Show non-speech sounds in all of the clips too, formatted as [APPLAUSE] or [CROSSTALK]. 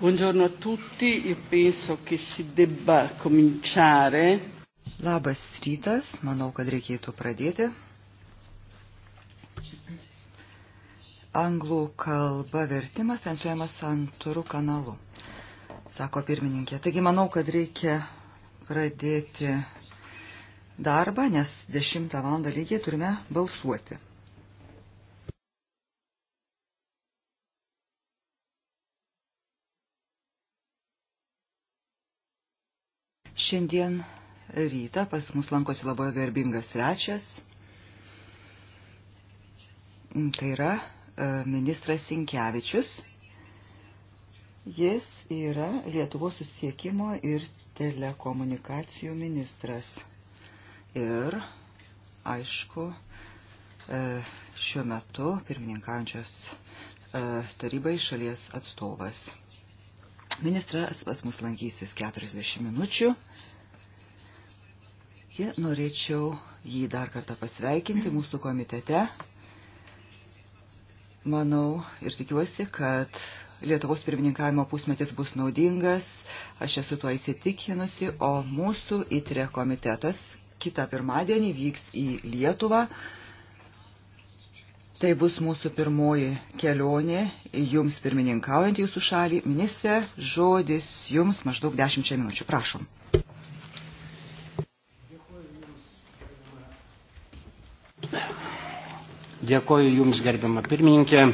Buongiorno a tutti, io penso che si debba cominciare. Labas rytas, manau, kad reikėtų pradėti. Anglų kalba vertimas transliuojamas antru kanalu, sako pirmininkė. Taigi manau, kad reikia pradėti darbą, nes 10 val. lygiai turime balsuoti. Šiandien rytą pas mus lankosi labai garbingas svečias. Tai yra e, ministras Sinkevičius. Jis yra Lietuvos susiekimo ir telekomunikacijų ministras. Ir, aišku, e, šiuo metu pirmininkaujančios e, tarybai šalies atstovas. Ministras pas mus lankysis 40 minučių. Ir norėčiau jį dar kartą pasveikinti mūsų komitete. Manau ir tikiuosi, kad Lietuvos pirmininkavimo pusmetis bus naudingas, aš esu tuo įsitikinusi, o mūsų ITRE komitetas kitą pirmadienį vyks į Lietuvą. Tai bus mūsų pirmoji kelionė, jums pirmininkaujant jūsų šalį. Ministrė, žodis jums maždaug dešimčia minučių. Prašom. Dėkoju Jums, gerbiama pirmininkė,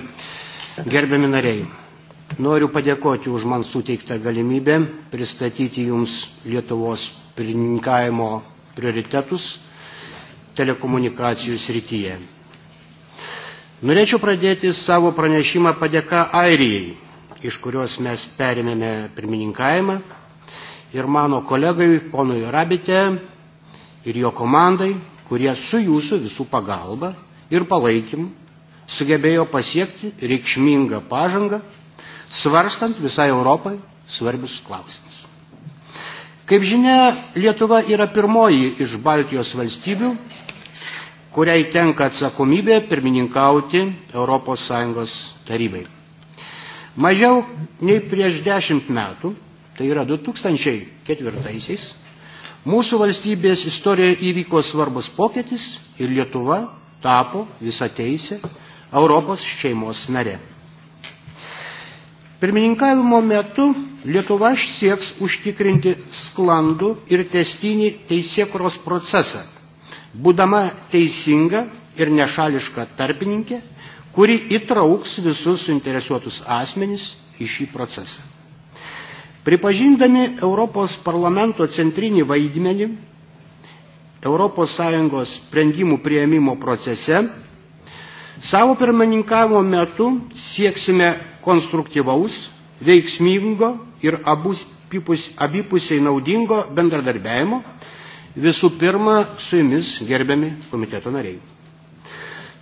gerbiami nariai. Noriu padėkoti už man suteiktą galimybę pristatyti Jums Lietuvos pirmininkavimo prioritetus telekomunikacijų srityje. Norėčiau pradėti savo pranešimą padėka Airijai, iš kurios mes perėmėme pirmininkavimą ir mano kolegai ponui Rabite ir jo komandai, kurie su jūsų visų pagalba ir palaikymu sugebėjo pasiekti reikšmingą pažangą, svarstant visai Europai svarbius klausimus. Kaip žinia, Lietuva yra pirmoji iš Baltijos valstybių, kuriai tenka atsakomybė pirmininkauti ES tarybai. Mažiau nei prieš dešimt metų, tai yra 2004-aisiais, mūsų valstybės istorijoje įvyko svarbus pokytis ir Lietuva tapo visą teisę Europos šeimos nare. Pirmininkavimo metu Lietuva sieks užtikrinti sklandų ir testinį teisėkuros procesą būdama teisinga ir nešališka tarpininkė, kuri įtrauks visus suinteresuotus asmenys į šį procesą. Pripažindami Europos parlamento centrinį vaidmenį ES sprendimų prieimimo procese, savo pirmininkavimo metu sieksime konstruktyvaus, veiksmingo ir abipusiai naudingo bendradarbiajimo Visų pirma, su jumis gerbiami komiteto nariai.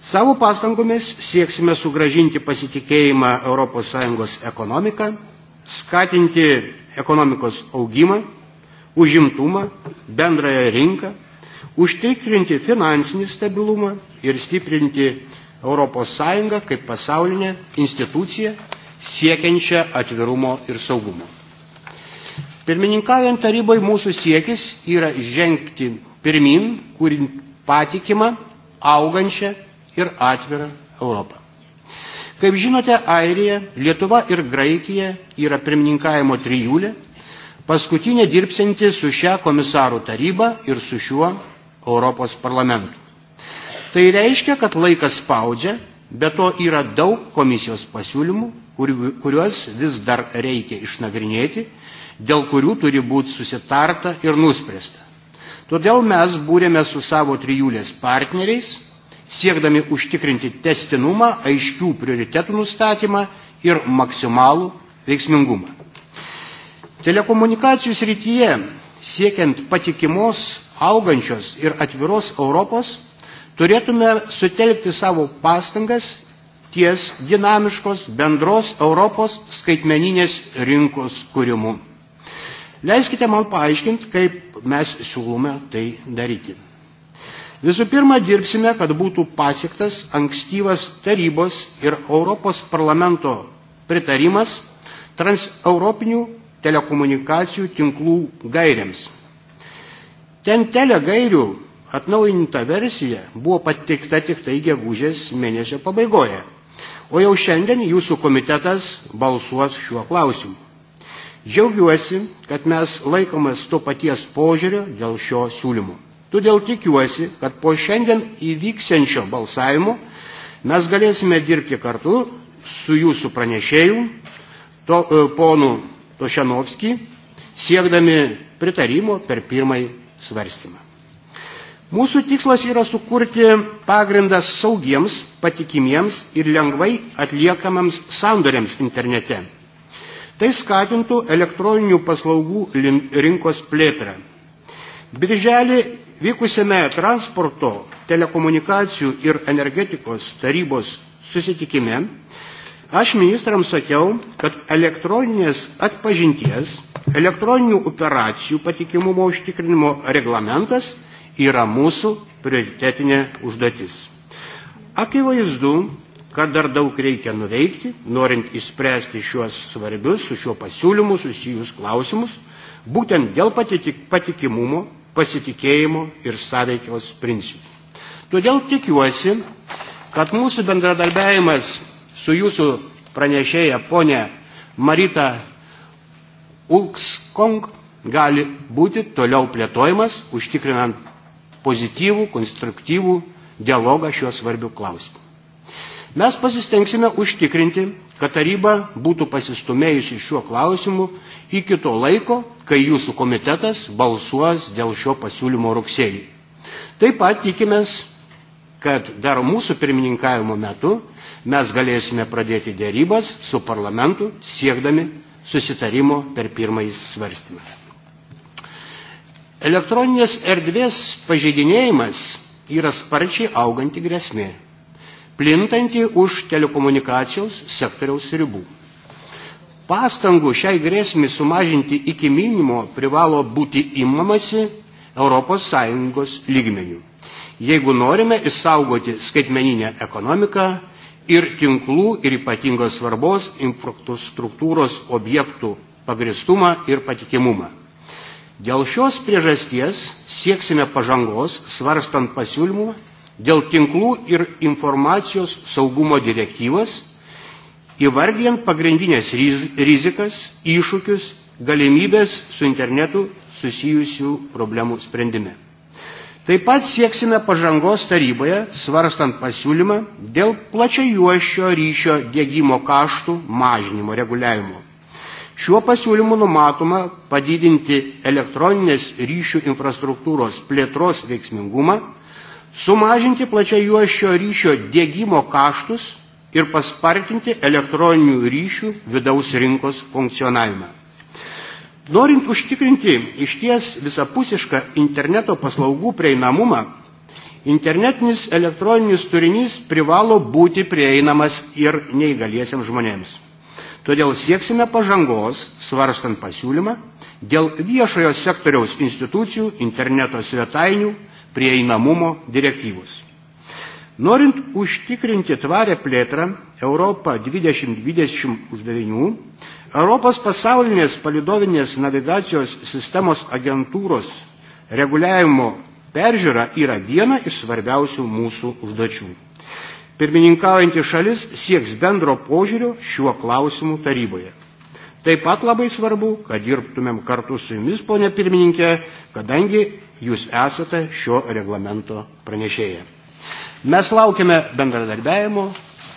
Savo pastangomis sieksime sugražinti pasitikėjimą ES ekonomiką, skatinti ekonomikos augimą, užimtumą, bendrąją rinką, užtikrinti finansinį stabilumą ir stiprinti ES kaip pasaulinę instituciją siekiančią atvirumo ir saugumo. Pirmininkaujant tarybai mūsų siekis yra žengti pirmin, kurint patikimą, augančią ir atvirą Europą. Kaip žinote, Airija, Lietuva ir Graikija yra pirmininkavimo trijulė, paskutinė dirbsinti su šia komisarų taryba ir su šiuo Europos parlamentu. Tai reiškia, kad laikas spaudžia, bet to yra daug komisijos pasiūlymų, kuriuos vis dar reikia išnagrinėti dėl kurių turi būti susitarta ir nuspręsta. Todėl mes būrėme su savo trijulės partneriais, siekdami užtikrinti testinumą, aiškių prioritetų nustatymą ir maksimalų veiksmingumą. Telekomunikacijų srityje siekiant patikimos, augančios ir atviros Europos, turėtume sutelkti savo pastangas ties dinamiškos bendros Europos skaitmeninės rinkos kūrimu. Leiskite man paaiškinti, kaip mes siūlome tai daryti. Visų pirma, dirbsime, kad būtų pasiektas ankstyvas tarybos ir Europos parlamento pritarimas transeuropinių telekomunikacijų tinklų gairiams. Ten tele gairių atnaujinta versija buvo patikta tik tai gegužės mėnesio pabaigoje, o jau šiandien jūsų komitetas balsuos šiuo klausimu. Džiaugiuosi, kad mes laikomas to paties požiūrio dėl šio siūlymo. Todėl tikiuosi, kad po šiandien įvyksiančio balsavimo mes galėsime dirbti kartu su jūsų pranešėjų, to, e, ponu Tošenovskį, siekdami pritarimo per pirmąjį svarstymą. Mūsų tikslas yra sukurti pagrindą saugiems, patikimiems ir lengvai atliekamams sandoriams internete Tai skatintų elektroninių paslaugų rinkos plėtrą. Birželį vykusiame transporto, telekomunikacijų ir energetikos tarybos susitikime aš ministrams sakiau, kad elektroninės atpažinties, elektroninių operacijų patikimumo užtikrinimo reglamentas yra mūsų prioritetinė užduotis. Akivaizdu, kad dar daug reikia nuveikti, norint išspręsti šiuos svarbius su šiuo pasiūlymu susijus klausimus, būtent dėl patikimumo, pasitikėjimo ir sąveikiaus principų. Todėl tikiuosi, kad mūsų bendradarbiavimas su jūsų pranešėja ponė Marita Ulkskong gali būti toliau plėtojimas, užtikrinant pozityvų, konstruktyvų dialogą šiuo svarbiu klausimu. Mes pasistengsime užtikrinti, kad taryba būtų pasistumėjusi šiuo klausimu iki to laiko, kai jūsų komitetas balsuos dėl šio pasiūlymo rugsėjį. Taip pat tikimės, kad dar mūsų pirmininkavimo metu mes galėsime pradėti dėrybas su parlamentu siekdami susitarimo per pirmąjį svarstymą. Elektroninės erdvės pažeidinėjimas yra sparčiai auganti grėsmė plintanti už telekomunikacijos sektoriaus ribų. Pastangų šiai grėsmį sumažinti iki minimo privalo būti imamasi ES lygmenių, jeigu norime išsaugoti skaitmeninę ekonomiką ir tinklų ir ypatingos svarbos infrastruktūros objektų pagristumą ir patikimumą. Dėl šios priežasties sieksime pažangos svarstant pasiūlymų dėl tinklų ir informacijos saugumo direktyvas, įvardijant pagrindinės rizikas, iššūkius, galimybės su internetu susijusių problemų sprendime. Taip pat sieksime pažangos taryboje, svarstant pasiūlymą dėl plačiajuošio ryšio dėgymo kaštų mažinimo reguliavimo. Šiuo pasiūlymu numatoma padidinti elektroninės ryšių infrastruktūros plėtros veiksmingumą, sumažinti plačiai juošio ryšio dėgymo kaštus ir paspartinti elektroninių ryšių vidaus rinkos funkcionavimą. Norint užtikrinti išties visapusišką interneto paslaugų prieinamumą, internetinis elektroninis turinys privalo būti prieinamas ir neįgaliesiems žmonėms. Todėl sieksime pažangos, svarstant pasiūlymą, dėl viešojo sektoriaus institucijų, interneto svetainių, prieinamumo direktyvos. Norint užtikrinti tvarę plėtrą Europą 2020 uždavinių, Europos pasaulinės palidovinės navigacijos sistemos agentūros reguliavimo peržiūra yra viena iš svarbiausių mūsų užduočių. Pirmininkaujantį šalis sieks bendro požiūrio šiuo klausimu taryboje. Taip pat labai svarbu, kad dirbtumėm kartu su jumis, ponė pirmininkė, kadangi jūs esate šio reglamento pranešėję. Mes laukiame bendradarbiajimo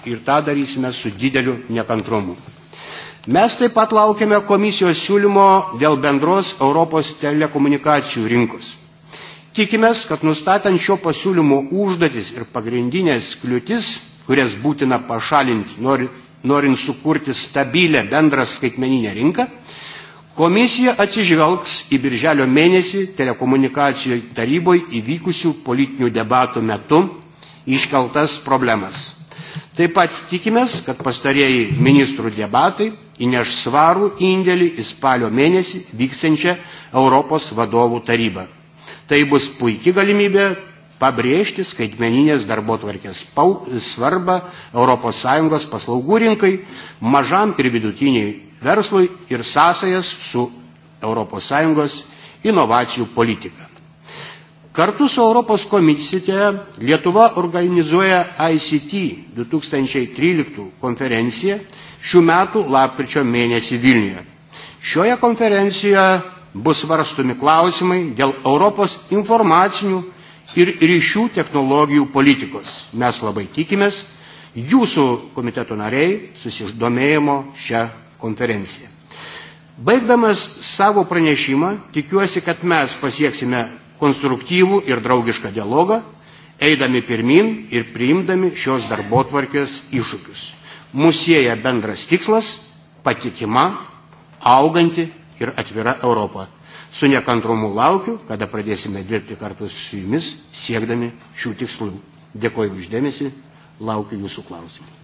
ir tą darysime su dideliu nekantrumu. Mes taip pat laukiame komisijos siūlymo dėl bendros Europos telekomunikacijų rinkos. Tikimės, kad nustatant šio pasiūlymo užduotis ir pagrindinės kliūtis, kurias būtina pašalinti norint norint sukurti stabilę bendrą skaitmeninę rinką, Komisija atsižvelgs į birželio mėnesį telekomunikacijų taryboje įvykusių politinių debatų metu iškeltas problemas. Taip pat tikimės, kad pastarėjai ministrų debatai įneš svarų indėlį į spalio mėnesį vyksiančią Europos vadovų tarybą. Tai bus puikia galimybė pabrėžti skaitmeninės darbo tvarkės svarbą ES paslaugų rinkai, mažam ir vidutiniai verslui ir sąsajas su ES inovacijų politika. Kartu su Europos komisite Lietuva organizuoja ICT 2013 konferenciją šių metų lapkričio mėnesį Vilniuje. Šioje konferencijoje bus svarstomi klausimai dėl Europos informacinių ir ryšių technologijų politikos. Mes labai tikimės jūsų komiteto nariai susidomėjimo šią konferencija. Baigdamas savo pranešimą, tikiuosi, kad mes pasieksime konstruktyvų ir draugišką dialogą, eidami pirmin ir priimdami šios darbo tvarkės iššūkius. Mūsų sieja bendras tikslas - patikima, auganti ir atvira Europa. Su nekantrumu laukiu, kada pradėsime dirbti kartu su jumis, siekdami šių tikslų. Dėkoju uždėmesi, laukiu jūsų klausimų.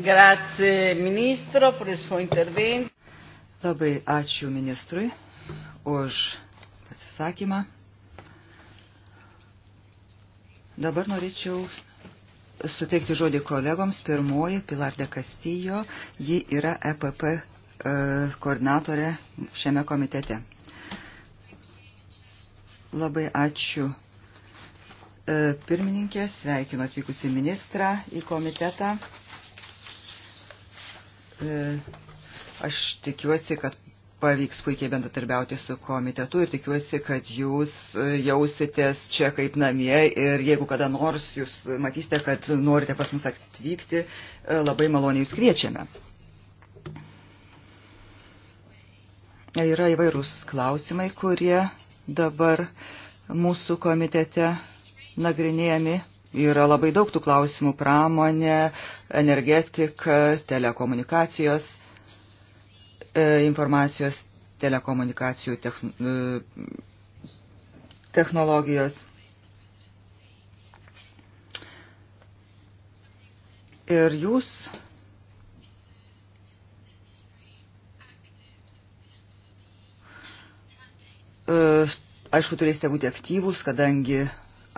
Grazie, ministro, per il suo intervento. Labai ačiū ministrui už pasisakymą. Dabar norėčiau suteikti žodį kolegoms. Pirmoji, Pilar de Castillo, ji yra EPP e, koordinatorė šiame komitete. Labai ačiū e, pirmininkė, sveikinu atvykusi ministrą į komitetą. E, aš tikiuosi, kad pavyks puikiai bendratarbiauti su komitetu ir tikiuosi, kad jūs jausitės čia kaip namie ir jeigu kada nors jūs matysite, kad norite pas mus atvykti, e, labai maloniai jūs kviečiame. Yra įvairūs klausimai, kurie dabar mūsų komitete nagrinėjami. Yra labai daug tų klausimų - pramonė, energetika, telekomunikacijos, e, informacijos telekomunikacijų e, technologijos. Ir jūs e, aišku, turėsite būti aktyvūs, kadangi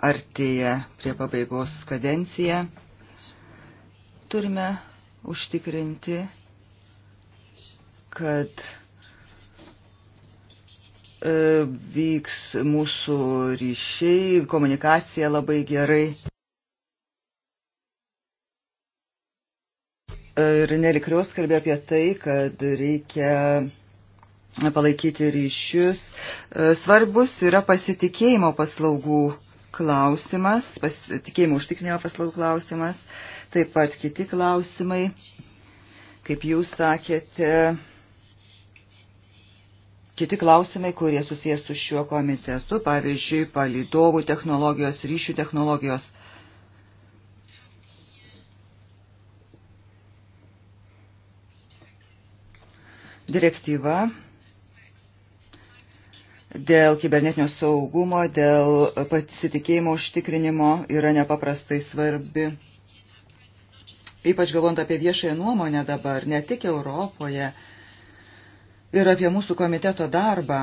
artėja prie pabaigos kadenciją. Turime užtikrinti, kad e, vyks mūsų ryšiai, komunikacija labai gerai. Ir nelikrios kalbė apie tai, kad reikia palaikyti ryšius. E, svarbus yra pasitikėjimo paslaugų klausimas, pasitikėjimo užtikrinimo paslaugų klausimas, taip pat kiti klausimai, kaip jūs sakėte, kiti klausimai, kurie susijęs su šiuo komitetu, pavyzdžiui, palidovų technologijos, ryšių technologijos. Direktyva dėl kibernetinio saugumo, dėl pasitikėjimo užtikrinimo yra nepaprastai svarbi. Ypač galvant apie viešąją nuomonę dabar, ne tik Europoje, ir apie mūsų komiteto darbą.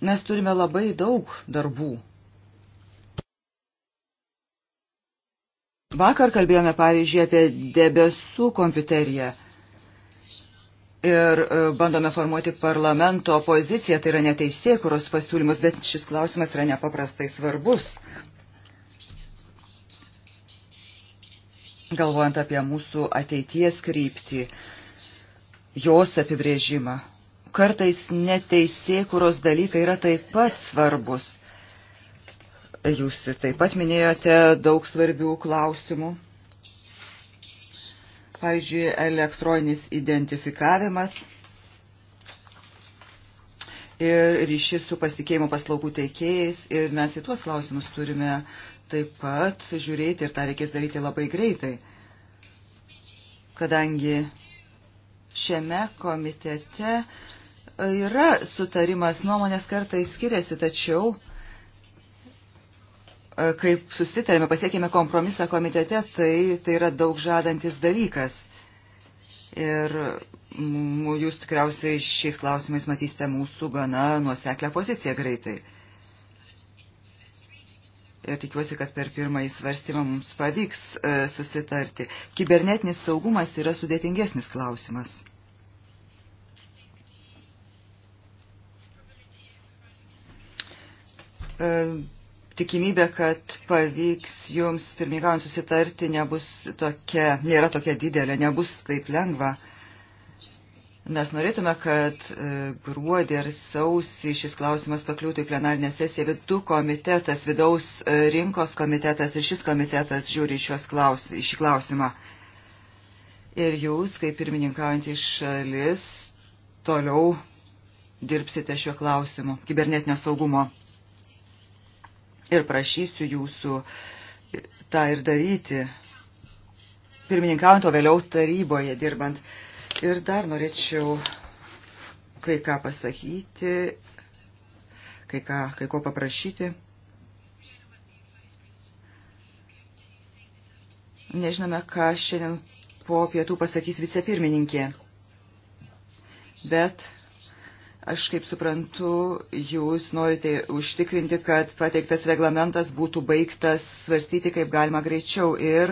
Mes turime labai daug darbų. Vakar kalbėjome, pavyzdžiui, apie debesų kompiuteriją ir e, bandome formuoti parlamento poziciją, tai yra neteisėkuros pasiūlymus, bet šis klausimas yra nepaprastai svarbus. Galvojant apie mūsų ateities kryptį, jos apibrėžimą. Kartais neteisėkuros dalykai yra taip pat svarbus. Jūs ir taip pat minėjote daug svarbių klausimų. Pavyzdžiui, elektroninis identifikavimas ir ryšys su pasitikėjimo paslaugų teikėjais. Ir mes į tuos klausimus turime taip pat žiūrėti ir tą reikės daryti labai greitai, kadangi šiame komitete yra sutarimas, nuomonės kartai skiriasi, tačiau kaip susitarėme, pasiekėme kompromisą komitete, tai, tai yra daug žadantis dalykas. Ir jūs tikriausiai šiais klausimais matysite mūsų gana nuoseklę poziciją greitai. Ir tikiuosi, kad per pirmąjį svarstymą mums pavyks e, susitarti. Kibernetinis saugumas yra sudėtingesnis klausimas. E, tikimybė, kad pavyks jums pirmigaujant susitarti, nebus tokia, nėra tokia didelė, nebus taip lengva. Mes norėtume, kad e, gruodį ar sausį šis klausimas pakliūtų į plenarinę sesiją, bet du komitetas, vidaus e, rinkos komitetas ir šis komitetas žiūri klaus, į šį klausimą. Ir jūs, kaip pirmininkaujant iš šalis, toliau dirbsite šiuo klausimu kibernetinio saugumo ir prašysiu jūsų tą ir daryti, pirmininkaujant, o vėliau taryboje dirbant. Ir dar norėčiau kai ką pasakyti, kai, ką, kai ko paprašyti. Nežinome, ką šiandien po pietų pasakys vicepirmininkė, bet Aš kaip suprantu, jūs norite užtikrinti, kad pateiktas reglamentas būtų baigtas svarstyti kaip galima greičiau ir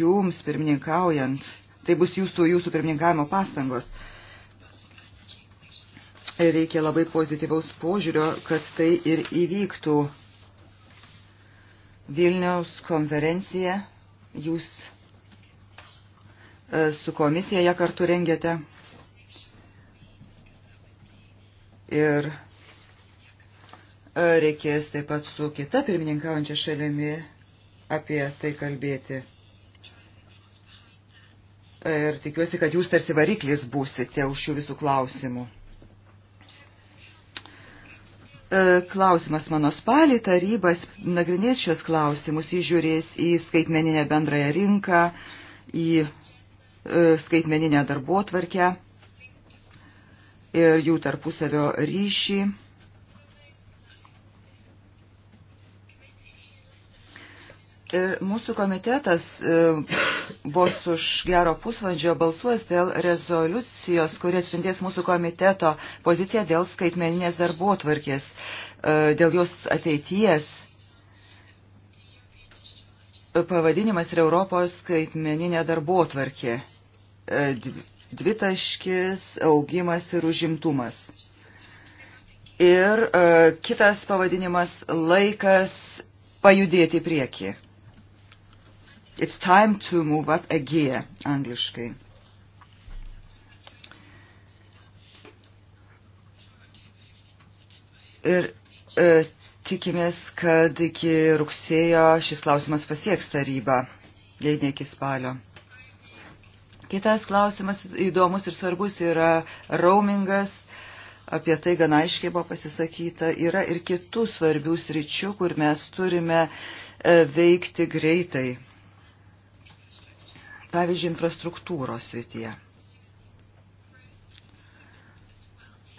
jums pirmininkaujant. Tai bus jūsų, jūsų pirmininkavimo pastangos. Reikia labai pozityvaus požiūrio, kad tai ir įvyktų. Vilniaus konferencija, jūs e, su komisija ją kartu rengėte. ir e, reikės taip pat su kita pirmininkaujančia šalimi apie tai kalbėti. E, ir tikiuosi, kad jūs tarsi variklis būsite už šių visų klausimų. E, klausimas mano spalį tarybas nagrinės šios klausimus, įžiūrės į skaitmeninę bendrąją rinką, į skaitmeninę darbo tvarkę ir jų tarpusavio ryšį. Ir mūsų komitetas e, vos už gero pusvalandžio balsuos dėl rezoliucijos, kurie atspindės mūsų komiteto poziciją dėl skaitmeninės darbo tvarkės, e, dėl jos ateities. Pavadinimas yra Europos skaitmeninė darbo tvarkė. E, dvitaškis, augimas ir užimtumas. Ir e, kitas pavadinimas laikas pajudėti prieki. It's time to move up again, angliškai. Ir e, tikimės, kad iki rugsėjo šis klausimas pasieks tarybą, jei ne iki spalio. Kitas klausimas įdomus ir svarbus yra roamingas. Apie tai gana aiškiai buvo pasisakyta. Yra ir kitų svarbių sričių, kur mes turime e, veikti greitai. Pavyzdžiui, infrastruktūros srityje.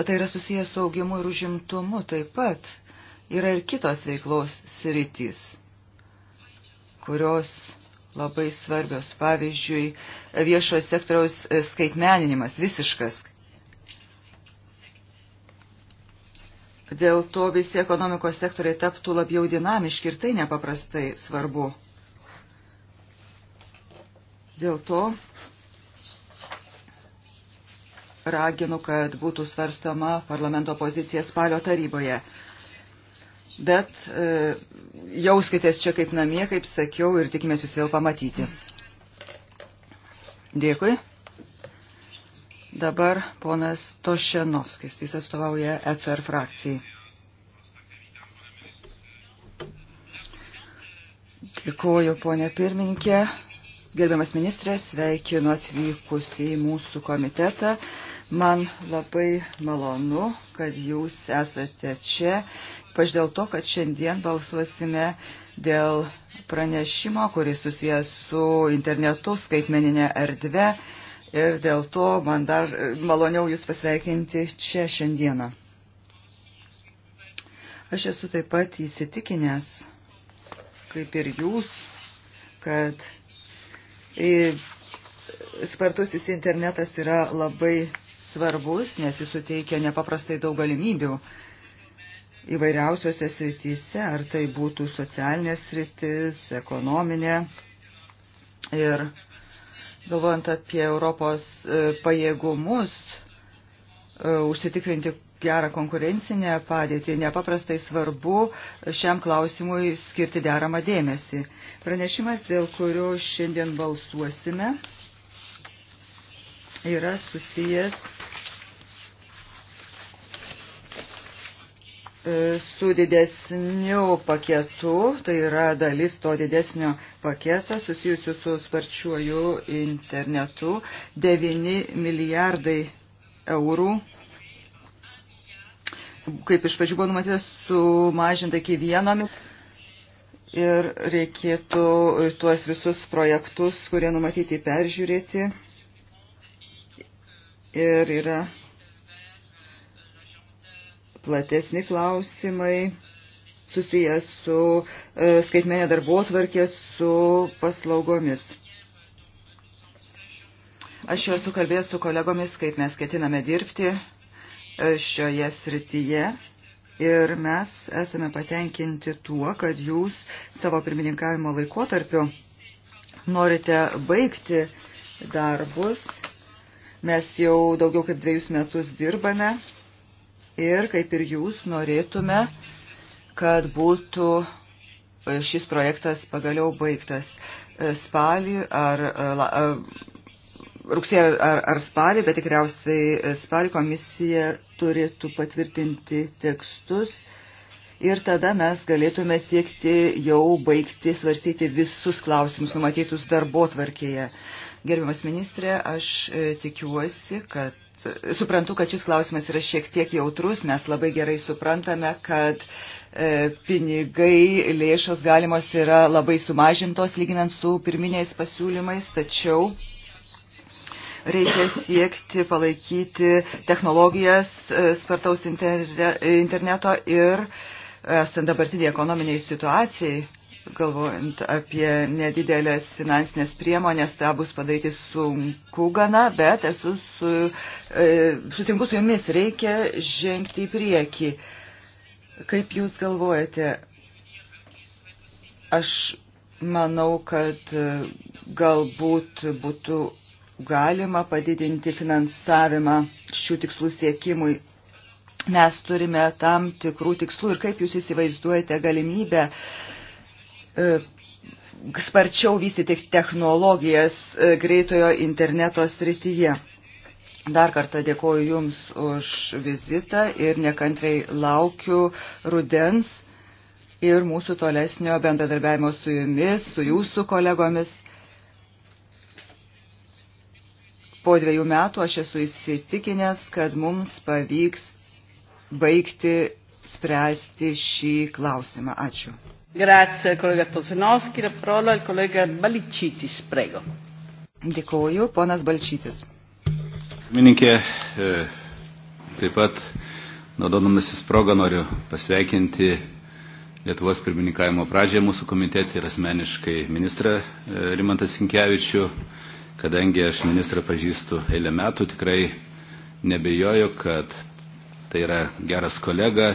Tai yra susijęs su augimu ir užimtumu taip pat. Yra ir kitos veiklos sritys, kurios labai svarbios. Pavyzdžiui, viešojo sektoriaus e, skaitmeninimas visiškas. Dėl to visi ekonomikos sektoriai taptų labiau dinamiški ir tai nepaprastai svarbu. Dėl to raginu, kad būtų svarstama parlamento pozicija spalio taryboje. Bet e, jauskitės čia kaip namie, kaip sakiau, ir tikimės jūs vėl pamatyti. Dėkui. Dabar ponas Tošenovskis, jis atstovauja ECR frakcijai. Dėkuoju, ponė pirmininkė. Gerbiamas ministrės, sveikinu atvykus į mūsų komitetą. Man labai malonu, kad jūs esate čia ypač dėl to, kad šiandien balsuosime dėl pranešimo, kuris susijęs su internetu, skaitmeninė erdve ir dėl to man dar maloniau Jūs pasveikinti čia šiandieną. Aš esu taip pat įsitikinęs, kaip ir Jūs, kad spartusis internetas yra labai svarbus, nes jis suteikia nepaprastai daug galimybių įvairiausiose srityse, ar tai būtų socialinė sritis, ekonominė. Ir galvojant apie Europos e, pajėgumus, e, užsitikrinti gerą konkurencinę padėtį, nepaprastai svarbu šiam klausimui skirti deramą dėmesį. Pranešimas, dėl kurio šiandien balsuosime, yra susijęs E, su didesniu paketu, tai yra dalis to didesnio paketo susijusiu su sparčiuoju internetu, 9 milijardai eurų. Kaip iš pradžių buvo numatytas sumažinta iki vieno ir reikėtų tuos visus projektus, kurie numatyti, peržiūrėti. Ir yra platesni klausimai susijęs su e, skaitmenė darbuotvarkė, su paslaugomis. Aš jau esu kalbėjęs su kolegomis, kaip mes ketiname dirbti e, šioje srityje ir mes esame patenkinti tuo, kad jūs savo pirmininkavimo laikotarpiu norite baigti darbus. Mes jau daugiau kaip dviejus metus dirbame ir, kaip ir jūs, norėtume, kad būtų e, šis projektas pagaliau baigtas e, spalį ar e, rugsėjo ar, ar, ar spalį, bet tikriausiai spalį komisija turėtų patvirtinti tekstus ir tada mes galėtume siekti jau baigti svarstyti visus klausimus numatytus darbo tvarkėje. Gerbiamas ministrė, aš tikiuosi, kad suprantu, kad šis klausimas yra šiek tiek jautrus, mes labai gerai suprantame, kad e, pinigai, lėšos galimos yra labai sumažintos lyginant su pirminiais pasiūlymais, tačiau reikia siekti palaikyti technologijas e, spartaus interneto ir e, esant dabartiniai ekonominiai situacijai galvojant apie nedidelės finansinės priemonės, tą bus padaryti sunku gana, bet esu su, e, sutinku su jumis, reikia žengti į priekį. Kaip jūs galvojate, aš manau, kad e, galbūt būtų galima padidinti finansavimą šių tikslų siekimui mes turime tam tikrų tikslų ir kaip jūs įsivaizduojate galimybę E, sparčiau vystyti technologijas e, greitojo interneto srityje. Dar kartą dėkoju Jums už vizitą ir nekantriai laukiu rudens ir mūsų tolesnio bendradarbiavimo su Jumis, su Jūsų kolegomis. Po dviejų metų aš esu įsitikinęs, kad mums pavyks baigti spręsti šį klausimą. Ačiū. Grazie, kolega Tosinovski. La parola al kolega Baličytis, prego. Dėkuoju, ponas Balčytis. Mininkė, e, taip pat naudodamasis progą noriu pasveikinti Lietuvos pirmininkavimo pradžią mūsų komitete ir asmeniškai ministrą e, Rimantą Sinkevičių, kadangi aš ministrą pažįstu eilę metų, tikrai nebejoju, kad tai yra geras kolega,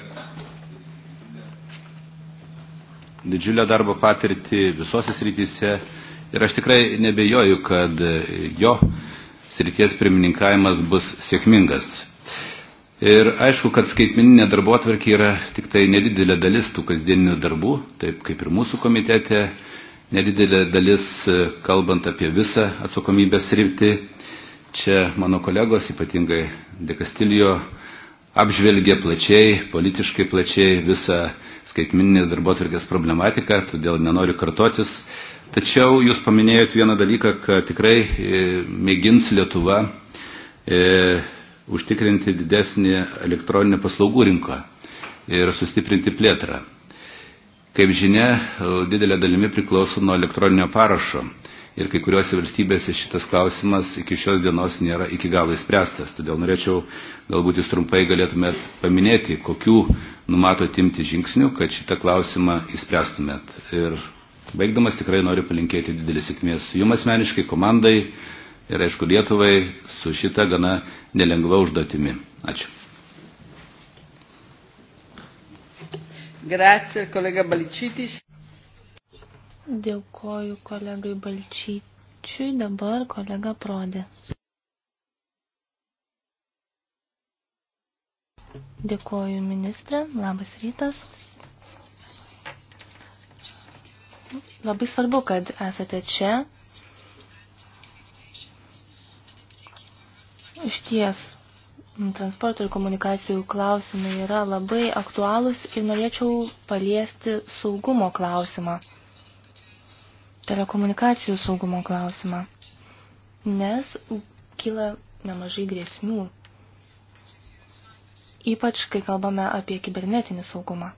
didžiulę darbo patirtį visose srityse ir aš tikrai nebejoju, kad jo srities pirmininkavimas bus sėkmingas. Ir aišku, kad skaitmeninė darbo atvarkė yra tik tai nedidelė dalis tų kasdieninių darbų, taip kaip ir mūsų komitete, nedidelė dalis, kalbant apie visą atsakomybės rypti. Čia mano kolegos, ypatingai Dekastilijo, apžvelgė plačiai, politiškai plačiai visą skaitmininės darbotvarkės problematiką, todėl nenoriu kartotis. Tačiau jūs paminėjot vieną dalyką, kad tikrai e, mėgins Lietuva e, užtikrinti didesnį elektroninę paslaugų rinką ir sustiprinti plėtrą. Kaip žinia, didelė dalimi priklauso nuo elektroninio parašo ir kai kuriuose valstybėse šitas klausimas iki šios dienos nėra iki galo įspręstas. Todėl norėčiau, galbūt jūs trumpai galėtumėt paminėti, kokių numato timti žingsnių, kad šitą klausimą įspręstumėt. Ir baigdamas tikrai noriu palinkėti didelį sėkmės jums asmeniškai, komandai ir aišku Lietuvai su šita gana nelengva užduotimi. Ačiū. Grazie, kolega Balicitis. Dėkoju kolegai Balčyčiui, dabar kolega Prodė. Dėkoju ministrė, labas rytas. Labai svarbu, kad esate čia. Iš ties, transporto ir komunikacijų klausimai yra labai aktualūs ir norėčiau paliesti saugumo klausimą telekomunikacijų saugumo klausimą, nes kyla nemažai grėsmių, ypač kai kalbame apie kibernetinį saugumą.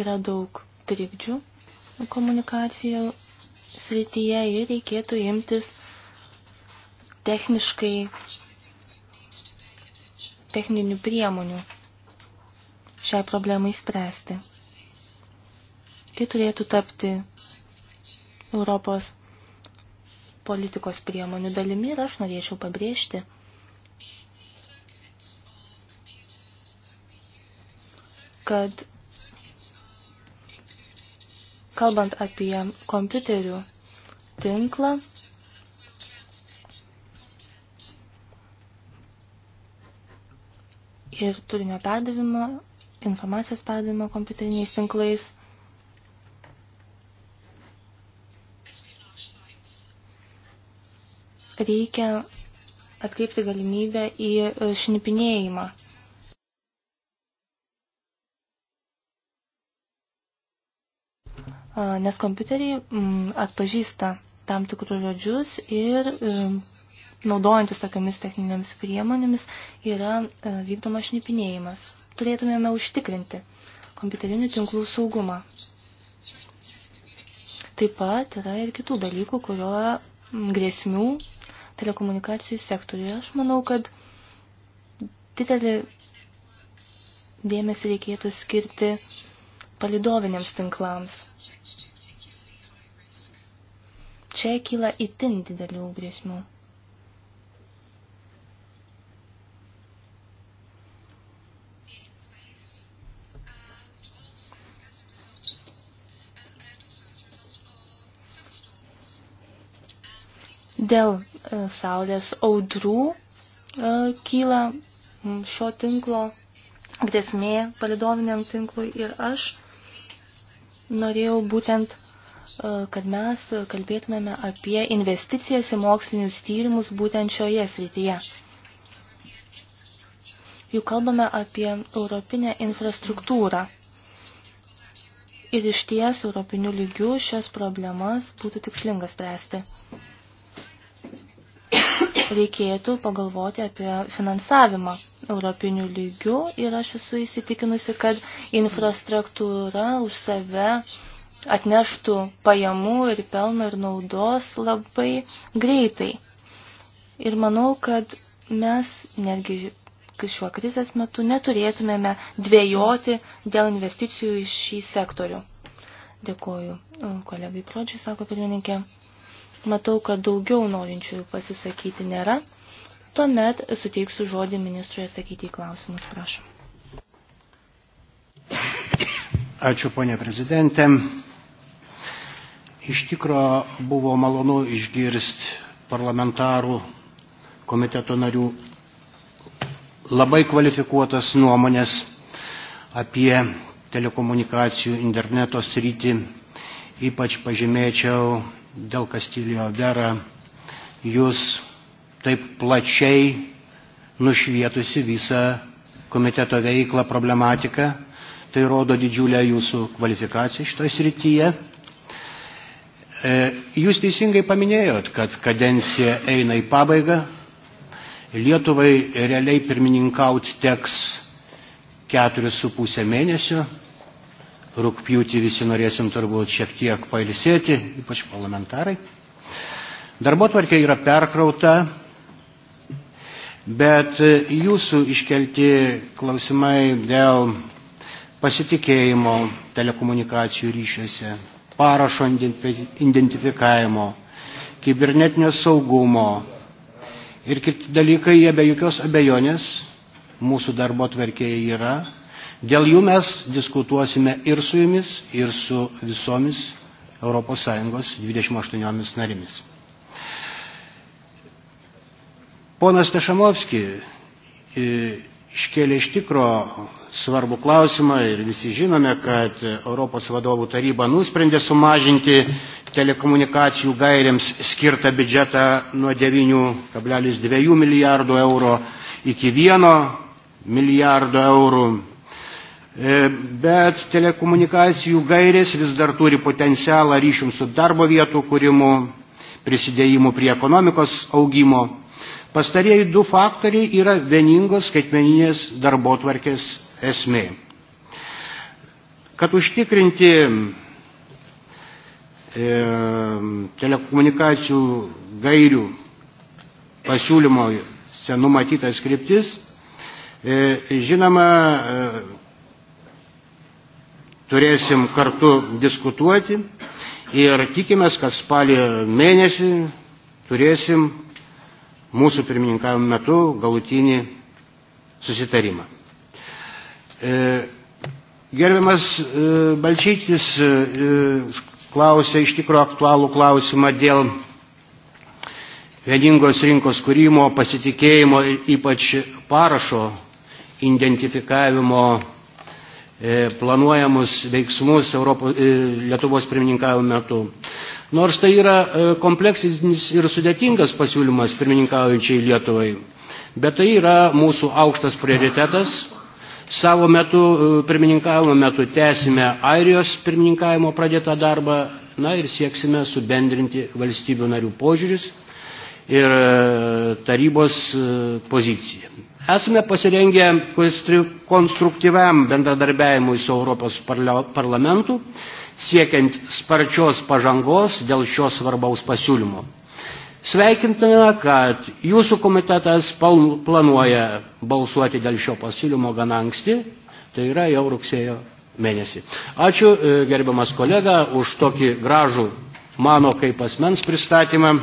Yra daug trikdžių komunikacijų srityje ir reikėtų imtis techniškai techninių priemonių šią problemą įspręsti. Tai turėtų tapti Europos politikos priemonių dalimi ir aš norėčiau pabrėžti, kad kalbant apie kompiuterių tinklą, ir turinio perdavimą informacijos perdavimo kompiuteriniais tinklais. Reikia atkreipti galimybę į šnipinėjimą. Nes kompiuteriai mm, atpažįsta tam tikrus žodžius ir mm, naudojantis tokiamis techninėmis priemonėmis yra e, vykdomas šnipinėjimas turėtumėme užtikrinti kompiuterinių tinklų saugumą. Taip pat yra ir kitų dalykų, kurio grėsmių telekomunikacijų sektoriuje. Aš manau, kad didelį dėmesį reikėtų skirti palidoviniams tinklams. Čia kyla itin didelių grėsmių. dėl e, saulės audrų e, kyla šio tinklo grėsmė palidoviniam tinklui ir aš norėjau būtent e, kad mes kalbėtumėme apie investicijas į mokslinius tyrimus būtent šioje srityje. Juk kalbame apie europinę infrastruktūrą. Ir iš ties europinių lygių šios problemas būtų tikslinga spręsti reikėtų pagalvoti apie finansavimą europinių lygių ir aš esu įsitikinusi, kad infrastruktūra už save atneštų pajamų ir pelno ir naudos labai greitai. Ir manau, kad mes netgi šiuo krizės metu neturėtumėme dvėjoti dėl investicijų į šį sektorių. Dėkoju kolegai Prodžiui, sako pirmininkė. Matau, kad daugiau norinčiųjų pasisakyti nėra. Tuomet suteiksiu žodį ministrui atsakyti į klausimus, prašom. Ačiū, ponė prezidentė. Iš tikro buvo malonu išgirsti parlamentarų komiteto narių labai kvalifikuotas nuomonės apie telekomunikacijų interneto sritį. Ypač pažymėčiau dėl Kastilijo Vera jūs taip plačiai nušvietusi visą komiteto veiklą, problematiką. Tai rodo didžiulę jūsų kvalifikaciją šitoje srityje. E, jūs teisingai paminėjot, kad kadencija eina į pabaigą. Lietuvai realiai pirmininkauti teks keturis su pusę mėnesio rūpjūti visi norėsim turbūt šiek tiek pailsėti, ypač parlamentarai. Darbo tvarkė yra perkrauta, bet jūsų iškelti klausimai dėl pasitikėjimo telekomunikacijų ryšiuose, parašo identifikavimo, kibernetinio saugumo ir kiti dalykai, jie be jokios abejonės mūsų darbo tvarkėje yra Dėl jų mes diskutuosime ir su jumis, ir su visomis ES 28 narimis. Ponas Tešamovski e, iškėlė iš tikro svarbų klausimą ir visi žinome, kad Europos vadovų taryba nusprendė sumažinti telekomunikacijų gairiams skirtą biudžetą nuo 9,2 milijardų eurų iki 1 milijardo eurų. E, bet telekomunikacijų gairės vis dar turi potencialą ryšium su darbo vietų kūrimu, prisidėjimu prie ekonomikos augimo. Pastarieji du faktoriai yra vieningos skaitmeninės darbo tvarkės esmė. Kad užtikrinti e, telekomunikacijų gairių pasiūlymo numatytas kryptis. E, žinoma, turėsim kartu diskutuoti ir tikimės, kad spalio mėnesį turėsim mūsų pirmininkavimo metu galutinį susitarimą. E, gerbiamas e, Balčytis e, klausė iš tikro aktualų klausimą dėl vieningos rinkos kūrimo, pasitikėjimo ir ypač parašo identifikavimo E, planuojamus veiksmus Europo, e, Lietuvos pirmininkavimo metu. Nors tai yra e, kompleksinis ir sudėtingas pasiūlymas pirmininkaujančiai Lietuvai, bet tai yra mūsų aukštas prioritetas. Savo metu, pirmininkavimo metu tęsime Airijos pirmininkavimo pradėtą darbą na, ir sieksime subendrinti valstybių narių požiūris ir tarybos poziciją. Esame pasirengę konstruktyviam bendradarbiavimui su Europos parlamentu, siekiant sparčios pažangos dėl šios svarbaus pasiūlymo. Sveikintina, kad jūsų komitetas planuoja balsuoti dėl šio pasiūlymo gana anksti, tai yra jau rugsėjo mėnesį. Ačiū e, gerbiamas kolega už tokį gražų mano kaip asmens pristatymą.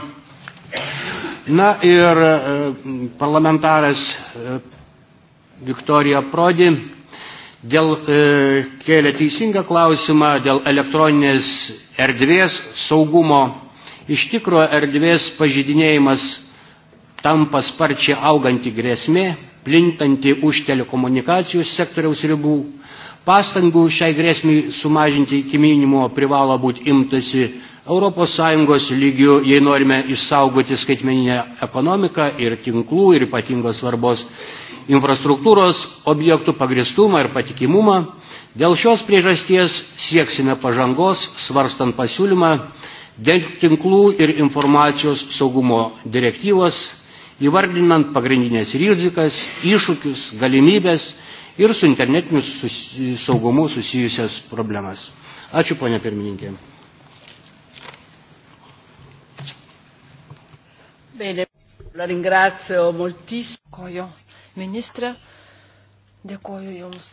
Na ir e, parlamentaras e, Viktorija Prodi dėl, e, kėlė teisingą klausimą dėl elektroninės erdvės saugumo. Iš tikro erdvės pažydinėjimas tampa sparčiai auganti grėsmė, plintanti už telekomunikacijų sektoriaus ribų Pastangų šiai grėsmiai sumažinti iki minimumo privalo būti imtasi ES lygių, jei norime išsaugoti skaitmeninę ekonomiką ir tinklų ir ypatingos svarbos infrastruktūros objektų pagristumą ir patikimumą. Dėl šios priežasties sieksime pažangos, svarstant pasiūlymą dėl tinklų ir informacijos saugumo direktyvos, įvardinant pagrindinės rizikas, iššūkius, galimybės ir su internetiniu susi, saugumu susijusias problemas. Ačiū, ponia pirmininkė. Bene, la ringrazio moltissimo. Ministre, dėkoju Jums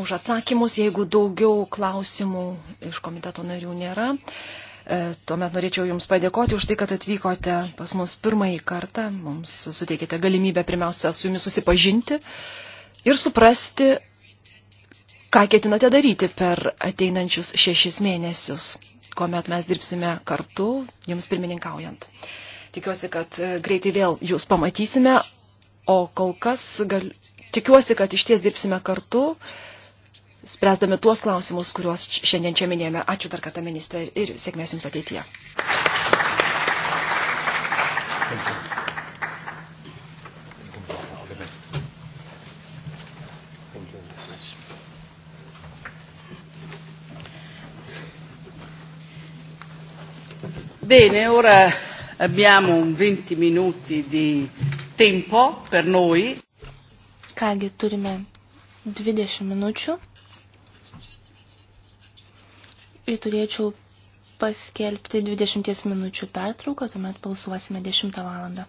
už atsakymus. Jeigu daugiau klausimų iš komiteto narių nėra, e, tuomet norėčiau Jums padėkoti už tai, kad atvykote pas mus pirmąjį kartą. Mums suteikite galimybę pirmiausia su Jumis susipažinti ir suprasti, ką ketinate daryti per ateinančius šešis mėnesius, kuomet mes dirbsime kartu, jums pirmininkaujant. Tikiuosi, kad e, greitai vėl jūs pamatysime, o kol kas gal... tikiuosi, kad iš ties dirbsime kartu, spręsdami tuos klausimus, kuriuos šiandien čia minėjome. Ačiū dar kartą, ministrė, ir sėkmės jums ateityje. Bene, ora abbiamo 20 minuti di tempo per noi. Kągi, turime 20 minučių. Ir turėčiau paskelbti 20 minučių pertrauką, tuomet balsuosime 10 valandą.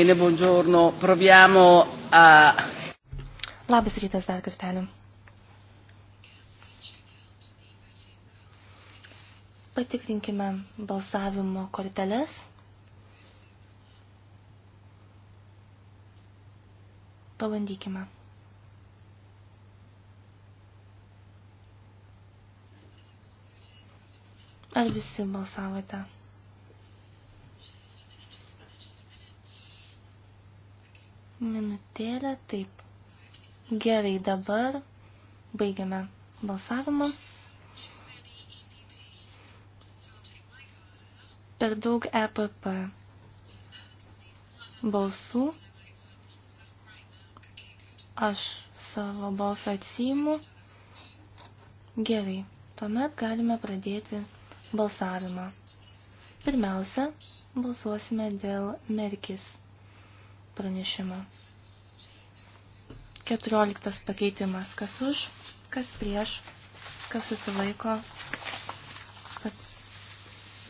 Bene, buongiorno. Proviamo a. Labas rytas dar kartelį. Patikrinkime balsavimo korteles. Pabandykime. Ar visi balsavote? Minutėlė, taip. Gerai, dabar baigiame balsavimą. Per daug EPP balsų. Aš savo balsą atsiimu. Gerai, tuomet galime pradėti balsavimą. Pirmiausia, balsuosime dėl merkis pranešimo. 14 pakeitimas. Kas už, kas prieš, kas susilaiko.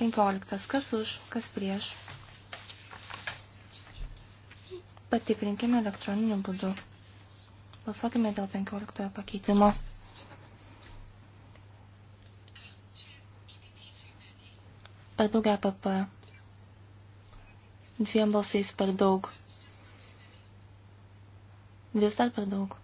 15. Kas už, kas prieš. Patikrinkime elektroniniu būdu. Balsuokime dėl 15 pakeitimo. Per daug EPP. Dviem balsais per daug. Vis dar per daug.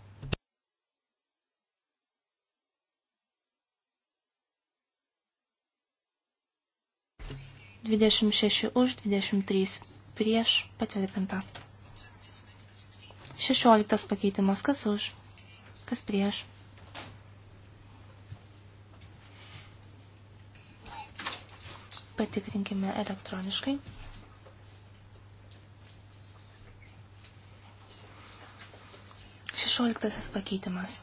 Dvidešimt šeši už, dvidešimt trys prieš patvirtinta. Šešioliktas pakeitimas, kas už, kas prieš. Patikrinkime elektroniškai. 16 pakeitimas.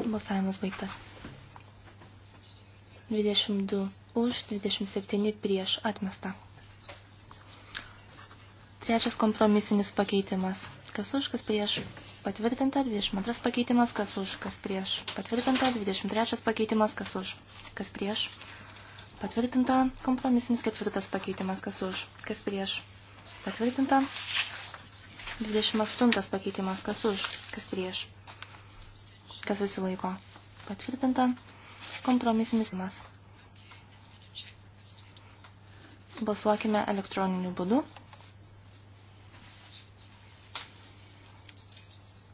Balsavimas baigtas. 22 už, 27 prieš atmesta. Trečias kompromisinis pakeitimas. Kas už, kas prieš patvirtinta, 22 pakeitimas, kas už, kas prieš patvirtinta, 23 pakeitimas, kas už, kas prieš patvirtinta, kompromisinis ketvirtas pakeitimas, kas už, kas prieš patvirtinta, 28 pakeitimas. Kas už, kas prieš. Kas susilaiko. Patvirtinta. Kompromisinis įmas. Balsuokime elektroniniu būdu.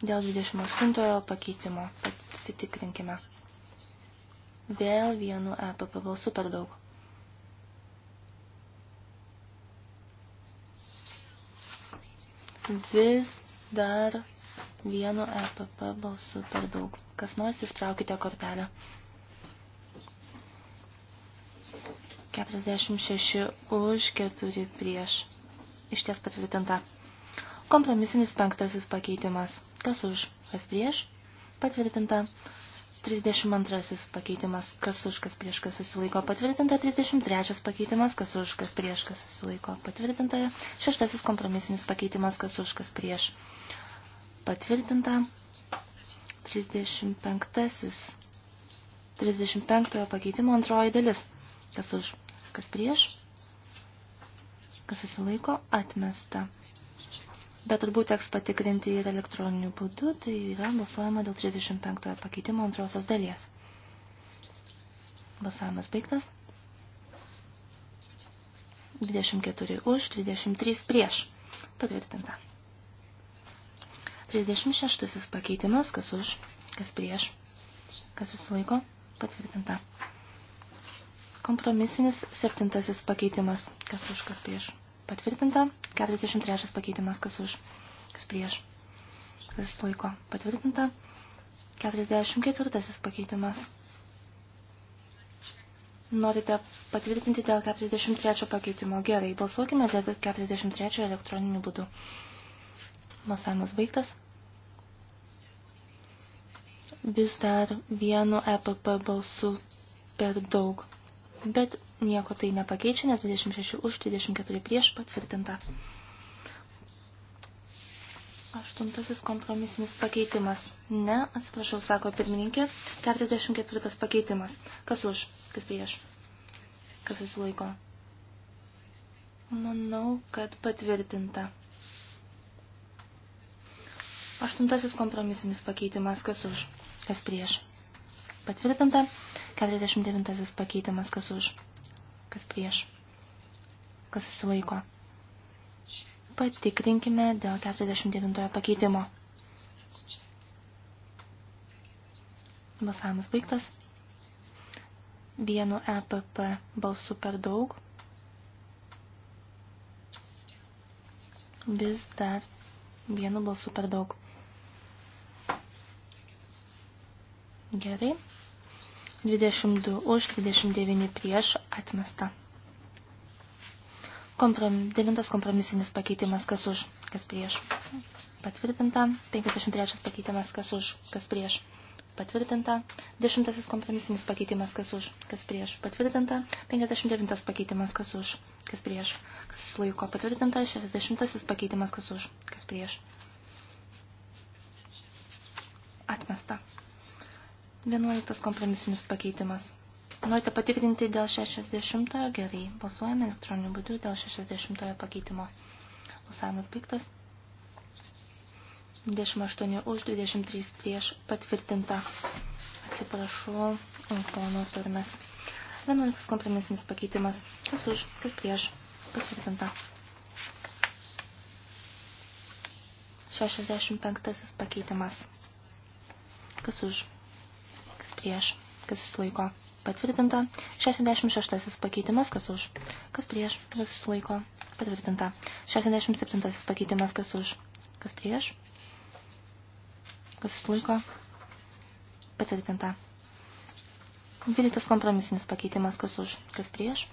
Dėl 28 pakeitimo pasitikrinkime. Vėl vienu EPP balsu per daug. vis dar vienu EPP balsu per daug. Kas nors ištraukite kortelę. 46 už 4 prieš. Išties patvirtinta. Kompromisinis penktasis pakeitimas. Kas už, kas prieš? Patvirtinta. 32 pakeitimas, kas už, kas prieš, kas susilaiko patvirtinta. 33 pakeitimas, kas už, kas prieš, kas susilaiko patvirtinta. 6 kompromisinis pakeitimas, kas už, kas prieš patvirtinta. 35 35 pakeitimo antroji dalis, kas už, kas prieš, kas susilaiko atmesta bet turbūt teks patikrinti ir elektroniniu būdu, tai yra balsuojama dėl 35 pakeitimo antrosios dalies. Balsavimas baigtas. 24 už, 23 prieš. Patvirtinta. 36 pakeitimas, kas už, kas prieš, kas susilaiko, patvirtinta. Kompromisinis septintasis pakeitimas, kas už, kas prieš patvirtinta. 43 pakeitimas, kas už, kas prieš, kas laiko patvirtinta. 44 pakeitimas. Norite patvirtinti dėl 43 pakeitimo. Gerai, balsuokime dėl 43 elektroniniu būdu. Balsavimas baigtas vis dar vienu EPP balsu per daug bet nieko tai nepakeičia, nes 26 už 24 prieš patvirtinta. Aštuntasis kompromisinis pakeitimas. Ne, atsiprašau, sako pirmininkė, 44 pakeitimas. Kas už, kas prieš, kas susilaiko. Manau, kad patvirtinta. Aštuntasis kompromisinis pakeitimas. Kas už, kas prieš. Patvirtinta. 49 pakeitimas, kas už, kas prieš, kas susilaiko. Patikrinkime dėl 49 pakeitimo. Balsavimas baigtas. Vienu EPP balsu per daug. Vis dar vienu balsu per daug. Gerai, 22 už, 29 prieš atmesta. Komprom, devintas kompromisinis pakeitimas, kas už, kas prieš. Patvirtinta. 53 pakeitimas, kas už, kas prieš. Patvirtinta. Dešimtasis kompromisinis pakeitimas, kas už, kas prieš. Patvirtinta. 59 pakeitimas, kas už, kas prieš. Kas susilaiko. Patvirtinta. 60 pakeitimas, kas už, kas prieš. Atmesta. 11 kompromisinis pakeitimas. Norite patikrinti dėl 60 gerai. Balsuojame elektroniniu būdu dėl 60 pakeitimo. Balsavimas baigtas. 28 už, 23 prieš patvirtinta. Atsiprašau, pono turmes. 11 kompromisinis pakeitimas. Kas už, kas prieš. Patvirtinta. 65 pakeitimas. Kas už, prieš, kas susilaiko patvirtinta. 66 pakeitimas, kas už, kas prieš, kas susilaiko patvirtinta. 67 pakeitimas, kas už, kas prieš, kas susilaiko patvirtinta. 12 kompromisinis pakeitimas, kas už, kas prieš,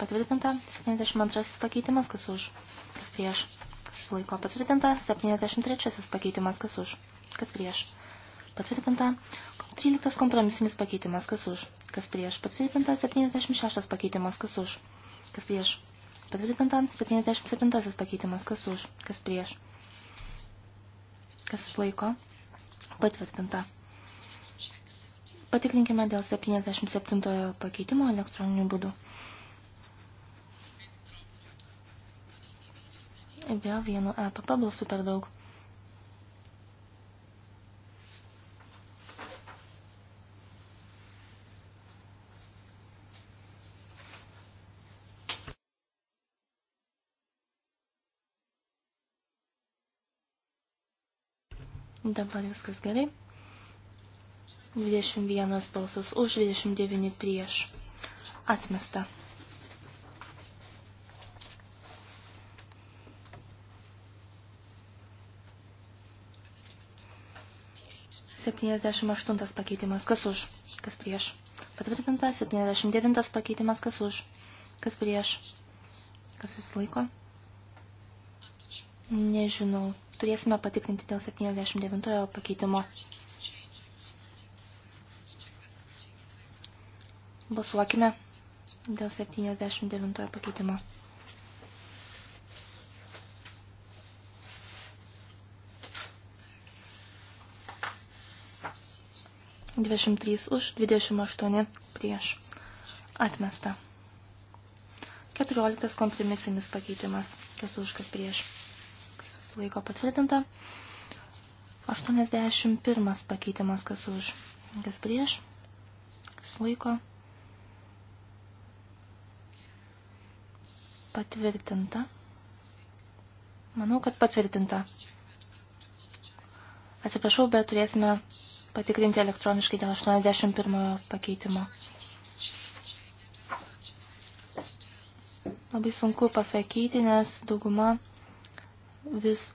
patvirtinta. 72 pakeitimas, kas už, kas prieš, kas susilaiko patvirtinta. 73 pakeitimas, kas už, kas prieš patvirtinta. 13 kompromisinis pakeitimas, kas už, kas prieš, patvirtinta. 76 pakeitimas, kas už, kas prieš, patvirtinta. 77 pakeitimas, kas už, kas prieš, kas laiko, patvirtinta. Patikrinkime dėl 77 pakeitimo elektroniniu būdu. Vėl vienu EPP balsu per daug. Dabar viskas gerai. 21 balsas už, 29 prieš. Atmesta. Septyniasdešimt aštuntas pakeitimas. Kas už? Kas prieš? Patvirtinta. Septyniasdešimt devintas pakeitimas. Kas už? Kas prieš? Kas jūs laiko? Nežinau turėsime patikrinti dėl 79 pakeitimo. Balsuokime dėl 79 pakeitimo. Dvidešimt trys už, dvidešimt aštuoni prieš. Atmesta. Keturioliktas kompromisinis pakeitimas. Kas už, kas prieš susilaiko patvirtinta. 81 pakeitimas, kas už, kas prieš, kas laiko patvirtinta. Manau, kad patvirtinta. Atsiprašau, bet turėsime patikrinti elektroniškai dėl 81 pakeitimo. Labai sunku pasakyti, nes dauguma vis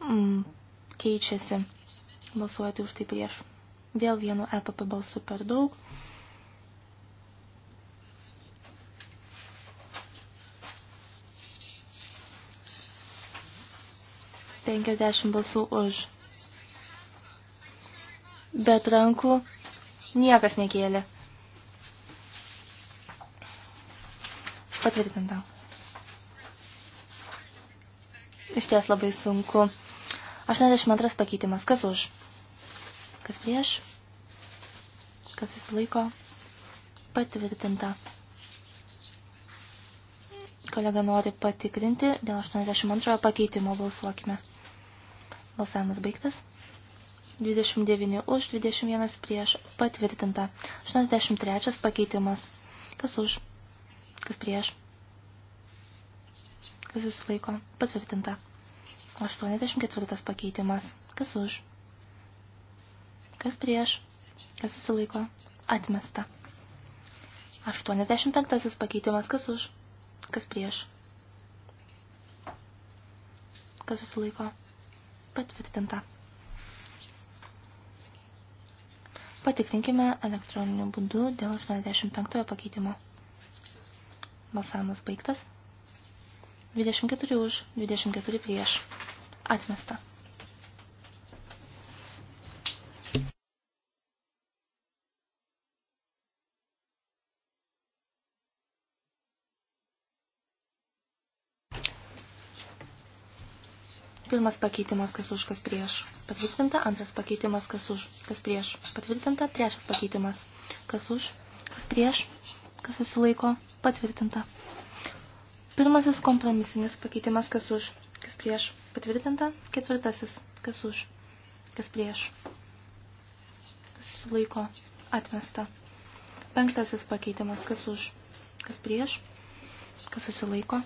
mm, keičiasi. Balsuojate už tai prieš. Vėl vienu EPP balsu per daug. Penkiasdešimt balsų už. Bet rankų niekas nekėlė. Patvirtinta. Iš ties labai sunku. 82 pakeitimas. Kas už? Kas prieš? Kas susilaiko? Patvirtinta. Kolega nori patikrinti dėl 82 pakeitimo. Balsuokime. Balsavimas baigtas. 29 už, 21 prieš. Patvirtinta. 83 pakeitimas. Kas už? Kas prieš? kas susilaiko, patvirtinta. 84 pakeitimas, kas už, kas prieš, kas susilaiko, atmesta. 85 pakeitimas, kas už, kas prieš, kas susilaiko, patvirtinta. Patikrinkime elektroniniu būdu dėl 85 pakeitimo. Balsavimas baigtas. 24 už, 24 prieš. Atmesta. Pirmas pakeitimas, kas už, kas prieš. Patvirtinta. Antras pakeitimas, kas už, kas prieš. Patvirtinta. Trečias pakeitimas, kas už, kas prieš, kas susilaiko. Patvirtinta. Pirmasis kompromisinis pakeitimas, kas už, kas prieš. Patvirtinta. Ketvirtasis, kas už, kas prieš. Kas susilaiko. Atmesta. Penktasis pakeitimas, kas už, kas prieš. Kas susilaiko.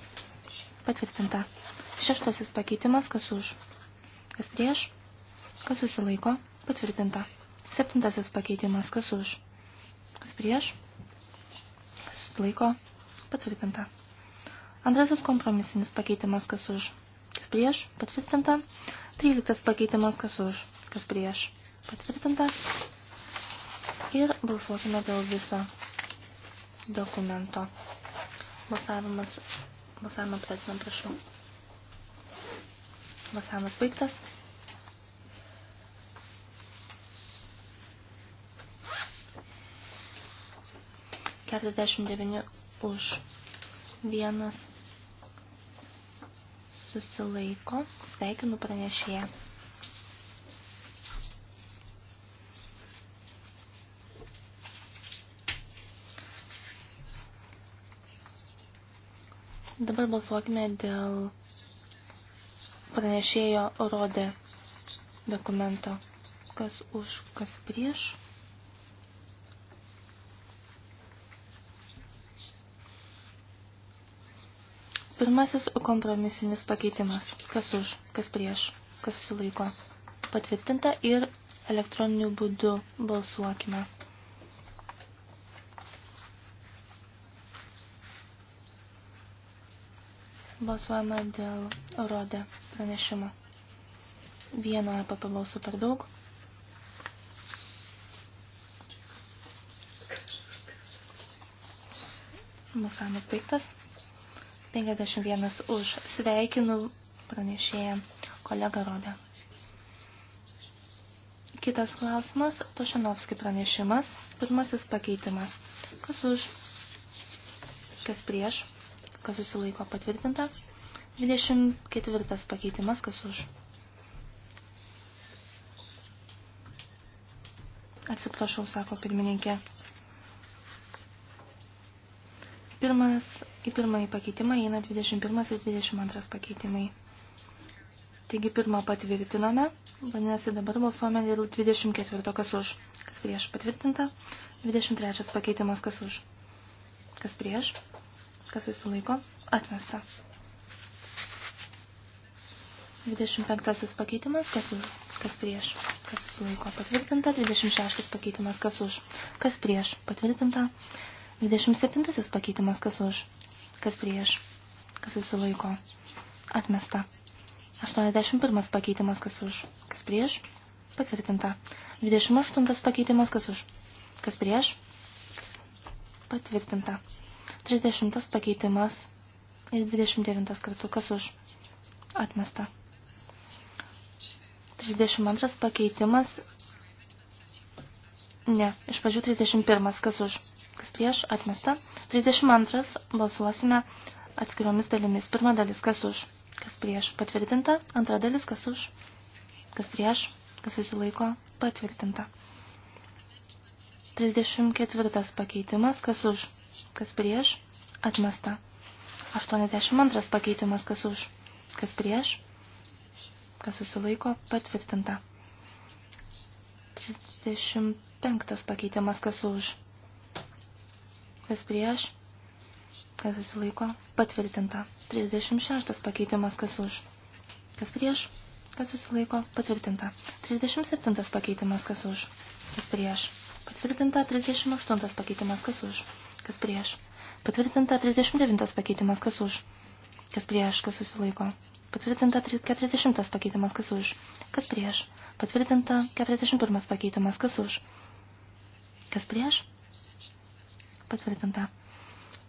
Patvirtinta. Šeštasis pakeitimas, kas už, kas prieš. Kas susilaiko. Patvirtinta. Septintasis pakeitimas, kas už, kas prieš. Kas susilaiko. Patvirtinta. Antrasis kompromisinis pakeitimas, kas už, kas prieš, patvirtinta. Tryliktas pakeitimas, kas už, kas prieš, patvirtinta. Ir balsuokime dėl viso dokumento. Balsavimas, balsavimą pradedam, prašau. Balsavimas baigtas. Keturiasdešimt devyni už vienas susilaiko. Sveikinu pranešėją. Dabar balsuokime dėl pranešėjo rodė dokumento. Kas už, kas prieš. Pirmasis kompromisinis pakeitimas. Kas už, kas prieš, kas susilaiko. Patvirtinta ir elektroniniu būdu balsuokime. Balsuojama dėl rodė pranešimo. Vieno EPP balsų per daug. Balsavimas baigtas. 51 už. Sveikinu pranešėją kolegą Rodę. Kitas klausimas – Tošinovski pranešimas. Pirmasis pakeitimas. Kas už? Kas prieš? Kas susilaiko patvirtinta? 24 pakeitimas. Kas už? Atsiprašau, sako pirmininkė. Pirmas, į pirmąjį pakeitimą įeina 21 ir 22 pakeitimai. Taigi pirmą patvirtinome, vadinasi dabar balsuojame dėl 24, kas už, kas prieš patvirtinta, 23 pakeitimas, kas už, kas prieš, kas susilaiko, atmesta. 25 pakeitimas, kas už, kas prieš, kas susilaiko, patvirtinta, 26 pakeitimas, kas už, kas prieš, patvirtinta, 27 pakeitimas, kas už, kas prieš, kas susilaiko, atmesta. 81 pakeitimas, kas už, kas prieš, patvirtinta. 28 pakeitimas, kas už, kas prieš, patvirtinta. 30 pakeitimas ir 29 kartu, kas už, atmesta. 32 pakeitimas, ne, iš pradžių 31, kas už, prieš atmesta. 32 balsuosime atskiromis dalimis. Pirma dalis, kas už, kas prieš patvirtinta. Antra dalis, kas už, kas prieš, kas susilaiko patvirtinta. 34 pakeitimas, kas už, kas prieš atmesta. 82 pakeitimas, kas už, kas prieš, kas susilaiko patvirtinta. 35 pakeitimas, kas už, kas prieš, kas susilaiko, patvirtinta. 36 pakeitimas, kas už, kas prieš, kas susilaiko, patvirtinta. 37 pakeitimas, kas už, kas prieš, patvirtinta. 38 pakeitimas, kas už, kas prieš, patvirtinta. 39 pakeitimas, kas už, kas prieš, kas susilaiko, Patvirtinta 40 pakeitimas, kas už. Kas prieš. Patvirtinta 41 pakeitimas, kas už. Kas prieš patvirtinta.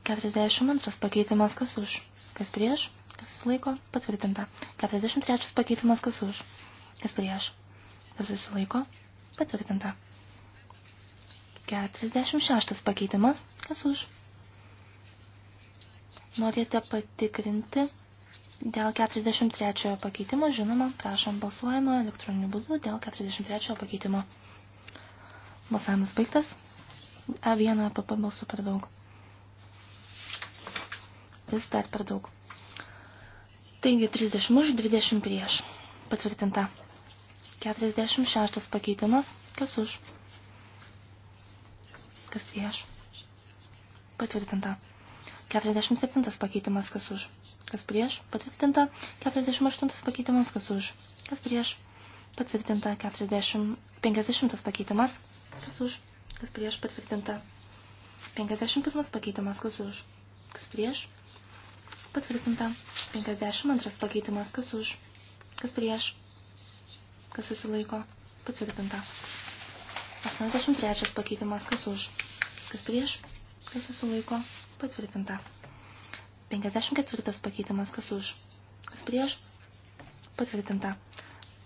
42 pakeitimas kas už, kas prieš, kas susilaiko, patvirtinta. 43 pakeitimas kas už, kas prieš, kas susilaiko, patvirtinta. 46 pakeitimas kas už. Norite patikrinti dėl 43 pakeitimo, žinoma, prašom balsuojama elektroniniu būdu dėl 43 pakeitimo. Balsavimas baigtas. A1 APP balsų per daug. Vis dar per daug. Taigi 30 už, 20 prieš. Patvirtinta. 46 pakeitimas. Kas už? Kas prieš? Patvirtinta. 47 pakeitimas. Kas už? Kas prieš? Patvirtinta. 48 pakeitimas. Kas už? Kas prieš? Patvirtinta. 40, 50 pakeitimas. Kas už? kas prieš patvirtinta. 51 pakeitimas, kas už, kas prieš patvirtinta. 52 pakeitimas, kas už, kas prieš, kas susilaiko patvirtinta. 83 pakeitimas, kas už, kas prieš, kas susilaiko patvirtinta. 54 pakeitimas, kas už, kas prieš, patvirtinta.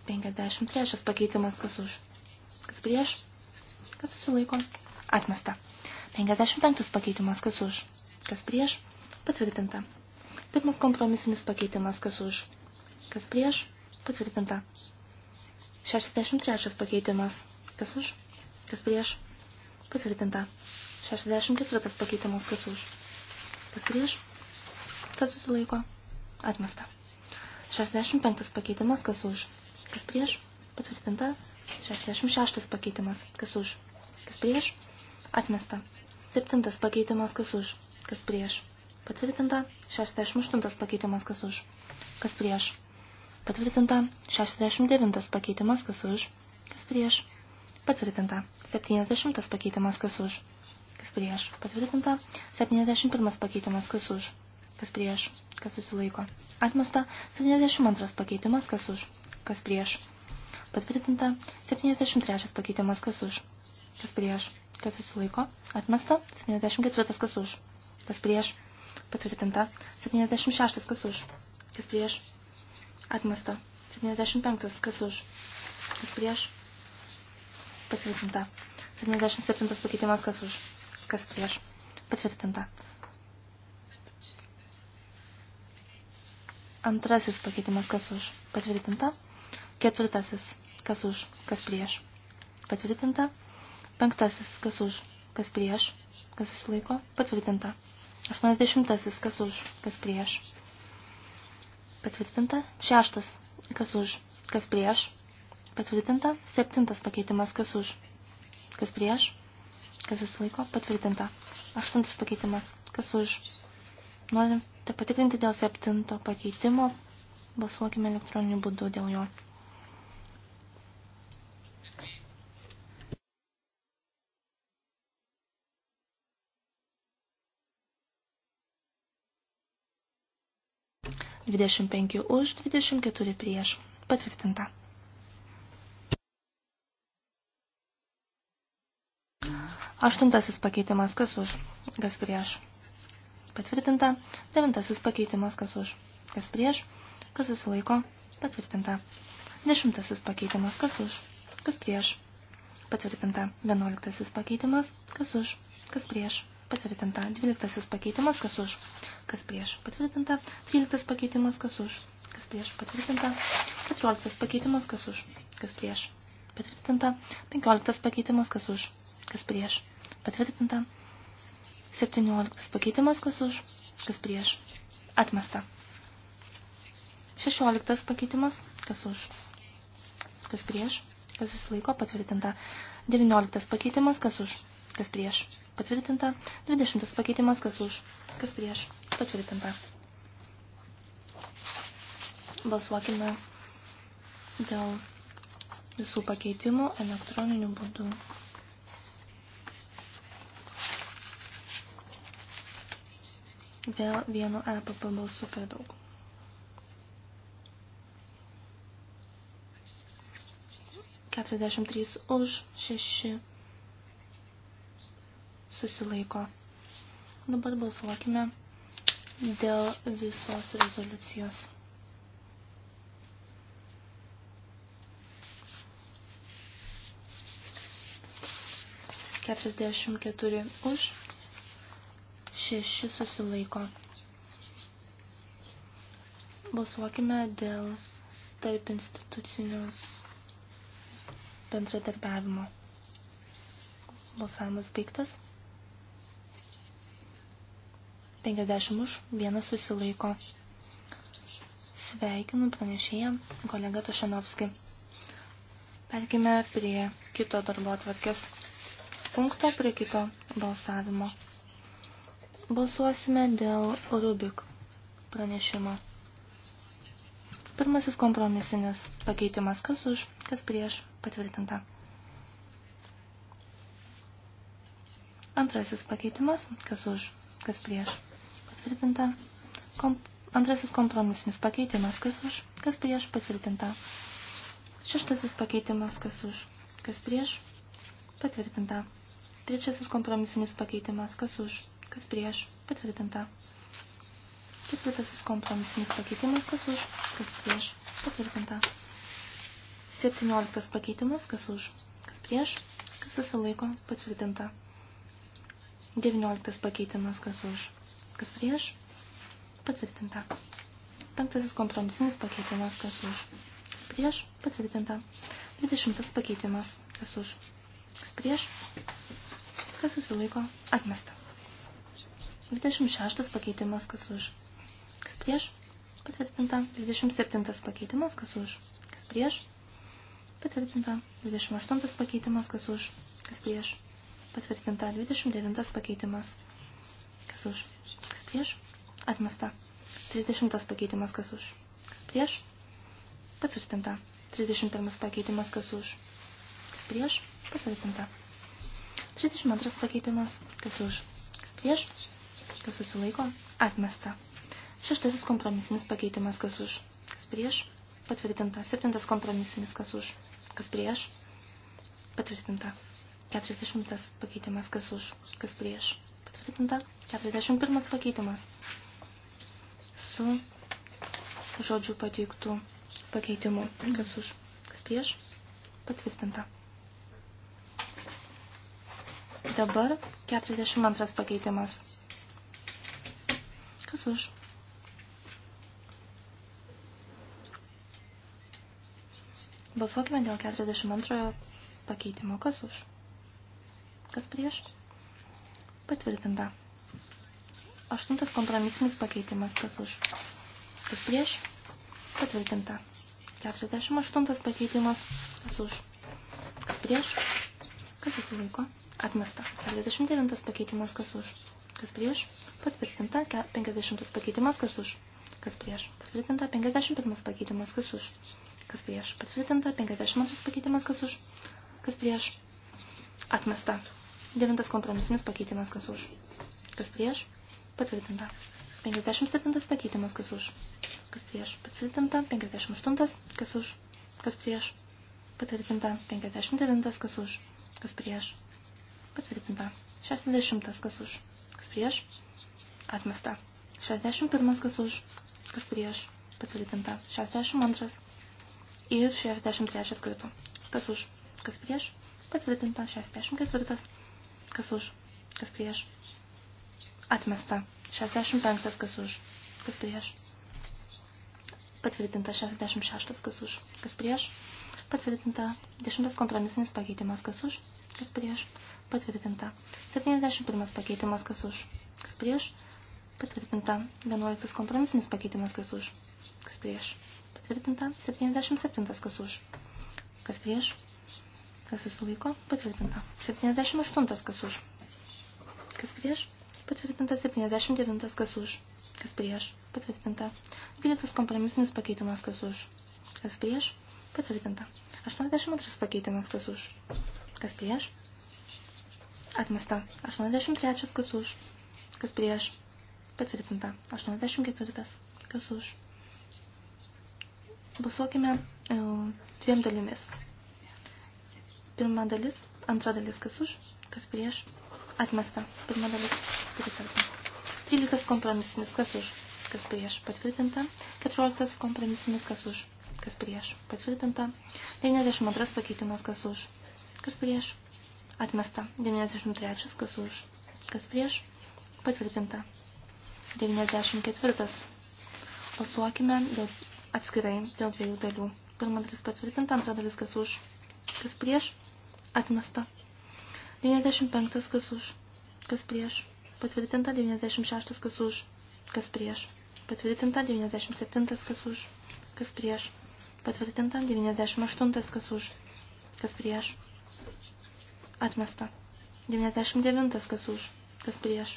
53 pakeitimas, kas už, kas prieš, kas susilaiko, atmesta. 55 pakeitimas, kas už, kas prieš, patvirtinta. Pirmas kompromisinis pakeitimas, kas už, kas prieš, patvirtinta. 63 pakeitimas, kas už, kas prieš, patvirtinta. 64 pakeitimas, kas už, kas prieš, kas susilaiko, atmesta. 65 pakeitimas, kas už, kas prieš, patvirtinta. 66 pakeitimas, kas už, kas prieš, atmesta. Septintas pakeitimas, kas už, kas prieš, patvirtinta. Šešdešimt aštuntas pakeitimas, kas už, kas prieš, patvirtinta. Šešdešimt devintas pakeitimas, kas už, kas prieš, patvirtinta. Septyniasdešimtas pakeitimas, kas už, kas prieš, patvirtinta. Septyniasdešimt pirmas pakeitimas, kas už, kas prieš, kas susilaiko. Atmesta 72 pakeitimas, kas už, kas prieš. Patvirtinta 73 pakeitimas, kas už, kas prieš, kas susilaiko, atmesta, 74 kas už, kas prieš, patvirtinta, 76 kas už, kas prieš, atmesta, 75 kas už, kas prieš, patvirtinta, 77 pakeitimas kas už, kas prieš, patvirtinta. Antrasis pakeitimas kas už, patvirtinta, ketvirtasis kas už, kas prieš, patvirtinta, Penktasis, kas už, kas prieš, kas susilaiko, patvirtinta. Aštuonisdešimtasis, kas už, kas prieš, patvirtinta. Šeštas, kas už, kas prieš, patvirtinta. Septintas pakeitimas, kas už, kas prieš, kas susilaiko, patvirtinta. Aštuntas pakeitimas, kas už. Norim tai patikrinti dėl septinto pakeitimo, balsuokime elektroniniu būdu dėl jo. 25 už, 24 prieš. Patvirtinta. Aštuntasis pakeitimas kas už, kas prieš. Patvirtinta. Devintasis pakeitimas kas už, kas prieš, kas susilaiko. Patvirtinta. Dešimtasis pakeitimas kas už, kas prieš. Patvirtinta. Vienuoliktasis pakeitimas kas už, kas prieš. Patvirtinta. Dvyliktasis pakeitimas kas už, kas prieš patvirtinta, 13 pakeitimas, kas už, kas prieš patvirtinta, 14 pakeitimas, kas už, kas prieš patvirtinta, 15 pakeitimas, kas už, kas prieš patvirtinta, 17 pakeitimas, kas už, kas prieš atmesta, 16 pakeitimas, kas už, kas prieš, kas susilaiko patvirtinta, 19 pakeitimas, kas už, kas prieš patvirtinta, 20 pakeitimas, kas už, kas prieš Patvirtinta. Balsuokime dėl visų pakeitimų elektroniniu būdu. Vėl vienu EPP balsu per daug. Keturiasdešimt trys už, šeši susilaiko. Dabar balsuokime dėl visos rezoliucijos. Keturiasdešimt keturi už, šeši susilaiko. Balsuokime dėl tarp institucinių bendradarbiavimo. Balsavimas baigtas. 50 už, vienas susilaiko. Sveikinu pranešėją kolega Tošanovskį. Perkime prie kito darbo atvarkės punkto, prie kito balsavimo. Balsuosime dėl Rubik pranešimo. Pirmasis kompromisinis pakeitimas kas už, kas prieš patvirtinta. Antrasis pakeitimas kas už, kas prieš patvirtinta. Kom, antrasis kompromisinis pakeitimas, kas už, kas prieš, patvirtinta. Šeštasis pakeitimas, kas už, kas prieš, patvirtinta. Trečiasis kompromisinis pakeitimas, kas už, kas prieš, patvirtinta. Ketvirtasis kompromisinis pakeitimas, kas už, kas prieš, patvirtinta. Septynioliktas pakeitimas, kas už, kas prieš, kas susilaiko, patvirtinta. Devynioliktas pakeitimas, kas už, kas prieš, patvirtinta. Penktasis kompromisinis pakeitimas, kas už, kas prieš, patvirtinta. Dvidešimtas pakeitimas, kas už, kas prieš, kas susilaiko, atmesta. Dvidešimt šeštas pakeitimas, kas už, kas prieš, patvirtinta. Dvidešimt septintas pakeitimas, kas už, kas prieš, Patvirtinta 28 pakeitimas, kas už, kas prieš. Patvirtinta 29 pakeitimas, kas už, Prieš. Atmesta. 30 pakeitimas kas už. Prieš. Patvirtinta. 31 pakeitimas kas už. Kas prieš. Patvirtinta. 32 pakeitimas kas už. Kas prieš. Kas susilaiko. Atmesta. Šeštasis kompromisinis pakeitimas kas už. Kas prieš. Patvirtinta. Septintas kompromisinis kas už. Kas prieš. Patvirtinta. 40 pakeitimas kas už. Kas prieš. Patvirtinta. 41 pakeitimas su žodžiu pateiktų pakeitimu. Kas už, kas prieš, patvirtinta. Dabar 42 pakeitimas. Kas už? Balsuokime dėl 42 pakeitimo. Kas už? Kas prieš? Patvirtinta. Aštuntas kompromisinis pakeitimas. Kas už? Kas prieš? Patvirtinta. 48 pakeitimas. Kas už? Kas prieš? Kas susilaiko? Atmesta. 49 pakeitimas. Kas už? Kas prieš? Patvirtinta. 50 pakeitimas. Kas už? Kas prieš? Patvirtinta. 51 pakeitimas. Kas už? Kas prieš? Patvirtinta. 52 pakeitimas. Kas už? Kas prieš? Atmesta. Devintas kompromisinis pakeitimas. Kas už? Kas prieš? patvirtinta. 57 pakeitimas, kas už, kas prieš, patvirtinta. 58, kas už, kas prieš, patvirtinta. 59, kas už, kas prieš, patvirtinta. 60, kas už, kas prieš, atmesta. 61, kas už, kas prieš, patvirtinta. 62 ir 63 kartu. Kas už, kas prieš, patvirtinta. 64, kas už, kas prieš, Atmesta. 65 kas už, kas prieš. Patvirtinta 66 kas už, kas prieš. Patvirtinta 10 kompromisinis pakeitimas kas už, kas prieš. Patvirtinta 71 pakeitimas kas už, kas prieš. Patvirtinta 11 kompromisinis pakeitimas kas už, kas prieš. Patvirtinta 77 kas už, kas prieš. Kas susilaiko? Patvirtinta. 78 kas už. Kas prieš? Patvirtinta 79, kas už, kas prieš. Patvirtinta 12 kompromisinis pakeitimas, kas už, kas prieš. Patvirtinta 82 pakeitimas, kas už, kas prieš. Atmesta 83, kas už, kas prieš. Patvirtinta 84, kas už. Balsuokime e, dviem dalimis. Pirma dalis, antra dalis, kas už, kas prieš Atmesta. Pirma dalis pritarta. 13 kompromisinis kas už, kas prieš patvirtinta. 14 kompromisinis kas už, kas prieš patvirtinta. 92 pakeitimas kas už, kas prieš atmesta. 93 kas už, kas prieš patvirtinta. 94 pasuokime dėl atskirai dėl dviejų dalių. Pirma dalis patvirtinta, antra dalis kas už, kas prieš atmesta. 95 kas už, kas prieš, patvirtinta 96 kas už, kas prieš, patvirtinta 97 kas už, kas prieš, patvirtinta 98 kas už, kas prieš, atmesta 99 kas už, kas prieš,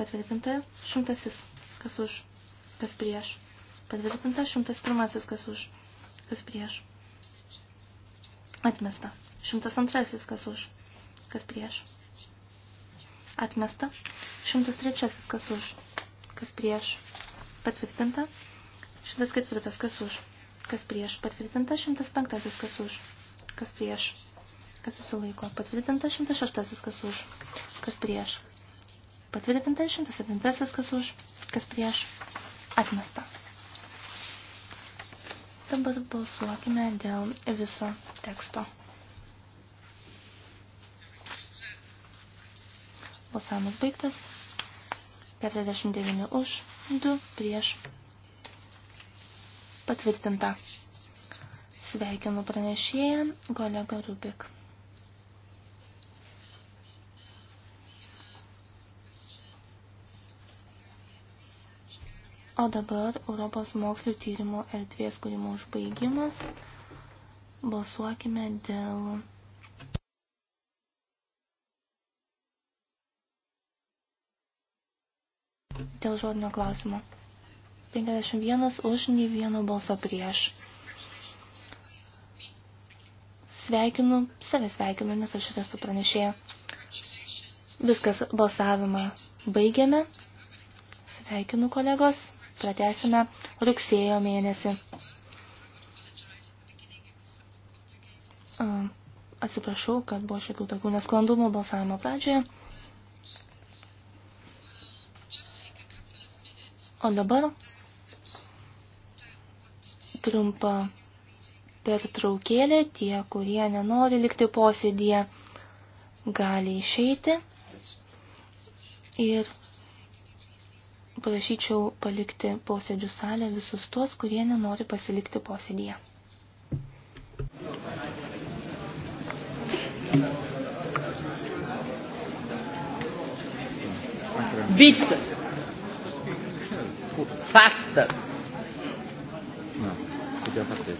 patvirtinta 100 kas už, kas prieš, patvirtinta 101 kas už, kas prieš, atmesta 102 kas už kas prieš. Atmesta. 103. Kas už. Kas prieš. Patvirtinta. 104. Kas už. Kas prieš. Patvirtinta. 105. Kas už. Kas prieš. Kas susilaiko. Patvirtinta. 106. Kas už. Kas prieš. Patvirtinta. 107. Kas už. Kas prieš. Atmesta. Dabar balsuokime dėl viso teksto. Balsavimas baigtas. 49 už, 2 prieš. Patvirtinta. Sveikinu pranešėją, kolega Rubik. O dabar Europos mokslių tyrimų erdvės kūrimo užbaigimas. Balsuokime dėl dėl žodinio klausimo. 51 už, nei vieno balso prieš. Sveikinu, save sveikinu, nes aš esu pranešėja. Viskas balsavimą baigiame. Sveikinu kolegos, pratęsime rugsėjo mėnesį. Atsiprašau, kad buvo šiek tiek tokių nesklandumų balsavimo pradžioje. O dabar trumpa pertraukėlė, tie, kurie nenori likti posėdėje, gali išeiti ir prašyčiau palikti posėdžių salę visus tuos, kurie nenori pasilikti posėdėje. Vite fast. No, c'est bien passé.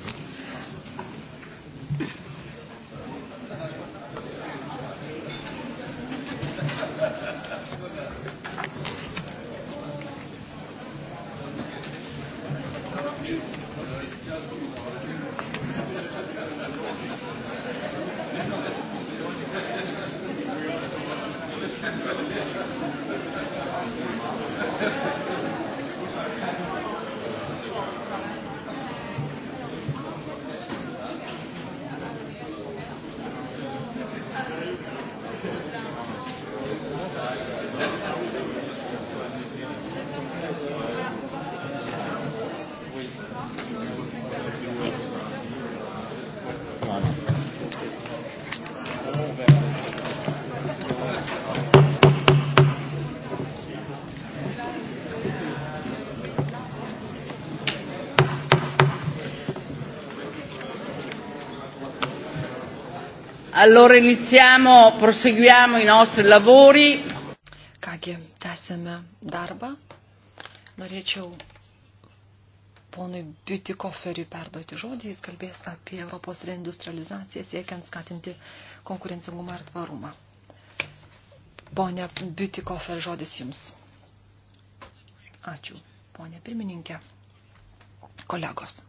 Allora iniziamo, proseguiamo i nostri lavori. Kągi, tęsėme darbą. Norėčiau ponui Biutikoferiui perduoti žodį. Jis kalbės apie Europos reindustrializaciją siekiant skatinti konkurencingumą ir tvarumą. Pone Biutikofer, žodis jums. Ačiū, ponė pirmininkė, kolegos.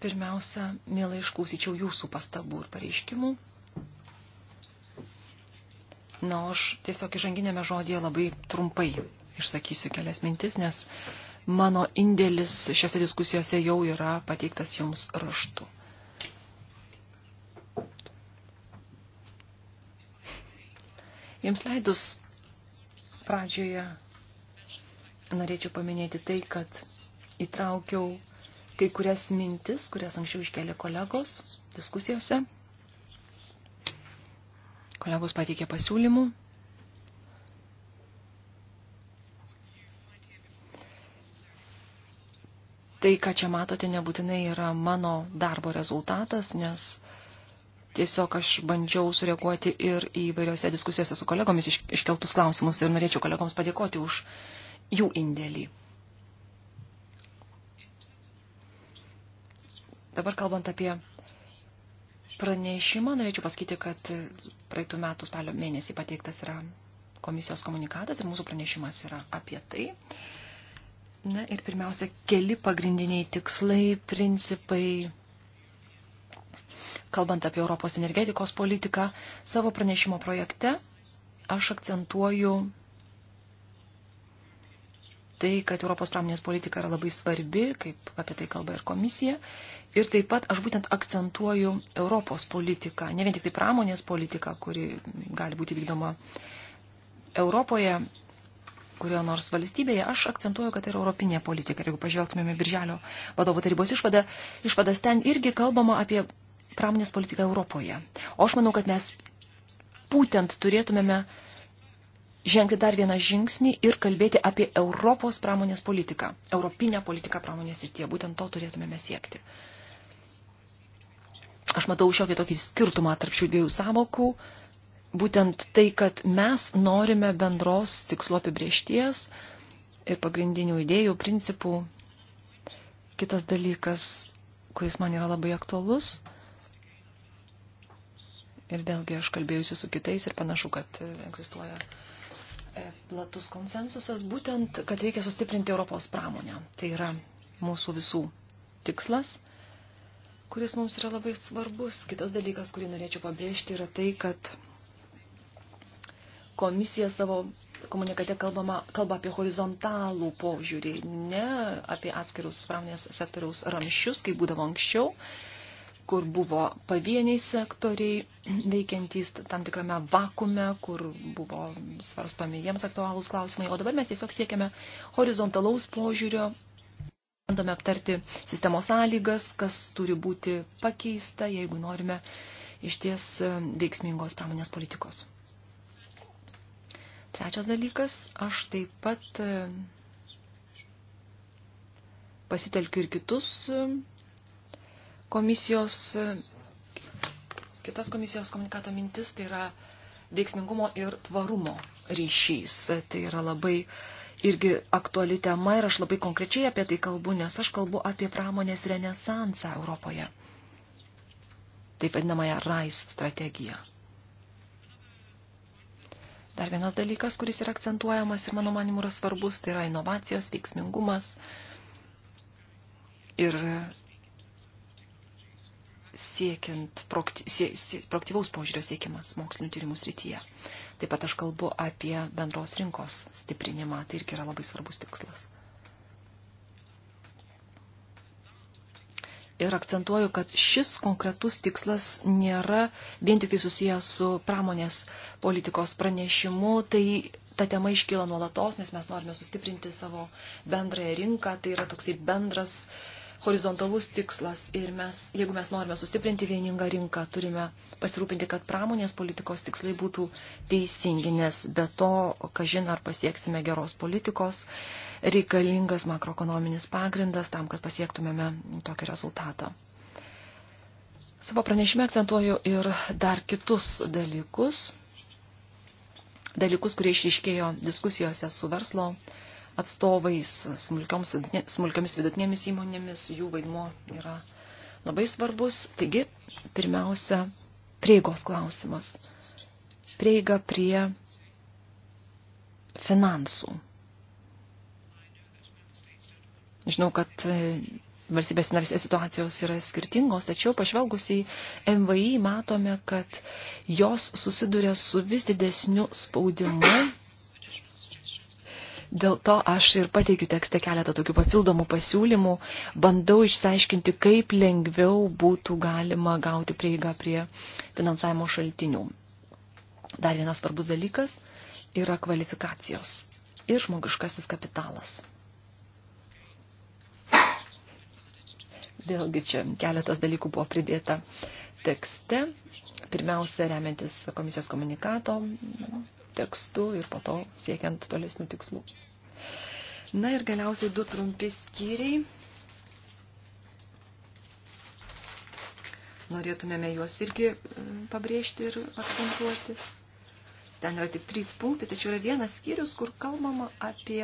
Pirmiausia, mielai išklausyčiau jūsų pastabų ir pareiškimų. Na, aš tiesiog įžanginėme žodėje labai trumpai išsakysiu kelias mintis, nes mano indėlis šiose diskusijose jau yra pateiktas jums raštu. Jums leidus pradžioje norėčiau paminėti tai, kad įtraukiau kai kurias mintis, kurias anksčiau iškėlė kolegos diskusijose. Kolegos pateikė pasiūlymų. Tai, ką čia matote, nebūtinai yra mano darbo rezultatas, nes tiesiog aš bandžiau sureaguoti ir į vairiose diskusijose su kolegomis iškeltus klausimus ir norėčiau kolegoms padėkoti už jų indėlį. Dabar kalbant apie pranešimą, norėčiau pasakyti, kad praeitų metų spalio mėnesį pateiktas yra komisijos komunikatas ir mūsų pranešimas yra apie tai. Na ir pirmiausia, keli pagrindiniai tikslai, principai, kalbant apie Europos energetikos politiką, savo pranešimo projekte aš akcentuoju tai, kad Europos pramonės politika yra labai svarbi, kaip apie tai kalba ir komisija. Ir taip pat aš būtent akcentuoju Europos politiką, ne vien tik tai pramonės politiką, kuri gali būti vykdoma Europoje, kurio nors valstybėje, aš akcentuoju, kad tai yra europinė politika. Ir jeigu pažvelgtumėme Birželio vadovo tarybos išvadą, išvadas ten irgi kalbama apie pramonės politiką Europoje. O aš manau, kad mes būtent turėtumėme uh, žengti dar vieną žingsnį ir kalbėti apie Europos pramonės politiką, europinę politiką pramonės ir tie, būtent to turėtumėme siekti. Aš matau šiokį tokį skirtumą tarp šių dviejų savokų, būtent tai, kad mes norime bendros tikslo apibriešties ir pagrindinių idėjų, principų. Kitas dalykas, kuris man yra labai aktualus, ir vėlgi aš kalbėjusi su kitais ir panašu, kad egzistuoja uh, E, platus konsensusas būtent, kad reikia sustiprinti Europos pramonę. Tai yra mūsų visų tikslas, kuris mums yra labai svarbus. Kitas dalykas, kurį norėčiau pabrėžti, yra tai, kad komisija savo komunikate kalbama, kalba apie horizontalų požiūrį, ne apie atskirus pramonės sektoriaus ramščius, kaip būdavo anksčiau kur buvo pavieniai sektoriai veikiantys tam tikrame vakume, kur buvo svarstomi jiems aktualūs klausimai. O dabar mes tiesiog siekiame horizontalaus požiūrio, bandome aptarti sistemos sąlygas, kas turi būti pakeista, jeigu norime iš ties veiksmingos pramonės politikos. Trečias dalykas, aš taip pat pasitelkiu ir kitus komisijos, kitas komisijos komunikato mintis, tai yra veiksmingumo ir tvarumo ryšys. Tai yra labai irgi aktuali tema ir aš labai konkrečiai apie tai kalbu, nes aš kalbu apie pramonės renesansą Europoje. Taip vadinamąją RISE strategiją. Dar vienas dalykas, kuris yra akcentuojamas ir mano manimu yra svarbus, tai yra inovacijos, veiksmingumas ir siekiant proaktyvaus požiūrio siekimas mokslinių tyrimų srityje. Taip pat aš kalbu apie bendros rinkos stiprinimą, tai irgi yra labai svarbus tikslas. Ir akcentuoju, kad šis konkretus tikslas nėra vien tik tai susijęs su pramonės politikos pranešimu, tai ta tema iškyla nuolatos, nes mes norime sustiprinti savo bendrąją rinką, tai yra toksai bendras uh, horizontalus tikslas ir mes, jeigu mes norime sustiprinti vieningą rinką, turime pasirūpinti, kad pramonės politikos tikslai būtų teisingi, nes be to, kažin ar pasieksime geros politikos, reikalingas makroekonominis pagrindas tam, kad pasiektumėme tokį rezultatą. Savo pranešime akcentuoju ir dar kitus dalykus, dalykus, kurie išryškėjo diskusijose su verslo atstovais, smulkiomis vidutinėmis įmonėmis, jų vaidmo yra labai svarbus. Taigi, pirmiausia, prieigos klausimas. Prieiga prie finansų. Žinau, kad e, valstybės narėse situacijos yra skirtingos, tačiau pažvelgus į MVI matome, kad jos susiduria su vis didesniu spaudimu Dėl to aš ir pateikiu tekste keletą tokių papildomų pasiūlymų, bandau išsiaiškinti, kaip lengviau būtų galima gauti prieigą prie finansavimo šaltinių. Dar vienas svarbus dalykas yra kvalifikacijos ir žmogiškasis kapitalas. Vėlgi čia keletas dalykų buvo pridėta tekste. Pirmiausia, remiantis komisijos komunikato tekstu ir po to siekiant tolesnių tikslų. Na ir galiausiai du trumpi skyriai. Norėtumėme juos irgi e, pabrėžti ir akcentuoti. Ten yra tik trys punktai, tačiau yra vienas skyrius, kur kalbama apie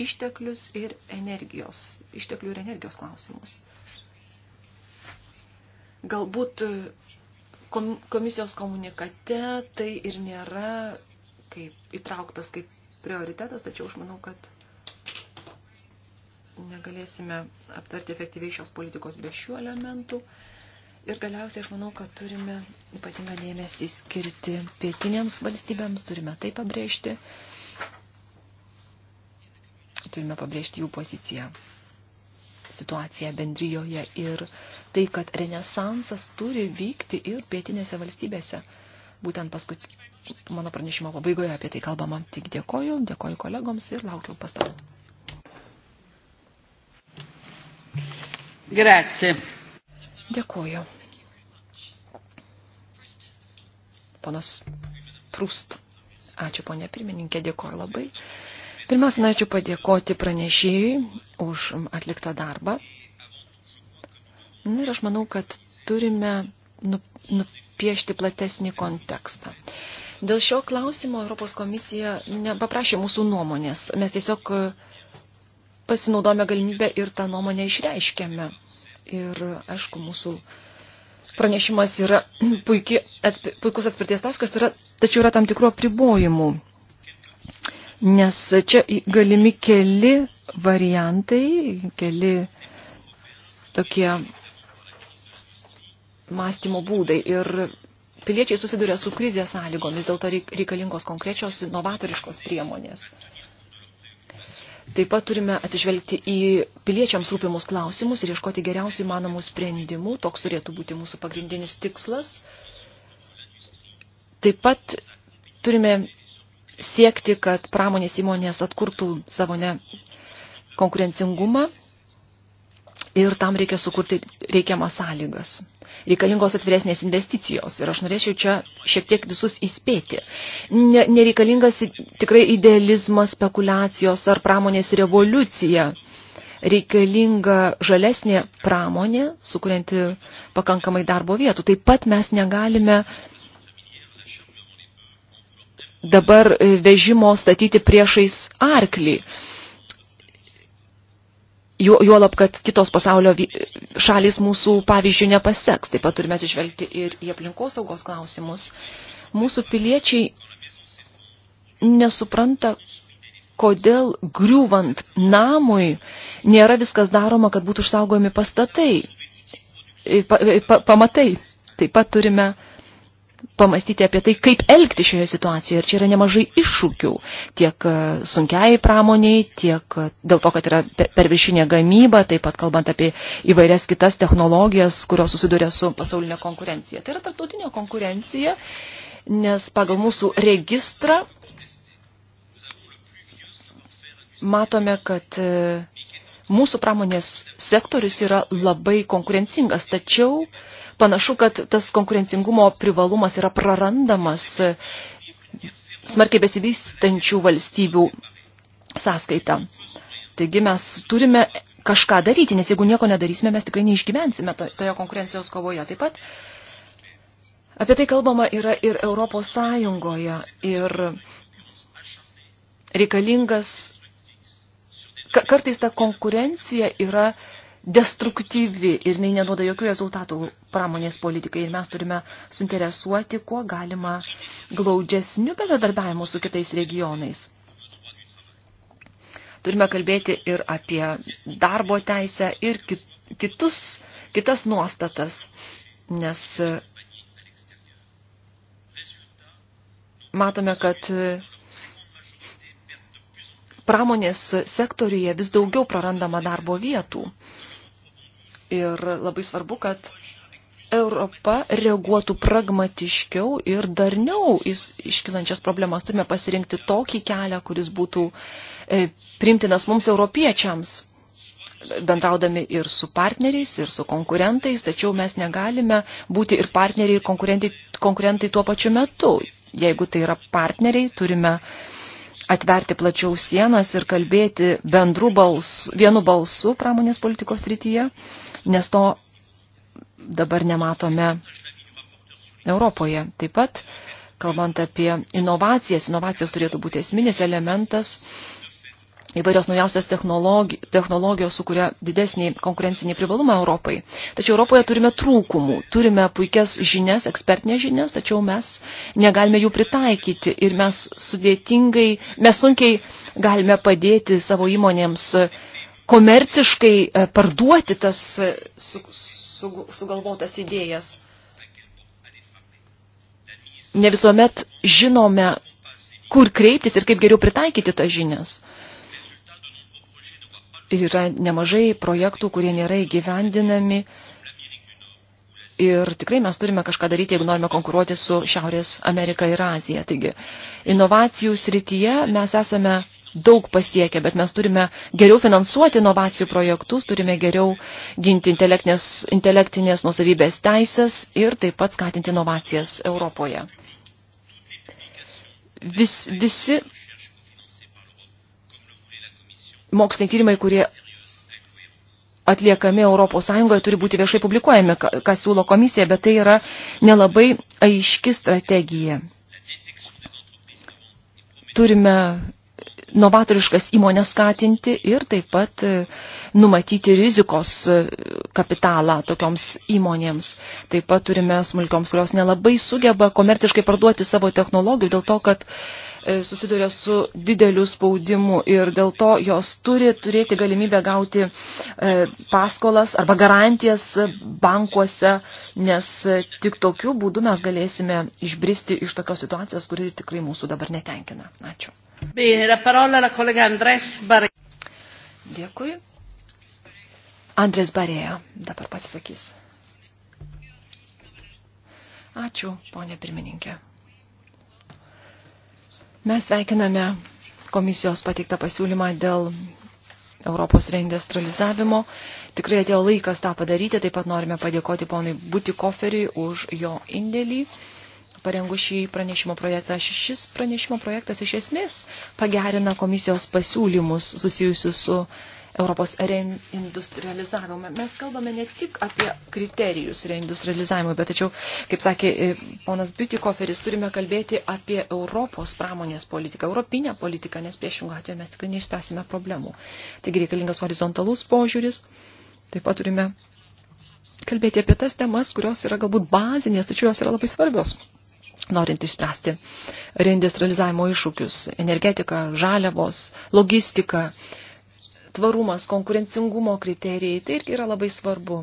išteklius ir energijos, išteklių ir energijos klausimus. Galbūt e, komisijos komunikate tai ir nėra kaip įtrauktas kaip prioritetas, tačiau aš manau, kad negalėsime aptarti efektyviai šios politikos be šių elementų. Ir galiausiai aš manau, kad turime ypatingą dėmesį skirti pietinėms valstybėms, turime tai pabrėžti, turime pabrėžti jų poziciją, situaciją bendrijoje ir tai, kad renesansas turi vykti ir pietinėse valstybėse. Būtent paskut, mano pranešimo pabaigoje apie tai kalbama. Tik dėkoju, dėkoju kolegoms ir laukiu pastabų. Grazie. Dėkoju. Ponas Prust. Ačiū, ponė pirmininkė, dėkoju labai. Pirmiausia, norėčiau padėkoti pranešėjui už atliktą darbą. Na ir aš manau, kad turime nu, nupiešti platesnį kontekstą. Dėl šio klausimo Europos komisija nepaprašė mūsų nuomonės. Mes tiesiog e, pasinaudojame galimybę ir tą nuomonę išreiškėme. Ir, aišku, mūsų pranešimas yra [CLEARS THROAT] puiki, atspir, puikus atspirties taškas, tai yra, tačiau yra tam tikrų apribojimų. Nes čia galimi keli variantai, keli tokie mąstymo būdai. Ir piliečiai susiduria su krizės sąlygomis, dėl to reikalingos konkrečios inovatoriškos priemonės. Taip pat turime atsižvelgti į piliečiams rūpimus klausimus ir ieškoti geriausių įmanomų sprendimų. Toks turėtų būti mūsų pagrindinis tikslas. Taip pat turime siekti, kad pramonės įmonės atkurtų savo ne konkurencingumą ir tam reikia sukurti reikiamas sąlygas. Reikalingos atviresnės investicijos ir aš norėčiau čia šiek tiek visus įspėti. Nereikalingas tikrai idealizmas, spekulacijos ar pramonės revoliucija. Reikalinga žalesnė pramonė, sukurianti pakankamai darbo vietų. Taip pat mes negalime dabar vežimo statyti priešais arklį juolab, kad kitos pasaulio šalis mūsų pavyzdžių nepaseks. Taip pat turime atsižvelgti ir į aplinkos saugos klausimus. Mūsų piliečiai nesupranta, kodėl griūvant namui nėra viskas daroma, kad būtų išsaugojami pastatai, pa, pa, pamatai. Taip pat turime uh, pamastyti apie tai, kaip elgti šioje situacijoje. Ir čia yra nemažai iššūkių tiek e, sunkiai pramoniai, tiek e, dėl to, kad yra pervišinė gamyba, taip pat kalbant apie įvairias kitas technologijas, kurios susiduria su pasaulinė konkurencija. Tai yra tarptautinė konkurencija, nes pagal mūsų registrą matome, kad e, mūsų pramonės sektorius yra labai konkurencingas, tačiau panašu, kad tas konkurencingumo privalumas yra prarandamas smarkiai besivystančių valstybių sąskaita. Taigi mes turime kažką daryti, nes jeigu nieko nedarysime, mes tikrai neišgyvensime toje konkurencijos kovoje. Taip pat apie tai kalbama yra ir Europos Sąjungoje ir reikalingas, kartais ta konkurencija yra destruktyvi ir jinai neduoda jokių rezultatų pramonės politikai. Ir mes turime suinteresuoti, kuo galima glaudžesnių bendradarbiavimų su kitais regionais. Turime kalbėti ir apie darbo teisę ir kitus, kitas nuostatas, nes matome, kad pramonės sektoriuje vis daugiau prarandama darbo vietų. Ir labai svarbu, kad Europa reaguotų pragmatiškiau ir darniau į iškilančias problemas. Turime pasirinkti tokį kelią, kuris būtų e, primtinas mums europiečiams, bendraudami ir su partneriais, ir su konkurentais, tačiau mes negalime būti ir partneriai, ir konkurentai, konkurentai tuo pačiu metu. Jeigu tai yra partneriai, turime e, atverti plačiau sienas ir kalbėti bendru balsu, vienu balsu pramonės politikos rytyje, nes to dabar nematome Europoje. Taip pat, kalbant apie inovacijas, inovacijos turėtų būti esminis elementas įvairios naujausios technologi technologijos sukuria didesnį konkurencinį privalumą Europai. Tačiau Europoje turime trūkumų, turime puikias žinias, ekspertinės žinias, tačiau mes negalime jų pritaikyti ir mes sudėtingai, mes sunkiai galime padėti savo įmonėms komerciškai e, parduoti tas e, su, su, sugalvotas idėjas. Ne visuomet žinome, kur kreiptis ir kaip geriau pritaikyti tas žinias yra nemažai projektų, kurie nėra įgyvendinami. Ir tikrai mes turime kažką daryti, jeigu norime konkuruoti su Šiaurės Amerika ir Azija. Taigi, inovacijų srityje mes esame daug pasiekę, bet mes turime geriau finansuoti inovacijų projektus, turime geriau ginti intelektinės, intelektinės nusavybės teisės ir taip pat skatinti inovacijas Europoje. Vis, visi moksliniai tyrimai, kurie atliekami ES turi būti viešai publikuojami, ką siūlo komisija, bet tai yra nelabai aiški strategija. Turime novatoriškas įmonės skatinti ir taip pat e, numatyti rizikos e, kapitalą tokioms įmonėms. Taip pat turime smulkioms, kurios nelabai sugeba komerciškai parduoti savo technologijų dėl to, kad uh, E, susiduria su dideliu spaudimu ir dėl to jos turi turėti galimybę gauti e, paskolas arba garantijas bankuose, nes tik tokiu būdu mes galėsime išbristi iš tokios situacijos, kuri tikrai mūsų dabar netenkina. Ačiū. Bene, la parola alla collega Andres Barrera. Dėkui. Andres Barėja dabar pasisakys. Ačiū, ponė pirmininkė. Mes sveikiname komisijos pateiktą pasiūlymą dėl Europos reindustrializavimo. Tikrai atėjo laikas tą padaryti, taip pat norime padėkoti ponui Butikoferiui už jo indėlį. Parengu šį pranešimo projektą. Šis pranešimo projektas iš esmės pagerina komisijos pasiūlymus susijusius su Europos reindustrializavimą. Mes kalbame ne tik apie kriterijus reindustrializavimui, bet tačiau, kaip sakė e, ponas Biutikoferis, turime kalbėti apie Europos pramonės politiką, europinę politiką, nes priešingų atveju mes tikrai neišspręsime problemų. Taigi reikalingas horizontalus požiūris, taip pat turime kalbėti apie tas temas, kurios yra galbūt bazinės, tačiau jos yra labai svarbios norint išspręsti reindustrializavimo iššūkius – energetika, žaliavos, logistika, tvarumas, konkurencingumo kriterijai, tai irgi yra labai svarbu.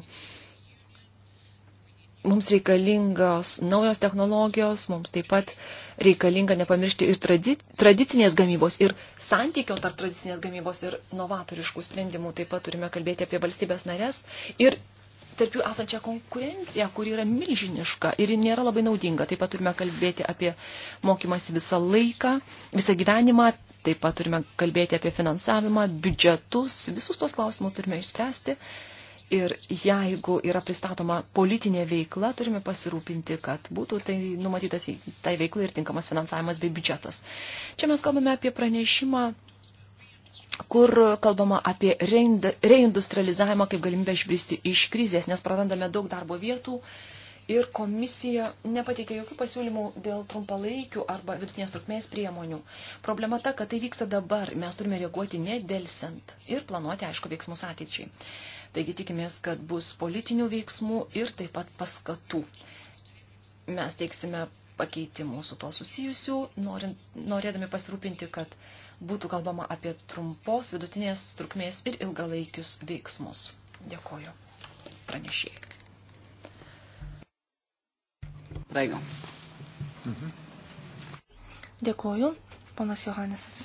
Mums reikalingos naujos technologijos, mums taip pat reikalinga nepamiršti ir tradic tradicinės gamybos, ir santykio tarp tradicinės gamybos ir novatoriškų sprendimų. Taip pat turime kalbėti apie valstybės narės ir tarp jų esančią konkurenciją, kuri yra milžiniška ir nėra labai naudinga. Taip pat turime kalbėti apie mokymasi visą laiką, visą gyvenimą, taip pat turime kalbėti apie finansavimą, biudžetus, visus tos klausimus turime išspręsti. Ir jeigu yra pristatoma politinė veikla, turime pasirūpinti, kad būtų tai numatytas tai veikla ir tinkamas finansavimas bei biudžetas. Čia mes kalbame apie pranešimą kur kalbama apie reindustrializavimą kaip galimybę išbristi iš krizės, nes prarandame daug darbo vietų ir komisija nepateikė jokių pasiūlymų dėl trumpalaikių arba vidutinės trukmės priemonių. Problema ta, kad tai vyksta dabar, mes turime reaguoti nedelsiant ir planuoti, aišku, veiksmus ateičiai. Taigi tikimės, kad bus politinių veiksmų ir taip pat paskatų. Mes teiksime pakeitimų su to susijusių, norint, norėdami pasirūpinti, kad uh, būtų kalbama apie trumpos, vidutinės trukmės ir ilgalaikius veiksmus. Dėkoju pranešėjai. Praigo. Mhm. Dėkoju, ponas Johanesas.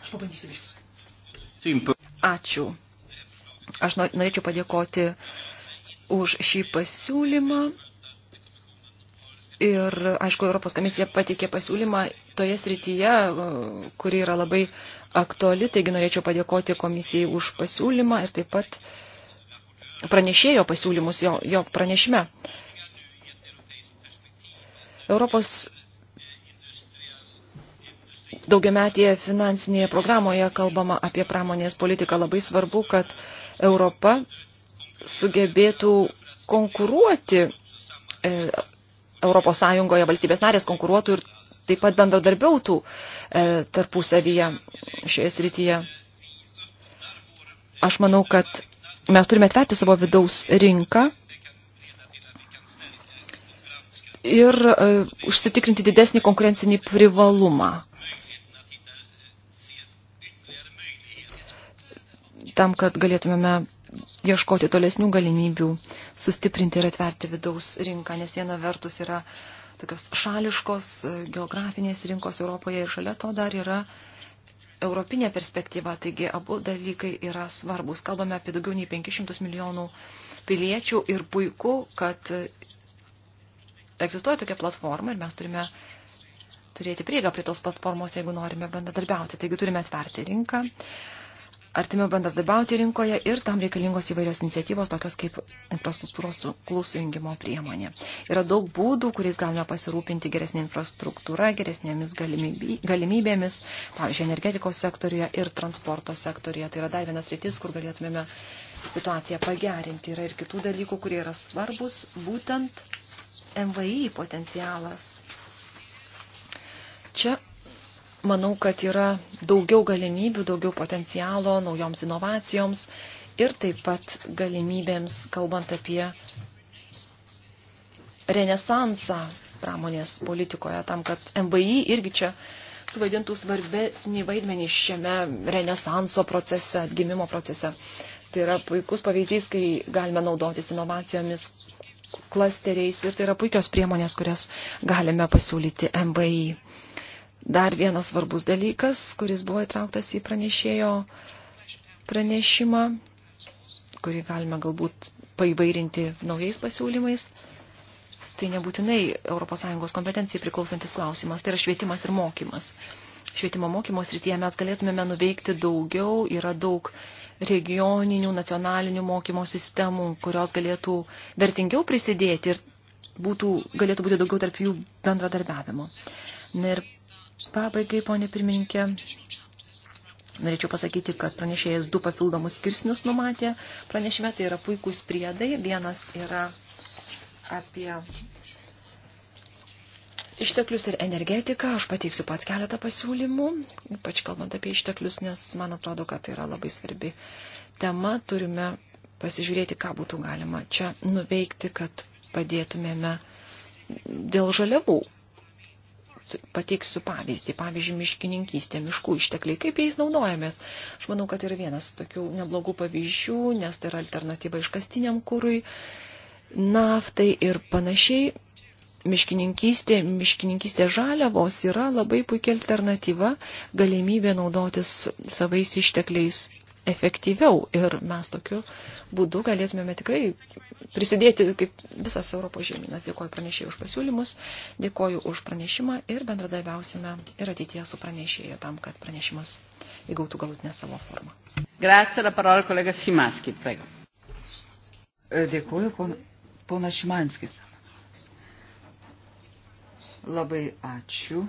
Aš pabandysiu biškį. Ačiū. Aš norėčiau padėkoti už šį pasiūlymą Ir, aišku, Europos komisija pateikė pasiūlymą toje srityje, kuri yra labai aktuali, taigi norėčiau padėkoti komisijai už pasiūlymą ir taip pat pranešėjo pasiūlymus jo, jo pranešime. Europos daugiametėje finansinėje programoje kalbama apie pramonės politiką. Labai svarbu, kad Europa sugebėtų konkuruoti e, ES valstybės narės konkuruotų ir taip pat bendradarbiautų e, tarpusavyje šioje srityje. Aš manau, kad mes turime atverti savo vidaus rinką ir e, užsitikrinti didesnį konkurencinį privalumą. Tam, kad galėtumėme ieškoti tolesnių galimybių sustiprinti ir atverti vidaus rinką, nes viena vertus yra tokios šališkos e, geografinės rinkos Europoje ir šalia to dar yra europinė perspektyva, taigi abu dalykai yra svarbus. Kalbame apie daugiau nei 500 milijonų piliečių ir puiku, kad egzistuoja tokia platforma ir mes turime turėti prieigą prie tos platformos, jeigu norime bendradarbiauti. Taigi turime atverti rinką, artimiau bendradarbiauti rinkoje ir tam reikalingos įvairios iniciatyvos, tokios kaip infrastruktūros klusų jungimo priemonė. Yra daug būdų, kuriais galime pasirūpinti geresnė infrastruktūra, geresnėmis galimybėmis, pavyzdžiui, energetikos sektoriuje ir transporto sektoriuje. Tai yra dar vienas rytis, kur galėtumėme situaciją pagerinti. Yra ir kitų dalykų, kurie yra svarbus, būtent MVI potencialas. Čia manau, kad yra daugiau galimybių, daugiau potencialo naujoms inovacijoms ir taip pat galimybėms, kalbant apie renesansą pramonės politikoje, tam, kad MBI irgi čia suvaidintų svarbesnį vaidmenį šiame renesanso procese, atgimimo procese. Tai yra puikus pavyzdys, kai galime naudotis inovacijomis, klasteriais ir tai yra puikios priemonės, kurias galime pasiūlyti MBI. Dar vienas svarbus dalykas, kuris buvo įtrauktas į pranešėjo pranešimą, kurį galime galbūt paįvairinti naujais pasiūlymais, tai nebūtinai ES kompetencijai priklausantis klausimas, tai yra švietimas ir mokymas. Švietimo mokymo srityje mes galėtumėme nuveikti daugiau, yra daug regioninių, nacionalinių mokymo sistemų, kurios galėtų vertingiau prisidėti ir būtų, galėtų būti daugiau tarp jų bendradarbiavimo. Na ir Pabaigai, ponė pirmininkė, norėčiau pasakyti, kad pranešėjas du papildomus skirsnius numatė. Pranešime tai yra puikūs priedai. Vienas yra apie išteklius ir energetiką. Aš pateiksiu pats keletą pasiūlymų, ypač kalbant apie išteklius, nes man atrodo, kad tai yra labai svarbi tema. Turime pasižiūrėti, ką būtų galima čia nuveikti, kad padėtumėme dėl žaliavų pateiksiu pavyzdį, pavyzdžiui, miškininkystė, miškų ištekliai, kaip jais naudojamės. Aš manau, kad yra vienas tokių neblogų pavyzdžių, nes tai yra alternatyva iškastiniam kūrui, naftai ir panašiai. Miškininkystė, miškininkystė žaliavos yra labai puikia alternatyva galimybė naudotis savais ištekliais efektyviau ir mes tokiu būdu galėtumėme tikrai prisidėti kaip visas Europos žemynas. Dėkoju pranešėjai už pasiūlymus, dėkoju už pranešimą ir bendradarbiausime ir ateityje su pranešėjo tam, kad pranešimas įgautų galutinę savo formą. Grazie, la parola kolega Šimanski, prego. E, Dėkuoju, pon, ponas Šimanskis. Labai ačiū.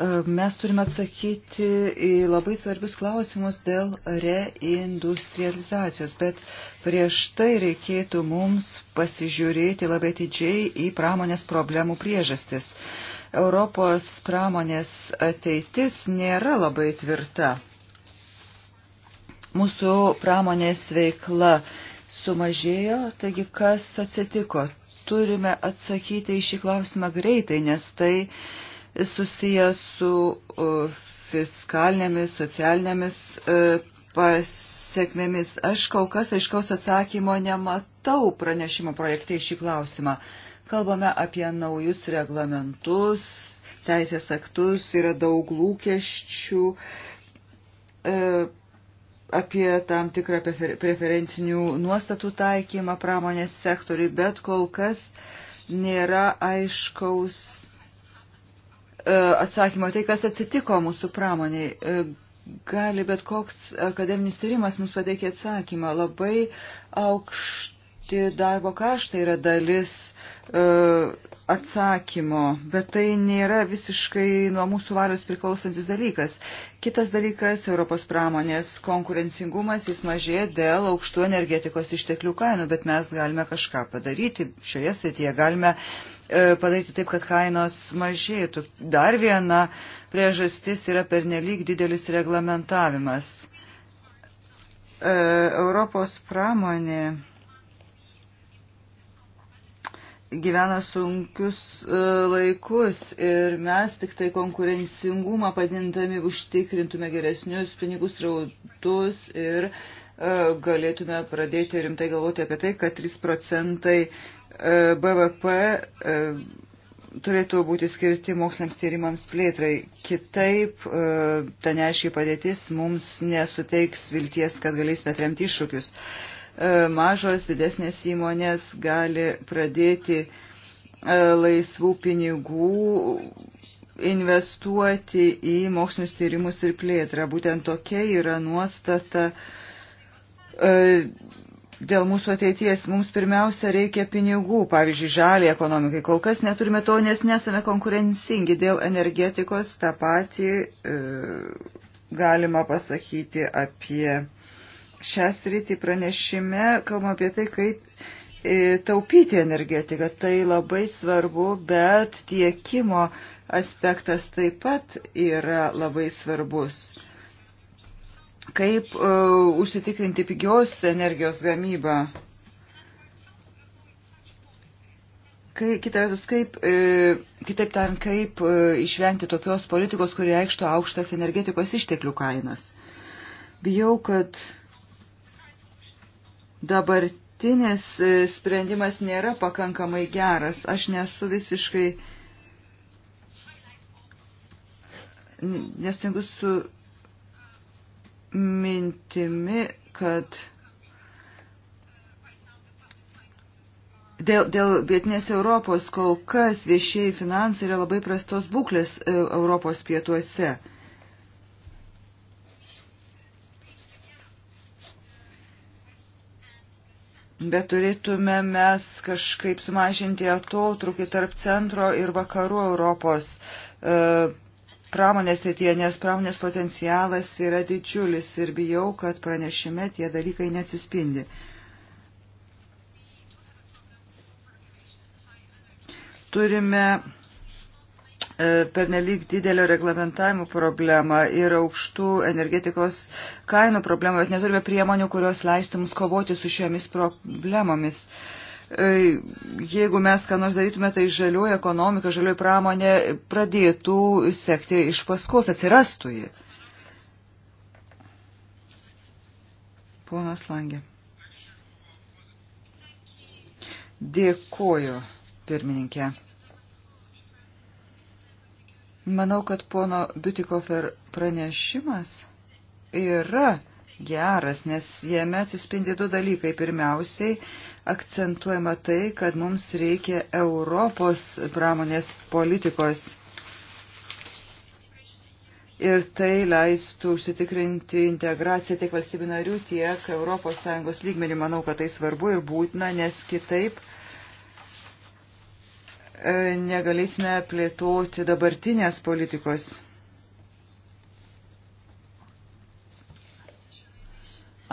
E, mes turime atsakyti į labai svarbius klausimus dėl reindustrializacijos, bet prieš tai reikėtų mums pasižiūrėti labai didžiai į pramonės problemų priežastis. Europos pramonės ateitis nėra labai tvirta. Mūsų pramonės veikla sumažėjo, taigi kas atsitiko? Turime atsakyti į šį klausimą greitai, nes tai susijęs su fiskalinėmis, socialinėmis e, pasiekmėmis. Aš kol kas aiškaus atsakymo nematau pranešimo projekte į šį klausimą. Kalbame apie naujus reglamentus, teisės aktus, yra daug lūkesčių e, apie tam tikrą preferencinių nuostatų taikymą pramonės sektoriui, bet kol kas nėra aiškaus E, atsakymą tai, kas atsitiko mūsų pramoniai. E, gali bet koks akademinis tyrimas mums pateikė atsakymą. Labai aukšt aukšti darbo kaštai yra dalis e, atsakymo, bet tai nėra visiškai nuo mūsų valios priklausantis dalykas. Kitas dalykas - Europos pramonės konkurencingumas, jis mažėja dėl aukštų energetikos išteklių kainų, bet mes galime kažką padaryti šioje srityje, galime e, padaryti taip, kad kainos mažėtų. Dar viena priežastis yra pernelyg didelis reglamentavimas. E, Europos pramonė gyvena sunkius e, laikus ir mes tik tai konkurencingumą padindami užtikrintume geresnius pinigus rautus ir e, galėtume pradėti rimtai galvoti apie tai, kad 3 procentai e, BVP turėtų būti skirti moksliniams tyrimams plėtrai. Kitaip, ta neaiškiai padėtis mums nesuteiks vilties, kad galėsime atremti iššūkius. E, mažos, didesnės įmonės gali pradėti e, laisvų pinigų investuoti į mokslinius tyrimus ir plėtrą. Būtent tokia yra nuostata e, dėl mūsų ateities. Mums pirmiausia reikia pinigų, pavyzdžiui, žalį ekonomikai. Kol kas neturime to, nes nesame konkurencingi. Dėl energetikos tą patį e, galima pasakyti apie šią sritį pranešime kalbam apie tai, kaip e, taupyti energetiką. Tai labai svarbu, bet tiekimo aspektas taip pat yra labai svarbus. Kaip uh, užsitikrinti pigios energijos gamybą? Kai, kita vertus, kaip, e, kitaip tariant, kaip e, išvengti tokios politikos, kuri reikštų aukštas energetikos išteklių kainas. Bijau, kad dabartinės e, sprendimas nėra pakankamai geras. Aš nesu visiškai nesutinku su mintimi, kad Dėl, dėl vietinės Europos kol kas viešieji finansai yra labai prastos būklės e, Europos pietuose. bet turėtume mes kažkaip sumažinti atotrukį tarp centro ir vakarų Europos e, pramonės srityje, nes pramonės potencialas yra didžiulis ir bijau, kad pranešime tie dalykai neatsispindi. Turime E, pernelyg didelio reglamentavimo problemą ir aukštų energetikos kainų problemą, bet neturime priemonių, kurios leistų mums kovoti su šiomis problemomis e, jeigu mes ką nors darytume, tai žalioji ekonomika, žalioji pramonė pradėtų sekti iš paskos, atsirastų jį. Ponas Langė. Dėkoju, pirmininkė. Manau, kad pono Butikofer pranešimas yra geras, nes jame atsispindi du dalykai. Pirmiausiai, akcentuojama tai, kad mums reikia Europos pramonės politikos. Ir tai leistų užsitikrinti integraciją tiek valstybių narių, tiek ES lygmenį. Manau, kad tai svarbu ir būtina, nes kitaip uh, E, negalėsime plėtoti dabartinės politikos.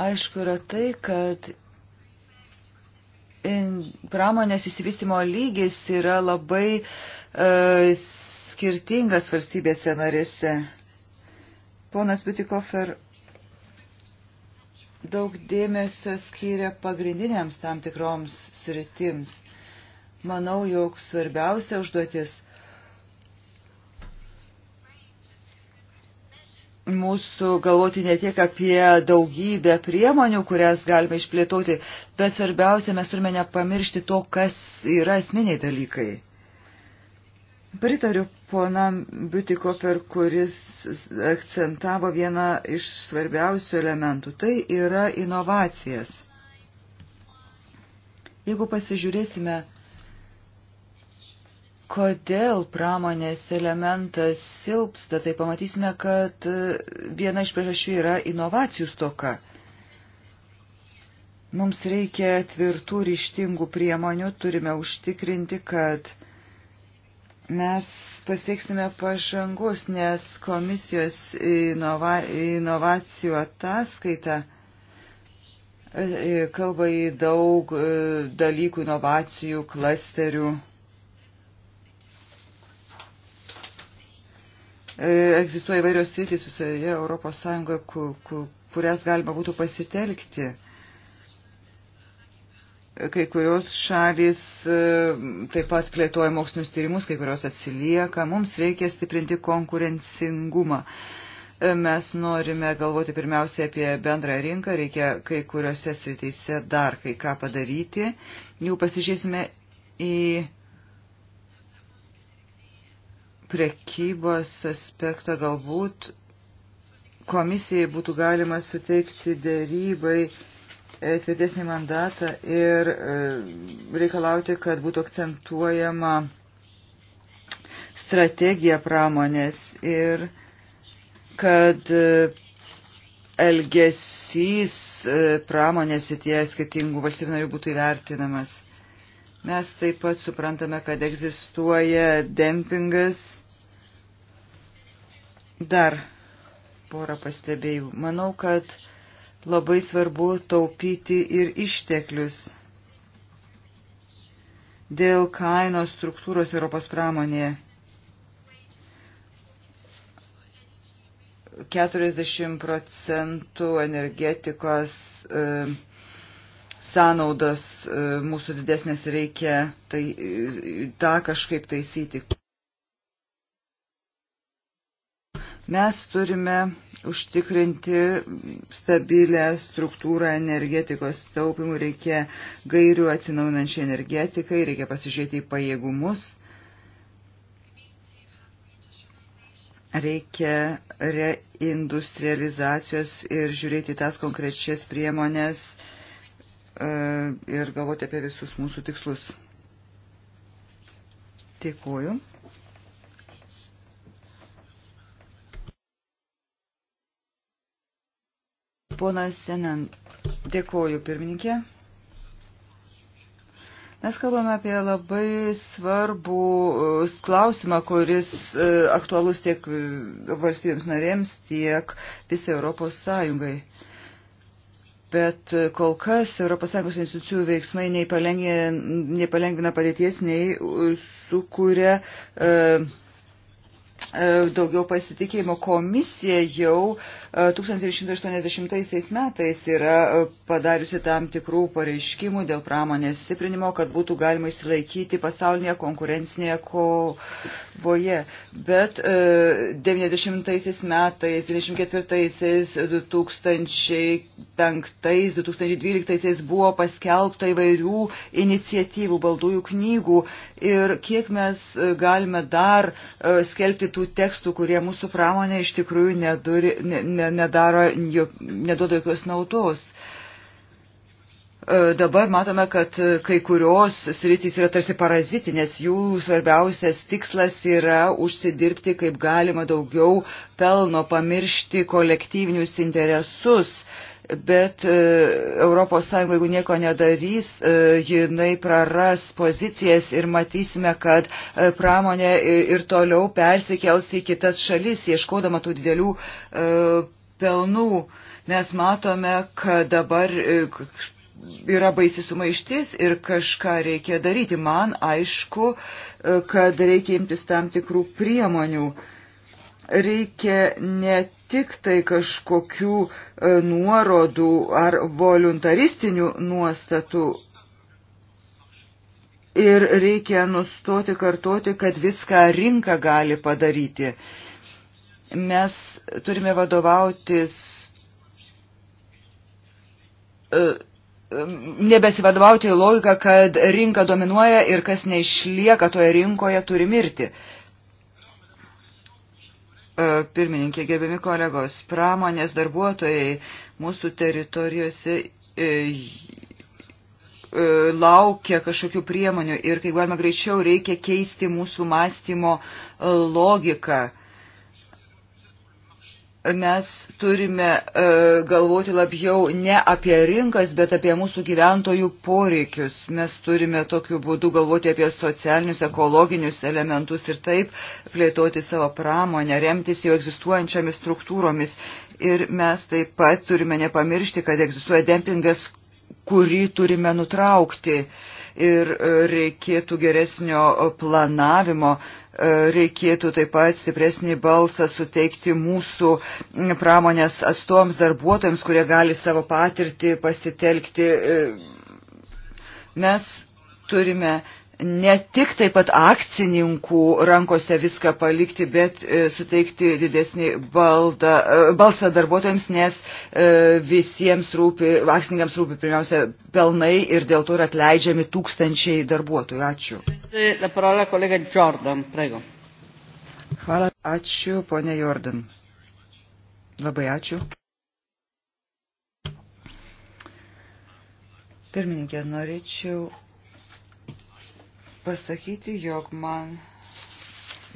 Aišku yra tai, kad pramonės įsivystimo lygis yra labai e, skirtingas valstybėse narėse. Ponas Bitikofer daug dėmesio skiria pagrindiniams tam tikroms sritims – manau, jog svarbiausia užduotis mūsų galvoti ne tiek apie daugybę priemonių, kurias galime išplėtoti, bet svarbiausia, mes turime nepamiršti to, kas yra esminiai dalykai. Pritariu ponam Butikofer, kuris akcentavo vieną iš svarbiausių elementų. Tai yra inovacijas. Jeigu pasižiūrėsime kodėl pramonės elementas silpsta, tai pamatysime, kad e, viena iš priežasčių yra inovacijų stoka. Mums reikia tvirtų ryštingų priemonių, turime užtikrinti, kad mes pasieksime pažangus, nes komisijos inova, inovacijų ataskaita e, kalba į daug e, dalykų, inovacijų, klasterių E, egzistuoja įvairios sritys visoje Europos Sąjungoje, ku, ku, kurias galima būtų pasitelkti. Kai kurios šalys e, taip pat plėtoja mokslinius tyrimus, kai kurios atsilieka. Mums reikia stiprinti konkurencingumą. E, mes norime galvoti pirmiausiai apie bendrą rinką, reikia kai kuriuose srityse dar kai ką padaryti. Jau pasižiūrėsime į prekybos aspektą galbūt komisijai būtų galima suteikti dėrybai e, tvirtesnį mandatą ir e, reikalauti, kad būtų akcentuojama strategija pramonės ir kad e, elgesys pramonės įtie skirtingų valstybių narių būtų įvertinamas. Mes taip pat suprantame, kad egzistuoja dempingas. Dar porą pastebėjimų. Manau, kad labai svarbu taupyti ir išteklius dėl kainos struktūros Europos pramonėje. 40 procentų energetikos e, sąnaudos e, mūsų didesnės reikia tai, e, tą kažkaip taisyti. Mes turime užtikrinti stabilę struktūrą energetikos taupimų, reikia gairių atsinaunančiai energetikai, reikia pasižiūrėti į pajėgumus, reikia reindustrializacijos ir žiūrėti tas konkrečias priemonės, E, ir galvoti apie visus mūsų tikslus. Dėkuoju. Ponas Senen, dėkuoju pirmininkė. Mes kalbame apie labai svarbų e, klausimą, kuris e, aktualus tiek valstybėms narėms, tiek visai Europos Sąjungai. Bet kol kas ES institucijų veiksmai nei palengvina, nei palengvina padėties, nei sukuria e, e, daugiau pasitikėjimo. Komisija jau e, 1980 metais yra e, padariusi tam tikrų pareiškimų dėl pramonės stiprinimo, kad būtų galima išsilaikyti pasaulinėje konkurencinėje kovoje. Bet 90 e, metais, 94, 2005, 2012 buvo paskelbta įvairių iniciatyvų, baldųjų knygų ir kiek mes e, galime dar skelbti tų tekstų, kurie mūsų pramonė iš tikrųjų neduri, ne, ne, nedaro, neduoda jokios naudos. E, dabar matome, kad kai kurios sritys yra tarsi parazitinės, jų svarbiausias tikslas yra užsidirbti kaip galima daugiau pelno, pamiršti kolektyvinius interesus bet ES, jeigu nieko nedarys, e, jinai praras pozicijas ir matysime, kad e, pramonė e, ir toliau persikels į kitas šalis, ieškodama tų didelių pelnų. Mes matome, kad dabar yra baisi sumaištis ir kažką reikia daryti. Man aišku, kad reikia imtis tam tikrų priemonių. Reikia ne tik tai kažkokių e, nuorodų ar voluntaristinių nuostatų. Ir reikia nustoti kartoti, kad viską rinka gali padaryti. Mes turime vadovautis e, nebesivadovauti logika, kad rinka dominuoja ir kas neišlieka toje rinkoje turi mirti. Uh, E, pirmininkė, gerbiami kolegos, pramonės darbuotojai mūsų teritorijose e, e, laukia kažkokių priemonių ir kaip galima greičiau reikia keisti mūsų mąstymo logiką mes turime e, galvoti labiau ne apie rinkas, bet apie mūsų gyventojų poreikius. Mes turime tokiu būdu galvoti apie socialinius, ekologinius elementus ir taip plėtoti savo pramonę, remtis jau egzistuojančiamis struktūromis. Ir mes taip pat turime nepamiršti, kad egzistuoja dempingas, kurį turime nutraukti. Uh, ir e, reikėtų geresnio planavimo, e, reikėtų taip pat stipresnį balsą suteikti mūsų pramonės atstovams darbuotojams, kurie gali savo patirtį pasitelkti. E, mes turime ne tik taip pat akcininkų rankose viską palikti, bet e, suteikti didesnį baldą, e, balsą darbuotojams, nes e, visiems rūpi, akcininkams rūpi pirmiausia pelnai ir dėl to yra atleidžiami tūkstančiai darbuotojų. Ačiū. La parola kolega Jordan, prego. Hvala. Ačiū, ponė Jordan. Labai ačiū. Pirmininkė, norėčiau pasakyti, jog man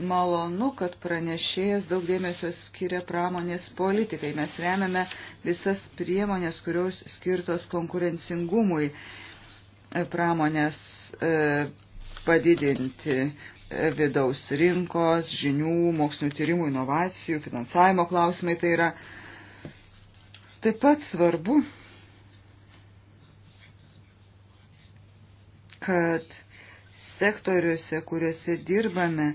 malonu, kad pranešėjas daug dėmesio skiria pramonės politikai. Mes remiame visas priemonės, kurios skirtos konkurencingumui e, pramonės e, padidinti e, vidaus rinkos, žinių, mokslinių tyrimų, inovacijų, finansavimo klausimai. Tai yra taip pat svarbu, kad sektoriuose, kuriuose dirbame,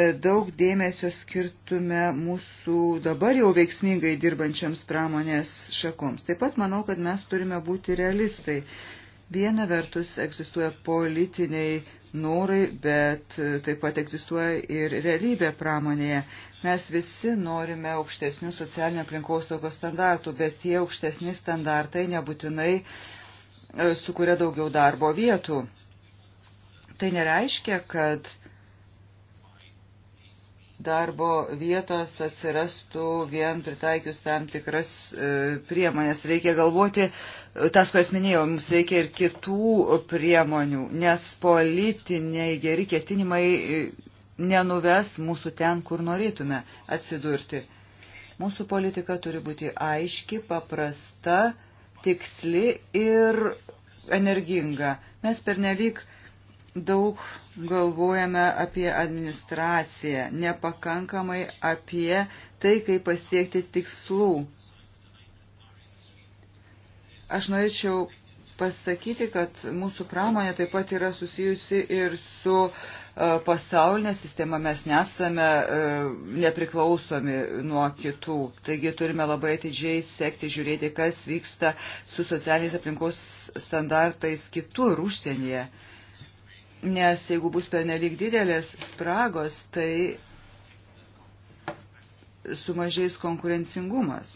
e, daug dėmesio skirtume mūsų dabar jau veiksmingai dirbančiams pramonės šakoms. Taip pat manau, kad mes turime būti realistai. Viena vertus egzistuoja politiniai norai, bet e, taip pat egzistuoja ir realybė pramonėje. Mes visi norime aukštesnių socialinio aplinkosaugos standartų, bet tie aukštesni standartai nebūtinai e, sukuria daugiau darbo vietų tai nereiškia, kad darbo vietos atsirastų vien pritaikius tam tikras e, priemonės. Reikia galvoti, tas, kurias minėjau, mums reikia ir kitų priemonių, nes politiniai geri ketinimai e, nenuves mūsų ten, kur norėtume atsidurti. Mūsų politika turi būti aiški, paprasta, tiksli ir energinga. Mes pernelyg nevyk daug galvojame apie administraciją, nepakankamai apie tai, kaip pasiekti tikslų. Aš norėčiau pasakyti, kad mūsų pramonė taip pat yra susijusi ir su e, pasaulinė sistema, mes nesame e, nepriklausomi nuo kitų. Taigi turime labai atidžiai sekti, žiūrėti, kas vyksta su socialiniais aplinkos standartais kitur užsienyje nes jeigu bus pernelyg didelės spragos, tai sumažės konkurencingumas.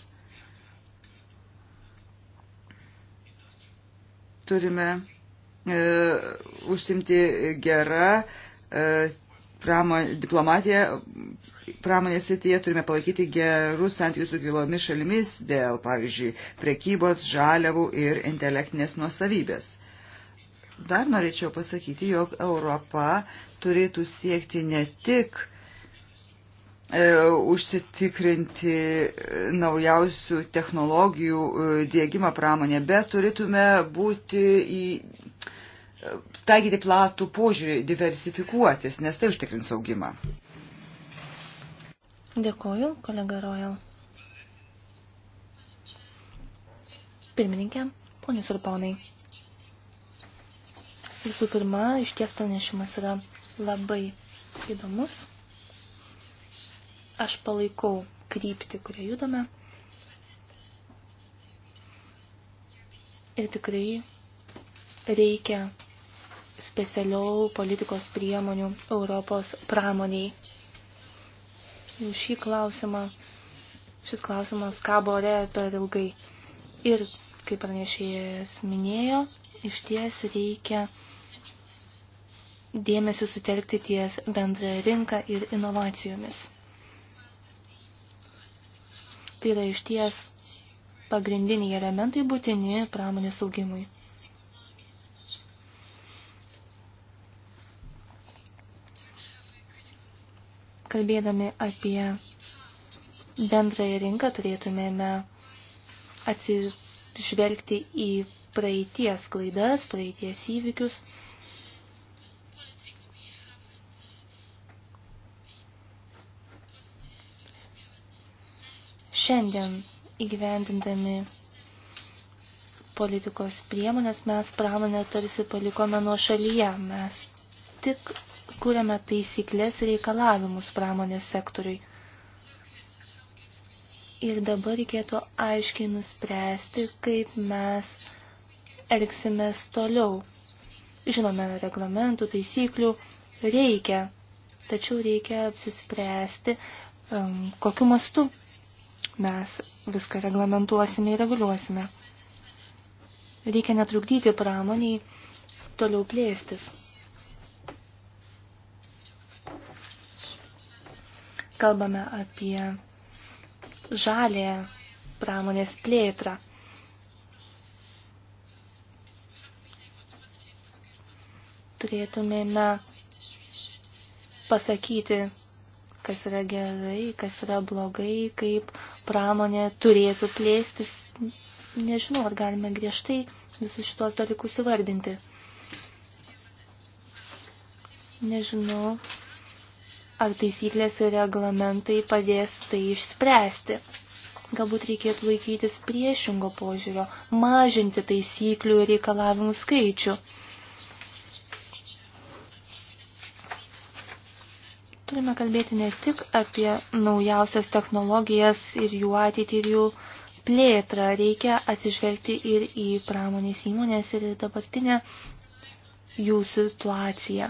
Turime e, užsimti gerą e, pramo, diplomatiją pramonės srityje, turime palaikyti gerus santykius su gilomis šalimis dėl, pavyzdžiui, prekybos, žaliavų ir intelektinės nuosavybės. Dar norėčiau pasakyti, jog Europa turėtų siekti ne tik e, užsitikrinti e, naujausių technologijų e, dėgymą pramonė, bet turėtume būti į e, taikyti platų požiūrį, diversifikuotis, nes tai užtikrins augimą. Dėkuoju, kolega Rojal. Pirmininkė, ponius ir ponai. Visų pirma, išties pranešimas yra labai įdomus. Aš palaikau kryptį, kurią judame. Ir tikrai reikia specialiau politikos priemonių Europos pramoniai. Jau šį klausimą, šis klausimas kabo ore per ilgai. Ir, kaip pranešėjas minėjo, iš ties reikia dėmesį sutelkti ties bendrą rinką ir inovacijomis. Tai yra išties pagrindiniai elementai būtini pramonės augimui. Kalbėdami apie bendrąją rinką turėtumėme atsižvelgti į praeities klaidas, praeities įvykius Šiandien įgyvendindami politikos priemonės mes pramonę tarsi palikome nuo šalyje. Mes tik kūrėme taisyklės ir reikalavimus pramonės sektoriui. Ir dabar reikėtų aiškiai nuspręsti, kaip mes elgsimės toliau. Žinome, reglamentų, taisyklių reikia, tačiau reikia apsispręsti, um, kokiu mastu Mes viską reglamentuosime ir reguliuosime. Reikia netrukdyti pramoniai toliau plėstis. Kalbame apie žalę pramonės plėtrą. Turėtumėme pasakyti kas yra gerai, kas yra blogai, kaip pramonė turėtų plėstis. Nežinau, ar galime griežtai visus šitos dalykus įvardinti. Nežinau, ar taisyklės ir reglamentai padės tai išspręsti. Galbūt reikėtų laikytis priešingo požiūrio, mažinti taisyklių ir reikalavimų skaičių. galime kalbėti ne tik apie naujausias technologijas ir jų ateitį ir jų plėtrą, reikia atsižvelgti ir į pramonės įmonės ir dabartinę jų situaciją.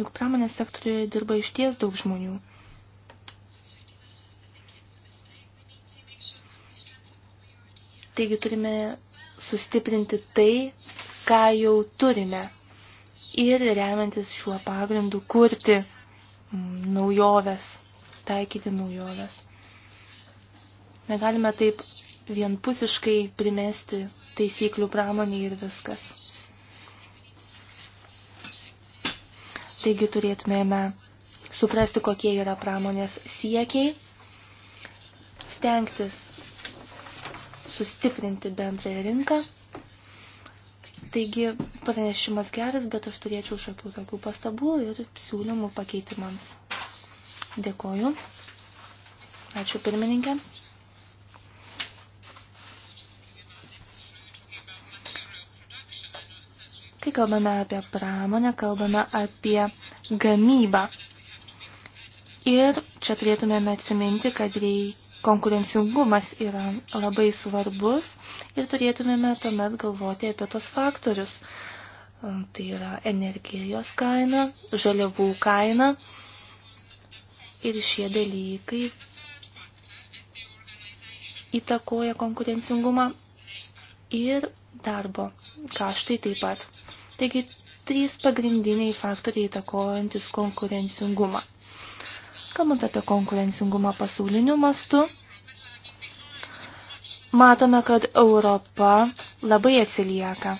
Juk pramonės sektoriuje dirba išties daug žmonių. Taigi turime sustiprinti tai, ką jau turime ir remiantis šiuo pagrindu kurti naujoves, taikyti naujoves. Negalime taip vienpusiškai primesti taisyklių pramonį ir viskas. Taigi turėtumėme suprasti, kokie yra pramonės siekiai, stengtis sustiprinti bendrąją rinką Taigi pranešimas geras, bet aš turėčiau šiokių tokių pastabų ir siūlymų pakeitimams. Dėkoju. Ačiū pirmininkė. Kai kalbame apie pramonę, kalbame apie gamybą. Ir čia turėtumėme atsiminti, kad konkurencingumas yra labai svarbus ir turėtumėme tuomet galvoti apie tos faktorius. Um, tai yra energijos kaina, žaliavų kaina ir šie dalykai įtakoja konkurencingumą ir darbo kaštai taip pat. Taigi, trys pagrindiniai faktoriai įtakojantis konkurencingumą. Kalbant apie konkurencingumą pasauliniu mastu, matome, kad Europa labai atsilieka.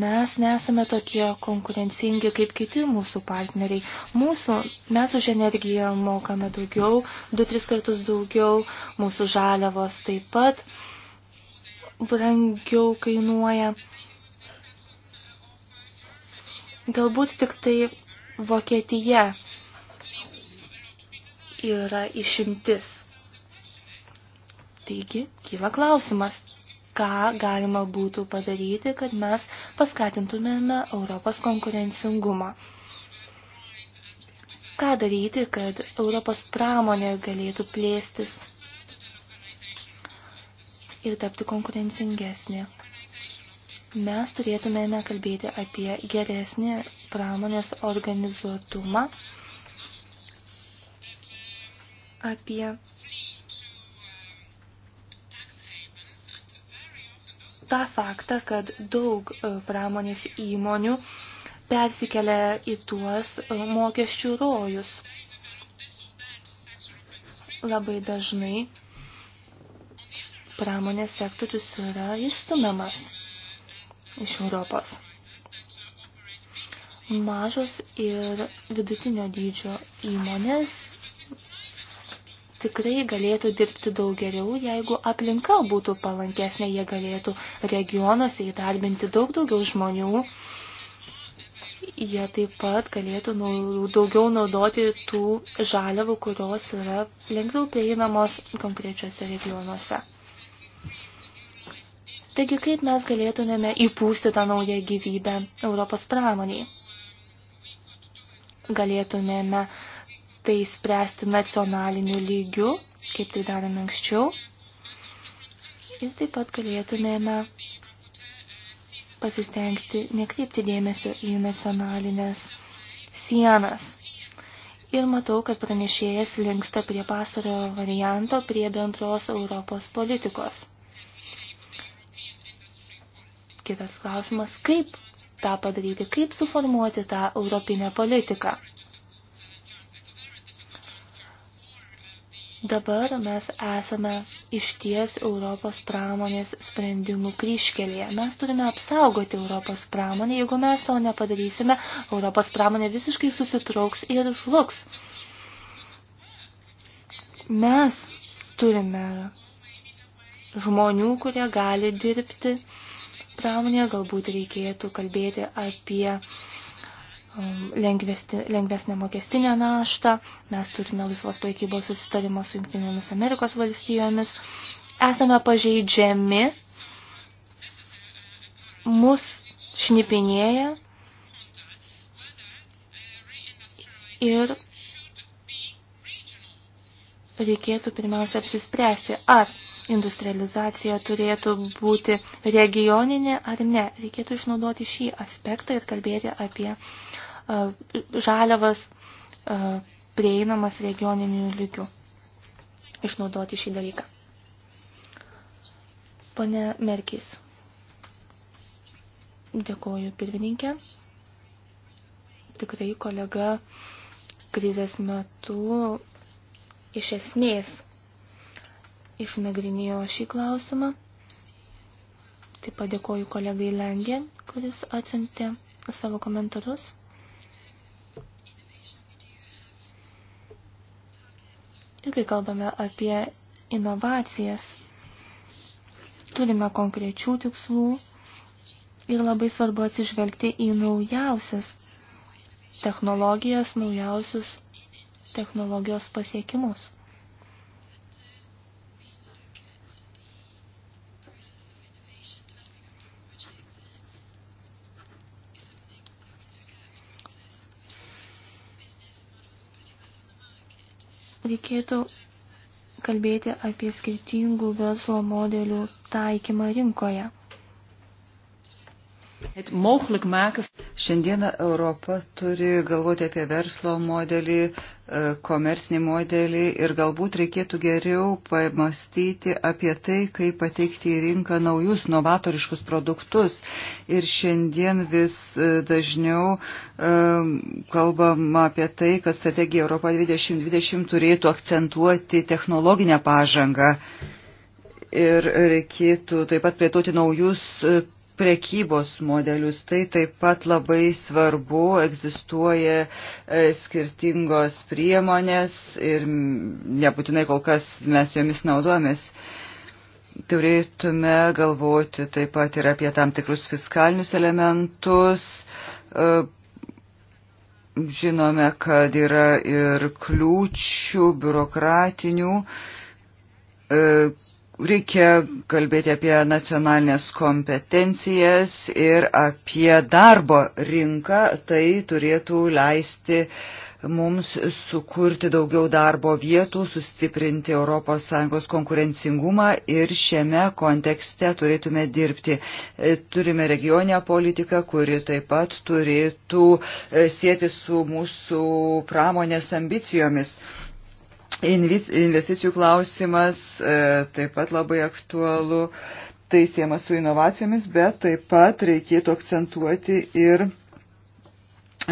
Mes nesame tokie konkurencingi kaip kiti mūsų partneriai. Mūsų, mes už energiją mokame daugiau, 2-3 kartus daugiau, mūsų žaliavos taip pat brangiau kainuoja. Galbūt tik tai Vokietija yra išimtis. Taigi, kyla klausimas, ką galima būtų padaryti, kad mes paskatintumėme Europos konkurencingumą. Ką daryti, kad Europos pramonė galėtų plėstis ir tapti konkurencingesnė. Mes turėtumėme kalbėti apie geresnį pramonės organizuotumą apie tą faktą, kad daug e, pramonės įmonių persikelia į tuos e, mokesčių rojus. Labai dažnai pramonės sektorius yra išstumiamas iš Europos. Mažos ir vidutinio dydžio įmonės tikrai galėtų dirbti daug geriau, jeigu aplinka būtų palankesnė, jie galėtų regionuose įdarbinti daug daugiau žmonių. Jie taip pat galėtų daugiau naudoti tų žaliavų, kurios yra lengviau prieinamos konkrečiose regionuose. Taigi, kaip mes galėtumėme įpūsti tą naują gyvybę Europos pramoniai? Galėtumėme uh, tai spręsti nacionaliniu lygiu, kaip tai darome anksčiau. Ir taip pat galėtumėme pasistengti nekreipti dėmesio į nacionalinės sienas. Ir matau, kad pranešėjas linksta prie pasaro varianto prie bendros Europos politikos. Kitas klausimas, kaip tą padaryti, kaip suformuoti tą europinę politiką. Dabar mes esame išties Europos pramonės sprendimų kryškelėje. Mes turime apsaugoti Europos pramonę. Jeigu mes to nepadarysime, Europos pramonė visiškai susitrauks ir žlugs. Mes turime žmonių, kurie gali dirbti pramonėje. Galbūt reikėtų kalbėti apie uh, Um, lengvesnę mokestinę naštą, mes turime laisvos prekybos susitarimą su Junktinėmis Amerikos valstijomis, esame pažeidžiami, mus šnipinėja ir reikėtų pirmiausia apsispręsti, ar industrializacija turėtų būti regioninė ar ne. Reikėtų išnaudoti šį aspektą ir kalbėti apie uh, žaliavas prieinamas regioninių lygių. Išnaudoti šį dalyką. Pane Merkys. Dėkoju pirmininkė. Tikrai kolega krizės metu iš esmės išnagrinėjo šį klausimą. Taip pat dėkoju kolegai Lengė, kuris atsiuntė savo komentarus. Ir kai kalbame apie inovacijas, turime konkrečių tikslų ir labai svarbu atsižvelgti į naujausias technologijas, naujausius technologijos pasiekimus. reikėtų kalbėti apie skirtingų verslo modelių taikymą rinkoje. Šiandieną Europa turi galvoti apie verslo modelį, E, komercinį modelį ir galbūt reikėtų geriau pamastyti apie tai, kaip pateikti į rinką naujus novatoriškus produktus. Ir šiandien vis e, dažniau e, kalbama apie tai, kad strategija Europa 2020 turėtų akcentuoti technologinę pažangą. Ir reikėtų taip pat plėtoti naujus prekybos modelius. Tai taip pat labai svarbu, egzistuoja e, skirtingos priemonės ir nebūtinai kol kas mes jomis naudojamės. Turėtume galvoti taip pat ir apie tam tikrus fiskalinius elementus. E, žinome, kad yra ir kliūčių biurokratinių e, reikia kalbėti apie nacionalinės kompetencijas ir apie darbo rinką. Tai turėtų leisti mums sukurti daugiau darbo vietų, sustiprinti ES konkurencingumą ir šiame kontekste turėtume dirbti. E, turime regioninę politiką, kuri taip pat turėtų e, sėti su mūsų pramonės ambicijomis Investicijų klausimas e, taip pat labai aktualu, tai siema su inovacijomis, bet taip pat reikėtų akcentuoti ir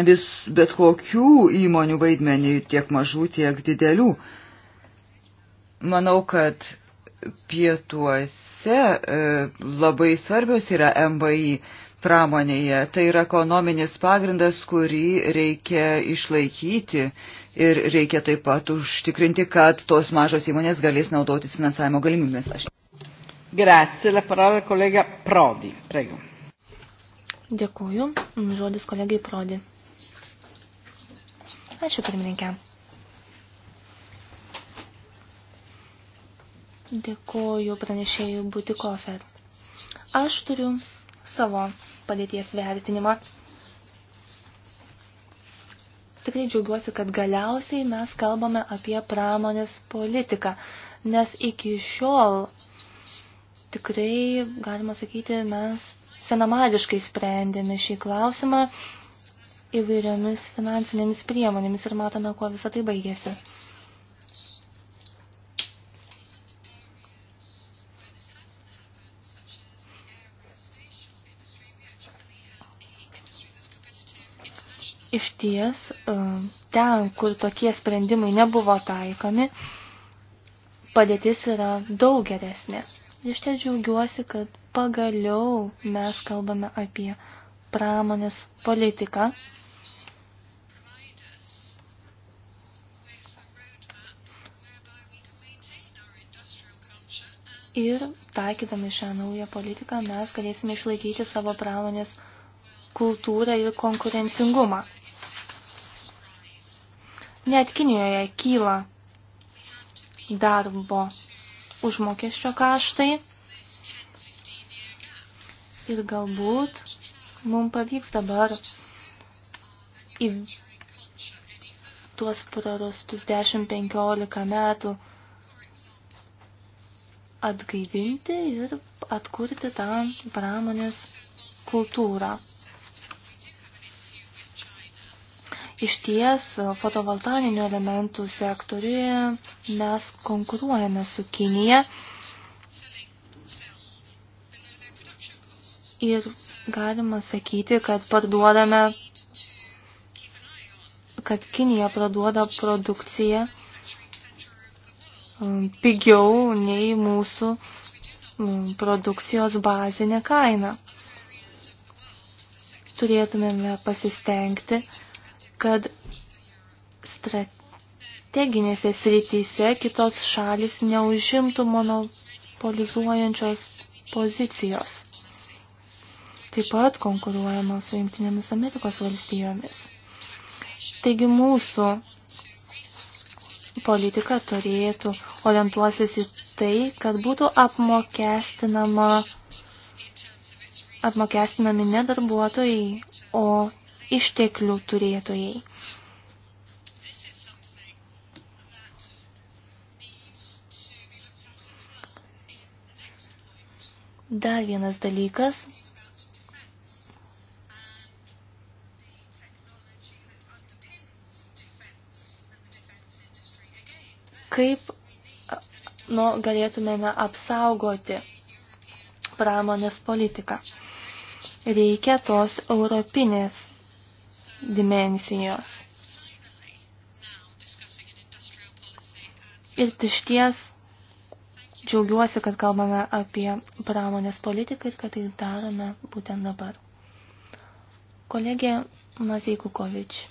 vis, bet kokių įmonių vaidmenį, tiek mažų, tiek didelių. Manau, kad pietuose e, labai svarbios yra MBI pramonėje. Tai yra ekonominis pagrindas, kurį reikia išlaikyti ir reikia taip pat užtikrinti, kad tos mažos įmonės galės naudotis finansavimo galimybėmis. Aš... Grazie, la parola kolega Prodi, prego. Dėkuoju, žodis kolegai Prodi. Ačiū, pirmininkė. Dėkuoju pranešėjų Butikofer. Aš turiu savo padėties vertinimą tikrai džiaugiuosi, kad galiausiai mes kalbame apie pramonės politiką, nes iki šiol tikrai, galima sakyti, mes senamadiškai sprendėme šį klausimą įvairiomis finansinėmis priemonėmis ir matome, kuo visą tai baigėsi. iš ties e, ten, kur tokie sprendimai nebuvo taikomi, padėtis yra daug geresnė. Iš ties džiaugiuosi, kad pagaliau mes kalbame apie pramonės politiką. Ir taikydami šią naują politiką mes galėsime išlaikyti savo pramonės kultūrą ir konkurencingumą. Net Kinijoje kyla darbo užmokesčio kaštai ir galbūt mums pavyks dabar į tuos prarastus 10-15 metų atgaivinti ir atkurti tą pramonės kultūrą. Iš ties fotovoltaninių elementų sektoriuje mes konkuruojame su Kinija ir galima sakyti, kad parduodame, kad Kinija parduoda produkciją um, pigiau nei mūsų um, produkcijos bazinė kaina. Turėtumėme pasistengti kad strateginėse srityse kitos šalis neužimtų monopolizuojančios pozicijos. Taip pat konkuruojama su Junktinėmis Amerikos valstijomis. Taigi mūsų politika turėtų orientuosis į tai, kad būtų apmokestinama apmokestinami ne darbuotojai, o išteklių turėtojai. Dar vienas dalykas. Kaip nu, galėtumėme apsaugoti pramonės politiką? Reikia tos europinės dimensijos. Ir išties džiaugiuosi, kad kalbame apie pramonės politiką ir kad tai darome būtent dabar. Kolegė Mazej Kukovič.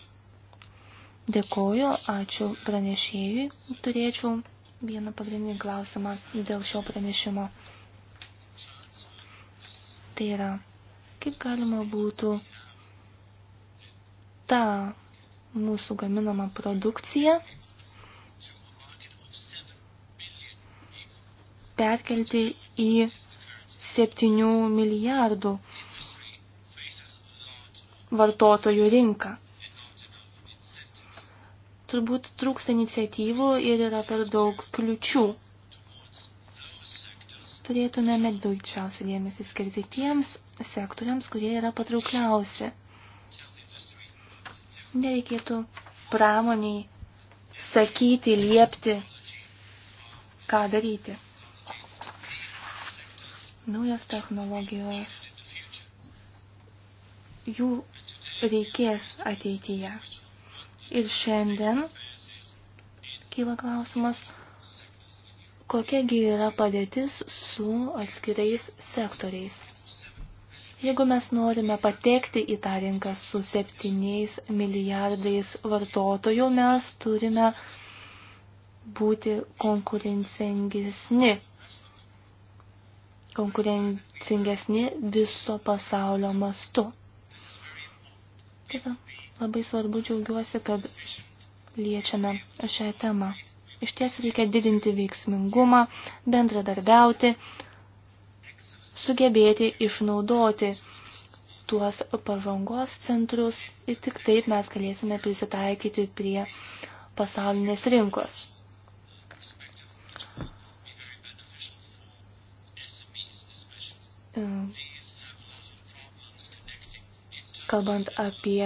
Dėkoju, ačiū pranešėjui. Turėčiau vieną pagrindinį klausimą dėl šio pranešimo. Tai yra, kaip galima būtų ta mūsų gaminama produkcija perkelti į 7 milijardų vartotojų rinką. Turbūt trūks iniciatyvų ir yra per daug kliučių. Turėtumėme daugiausiai dėmesį skirti tiems sektoriams, kurie yra patraukliausi. Nereikėtų pramoniai sakyti, liepti, ką daryti. Naujos technologijos. Jų reikės ateityje. Ir šiandien kyla klausimas, kokiagi yra padėtis su atskirais sektoriais. Jeigu mes norime patekti į tą rinką su 7 milijardais vartotojų, mes turime būti konkurencingesni. Konkurencingesni viso pasaulio mastu. Taip, labai svarbu džiaugiuosi, kad liečiame šią temą. Iš ties reikia didinti veiksmingumą, bendradarbiauti sugebėti išnaudoti tuos pažangos centrus ir tik taip mes galėsime prisitaikyti prie pasaulinės rinkos. E, kalbant apie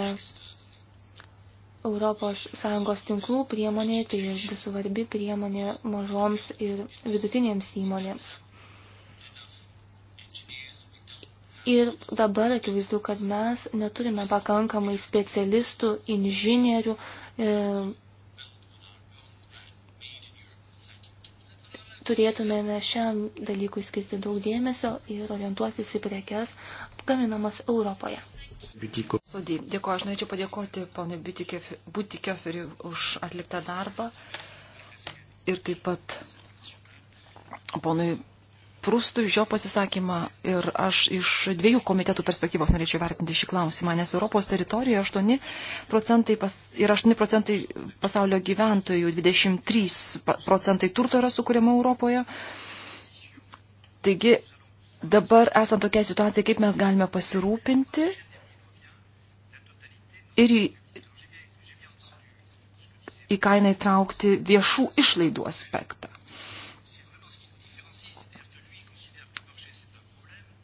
Europos Sąjungos tinklų priemonė, tai bus svarbi priemonė mažoms ir vidutinėms įmonėms. Ir dabar akivaizdu, kad mes neturime pakankamai specialistų, inžinierių. E, turėtumėme šiam dalykui skirti daug dėmesio ir orientuotis į prekes gaminamas Europoje. Sodį, dėkuoju, aš norėčiau padėkoti ponui Butikioferiui už atliktą darbą ir taip pat ponui Prūstų iš jo pasisakymą ir aš iš dviejų komitetų perspektyvos norėčiau vertinti šį klausimą, nes Europos teritorijoje 8 procentai pas, ir 8 procentai pasaulio gyventojų, 23 procentai turto yra sukūrimo Europoje. Taigi dabar esant tokia situacija, kaip mes galime pasirūpinti ir į, į kainą įtraukti viešų išlaidų aspektą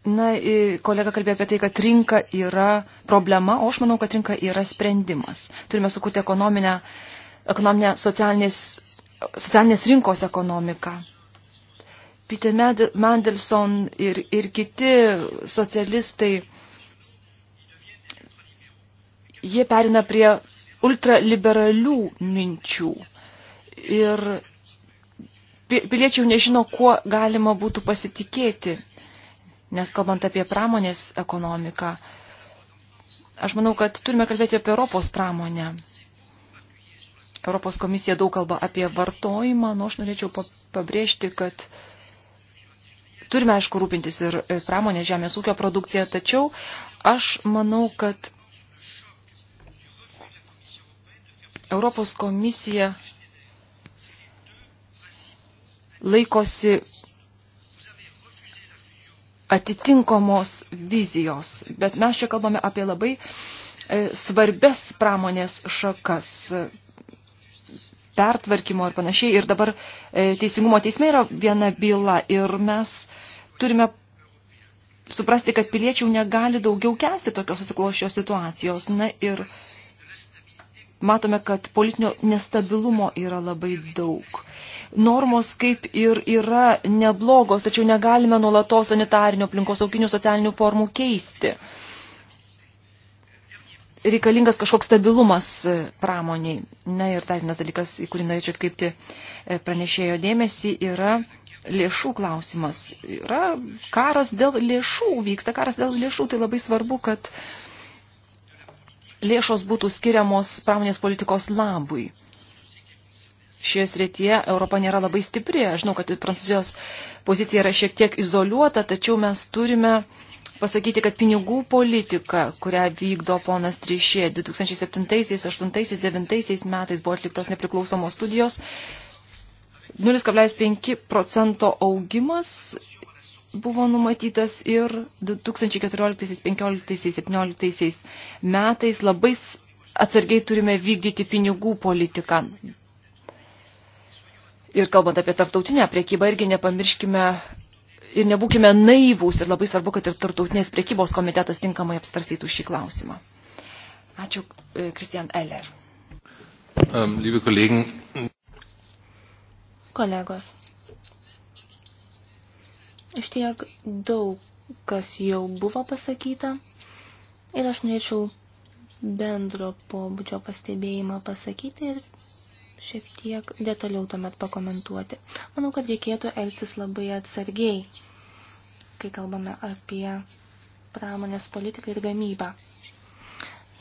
Na, kolega kalbėjo apie tai, kad rinka yra problema, o aš manau, kad rinka yra sprendimas. Turime sukurti ekonominę, ekonominę socialinės, socialinės rinkos ekonomiką. Peter Mandelson ir, ir kiti socialistai, jie perina prie ultraliberalių minčių. Ir piliečiai nežino, kuo galima būtų pasitikėti Nes kalbant apie pramonės ekonomiką, aš manau, kad turime kalbėti apie Europos pramonę. Europos komisija daug kalba apie vartojimą, nors nu, aš norėčiau pabrėžti, kad turime, aišku, rūpintis ir pramonės žemės ūkio produkciją, tačiau aš manau, kad Europos komisija laikosi atitinkamos vizijos. Bet mes čia kalbame apie labai e, svarbes pramonės šakas, pertvarkymo ir panašiai. Ir dabar e, teisingumo teisme yra viena byla ir mes turime suprasti, kad piliečių negali daugiau kesti tokios susiklošios situacijos. Na ir matome, kad politinio nestabilumo yra labai daug normos kaip ir yra neblogos, tačiau negalime nuolatos sanitarinių, aplinkosauginių, socialinių formų keisti. Reikalingas kažkoks stabilumas e, pramoniai. Na ir dar vienas dalykas, į kurį norėčiau atkreipti e, pranešėjo dėmesį, yra lėšų klausimas. Yra karas dėl lėšų, vyksta karas dėl lėšų, tai labai svarbu, kad lėšos būtų skiriamos pramonės politikos labui šioje srityje Europa nėra labai stipri. Aš žinau, kad Prancūzijos pozicija yra šiek tiek izoliuota, tačiau mes turime pasakyti, kad pinigų politika, kurią vykdo ponas Trišė 2007, 2008, 2009 metais buvo atliktos nepriklausomos studijos, 0,5 procento augimas buvo numatytas ir 2014-2015-2017 metais labai atsargiai turime vykdyti pinigų politiką. Ir kalbant apie tarptautinę priekybą, irgi nepamirškime ir nebūkime naivūs ir labai svarbu, kad ir tarptautinės priekybos komitetas tinkamai apstarstytų šį klausimą. Ačiū, Kristian e, Eller. Um, liebe Kollegen. Kolegos. Iš tiek daug kas jau buvo pasakyta ir aš norėčiau bendro pobūdžio pastebėjimą pasakyti ir šiek tiek detaliau tuomet pakomentuoti. Manau, kad reikėtų elgtis labai atsargiai, kai kalbame apie pramonės politiką ir gamybą.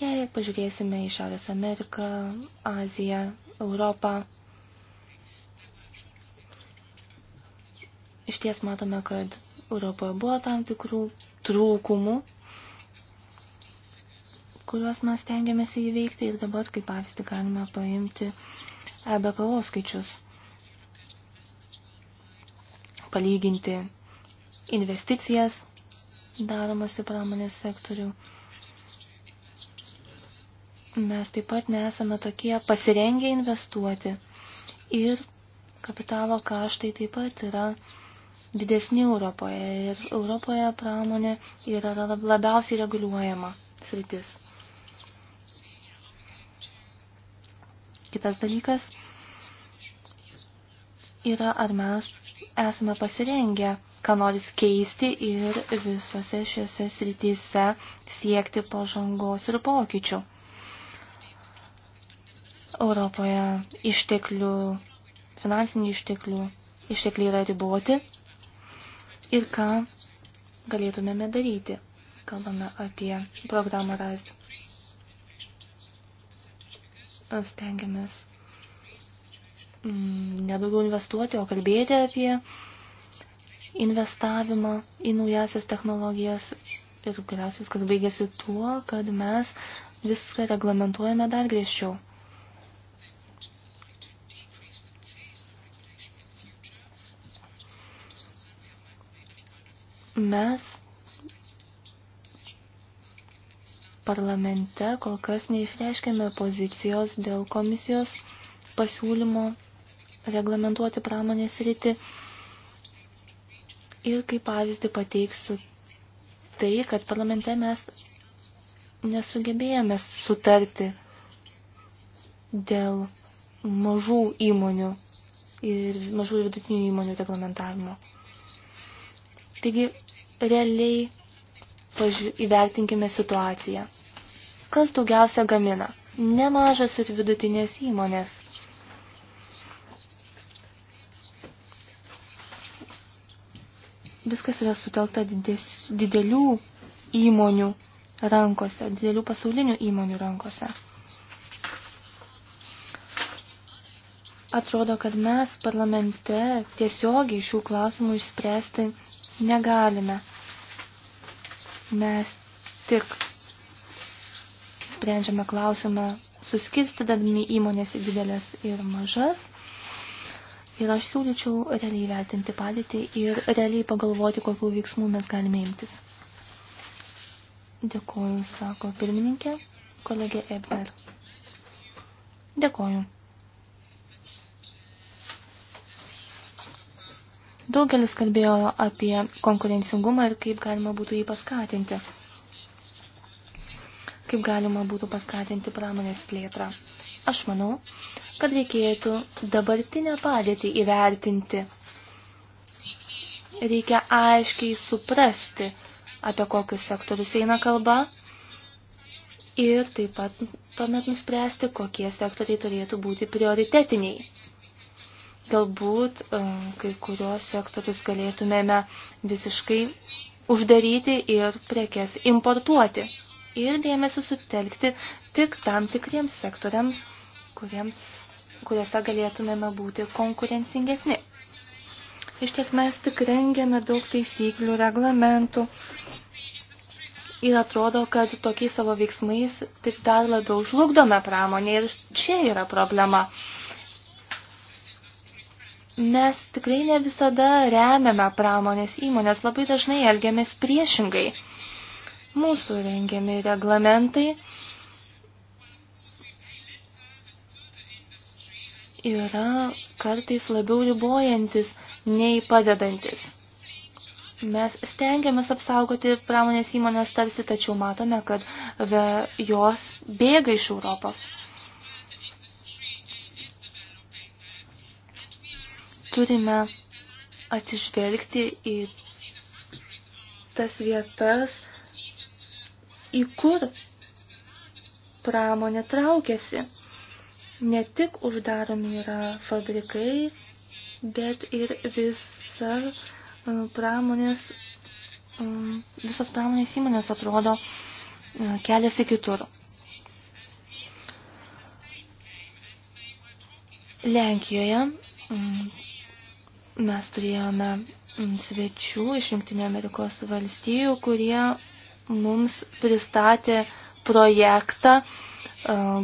Jei pažiūrėsime į Šiaurės Ameriką, Aziją, Europą, iš ties matome, kad Europoje buvo tam tikrų trūkumų, kuriuos mes tengiamės įveikti ir dabar kaip pavyzdį galime paimti uh, EBPO skaičius. Palyginti investicijas daromas į pramonės sektorių. Mes taip pat nesame tokie pasirengę investuoti ir kapitalo kaštai taip pat yra didesni Europoje ir Europoje pramonė yra labiausiai reguliuojama sritis. Kitas dalykas yra, ar mes esame pasirengę ką nors keisti ir visose šiose srityse siekti pažangos ir pokyčių. Europoje išteklių, finansinių išteklių, ištekliai yra riboti ir ką galėtumėme daryti. Kalbame apie programą RASD stengiamės mm, nedaugiau investuoti, o kalbėti apie investavimą į naujasias technologijas. Ir galiausiai viskas baigėsi tuo, kad mes viską reglamentuojame dar griežčiau. Mes parlamente kol kas neišreiškėme pozicijos dėl komisijos pasiūlymo reglamentuoti pramonės rytį. Ir kaip pavyzdį pateiksiu tai, kad parlamente mes nesugebėjome sutarti dėl mažų įmonių ir mažų ir vidutinių įmonių reglamentavimo. Taigi, realiai paži... įvertinkime situaciją. Kas daugiausia gamina? Nemažas ir vidutinės įmonės. Viskas yra sutelkta dides, didelių įmonių rankose, didelių pasaulinių įmonių rankose. Atrodo, kad mes parlamente tiesiogiai šių klausimų išspręsti negalime mes tik sprendžiame klausimą suskirstydami įmonės į didelės ir mažas. Ir aš siūlyčiau realiai vertinti padėtį ir realiai pagalvoti, kokių veiksmų mes galime imtis. Dėkoju, sako pirmininkė, kolegė Ebner. Dėkoju. Daugelis kalbėjo apie konkurencingumą ir kaip galima būtų jį paskatinti. Kaip galima būtų paskatinti pramonės plėtrą. Aš manau, kad reikėtų dabartinę padėtį įvertinti. Reikia aiškiai suprasti, apie kokius sektorius eina kalba ir taip pat tuomet nuspręsti, kokie sektoriai turėtų būti prioritetiniai. Galbūt e, kai kuriuos sektorius galėtumėme visiškai uždaryti ir prekes importuoti. Ir dėmesį sutelkti tik tam tikriems sektoriams, kuriems, kuriuose galėtumėme būti konkurencingesni. Iš tiek mes tik rengiame daug taisyklių, reglamentų ir atrodo, kad tokiais savo veiksmais tik dar labiau žlugdome pramonę ir čia yra problema mes tikrai ne visada remiame pramonės įmonės, labai dažnai elgiamės priešingai. Mūsų rengiami reglamentai yra kartais labiau ribojantis nei padedantis. Mes stengiamės apsaugoti pramonės įmonės tarsi, tačiau matome, kad jos bėga iš Europos. turime atsižvelgti į tas vietas, į kur pramonė traukiasi. Ne tik uždaromi yra fabrikai, bet ir visa e, pramonės, e, visos pramonės įmonės atrodo e, keliasi kitur. Lenkijoje mm, Mes turėjome mm, svečių iš Junktinio Amerikos valstijų, kurie mums pristatė projektą e,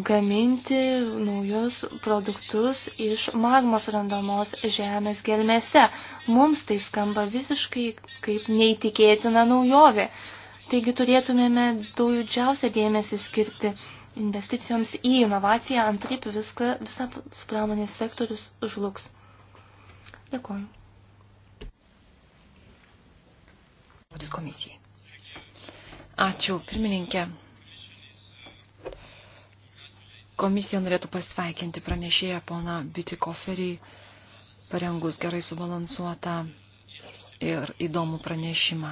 gaminti naujus produktus iš magmos randamos žemės gelmėse. Mums tai skamba visiškai kaip neįtikėtina naujovė. Taigi turėtumėme daugiausia dėmesį skirti investicijoms į inovaciją, antraip viską, visa pramonės sektorius žlugs. Dėkoju. Žodis komisijai. Ačiū, pirmininkė. Komisija norėtų pasveikinti pranešėją poną Bitikoferį, parengus gerai subalansuotą ir įdomų pranešimą.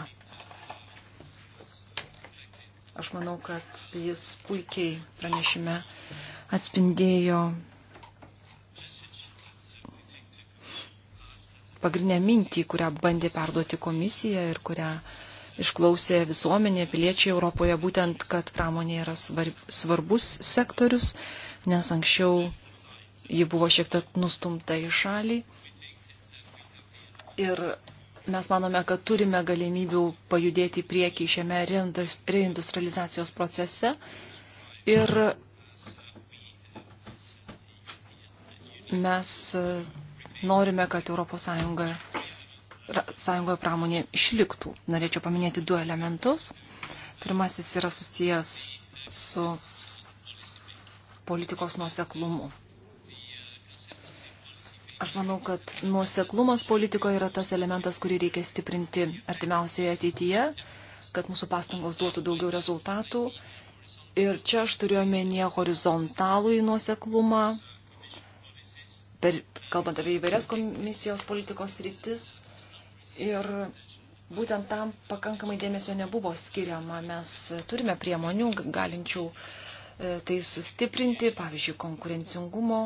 Aš manau, kad jis puikiai pranešime atspindėjo pagrindinę mintį, kurią bandė perduoti komisija ir kurią išklausė visuomenė, piliečiai Europoje, būtent, kad pramonė yra svarbus sektorius, nes anksčiau ji buvo šiek tiek nustumta į šalį. Ir mes manome, kad turime galimybių pajudėti į priekį šiame reindustrializacijos procese. Ir mes norime, kad ES sąjungoje pramonė išliktų. Norėčiau paminėti du elementus. Pirmasis yra susijęs su politikos nuoseklumu. Aš manau, kad nuoseklumas politikoje yra tas elementas, kurį reikia stiprinti artimiausioje ateityje, kad mūsų pastangos duotų daugiau rezultatų. Ir čia aš turiu omenyje horizontalų į nuoseklumą, per, kalbant apie įvairias komisijos politikos rytis. Ir būtent tam pakankamai dėmesio nebuvo skiriama. Mes turime priemonių galinčių e, tai sustiprinti, pavyzdžiui, konkurencingumo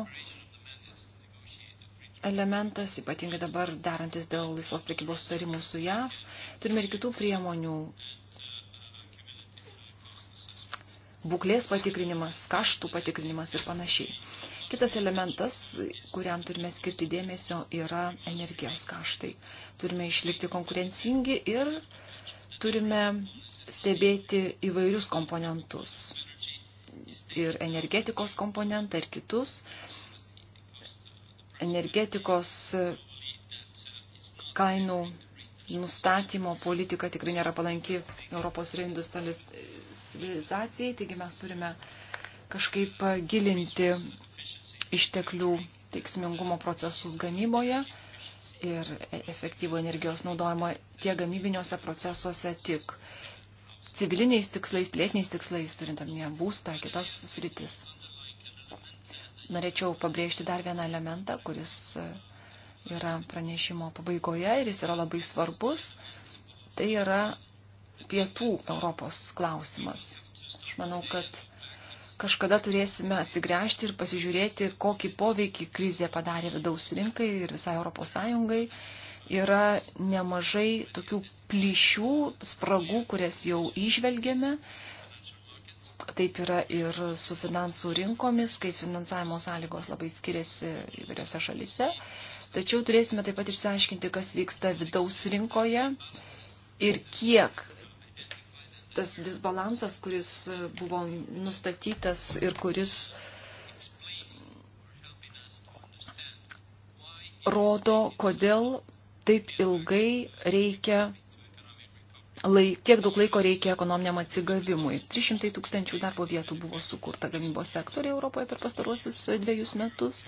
elementas, ypatingai dabar darantis dėl laisvos prekybos sutarimų su JAV. Turime ir kitų priemonių. Būklės patikrinimas, kaštų patikrinimas ir panašiai. Kitas elementas, kuriam turime skirti dėmesio, yra energijos kaštai. Turime išlikti konkurencingi ir turime stebėti įvairius komponentus. Ir energetikos komponentą, ir kitus. Energetikos kainų nustatymo politika tikrai nėra palanki Europos reindustrializacijai, taigi mes turime kažkaip gilinti išteklių teiksmingumo procesus gamyboje ir e, efektyvų energijos naudojimą tiek gamybiniuose procesuose, tiek civiliniais tikslais, plėtiniais tikslais, turint omenyje būstą, kitas sritis. Norėčiau pabrėžti dar vieną elementą, kuris e, yra pranešimo pabaigoje ir jis yra labai svarbus. Tai yra pietų Europos klausimas. Aš manau, kad kažkada turėsime atsigręžti ir pasižiūrėti, kokį poveikį krizė padarė vidaus rinkai ir visai Europos Sąjungai. Yra nemažai tokių plyšių, spragų, kurias jau išvelgėme. Taip yra ir su finansų rinkomis, kai finansavimo sąlygos labai skiriasi įvairiose šalise. Tačiau turėsime taip pat išsiaiškinti, kas vyksta vidaus rinkoje ir kiek tas disbalansas, kuris buvo nustatytas ir kuris rodo, kodėl taip ilgai reikia, laik, tiek daug laiko reikia ekonominiam atsigavimui. 300 tūkstančių darbo vietų buvo sukurta gamybos sektoriai Europoje per pastaruosius dviejus metus.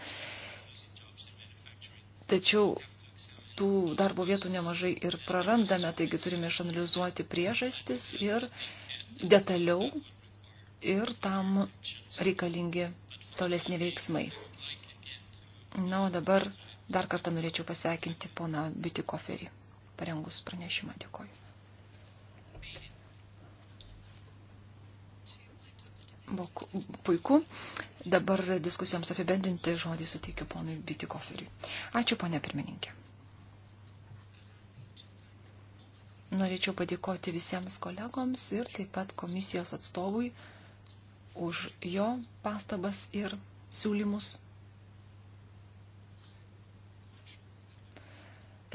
Tačiau tų darbo vietų nemažai ir prarandame, taigi turime išanalizuoti priežastis ir detaliau ir tam reikalingi tolesni veiksmai. Na, o dabar dar kartą norėčiau pasveikinti poną Bitikoferį. Parengus pranešimą dėkoju. Buvo puiku. Dabar diskusijoms apibendrinti žodį suteikiu ponui Bitikoferiui. Ačiū, ponė pirmininkė. Norėčiau padėkoti visiems kolegoms ir taip pat komisijos atstovui už jo pastabas ir siūlymus.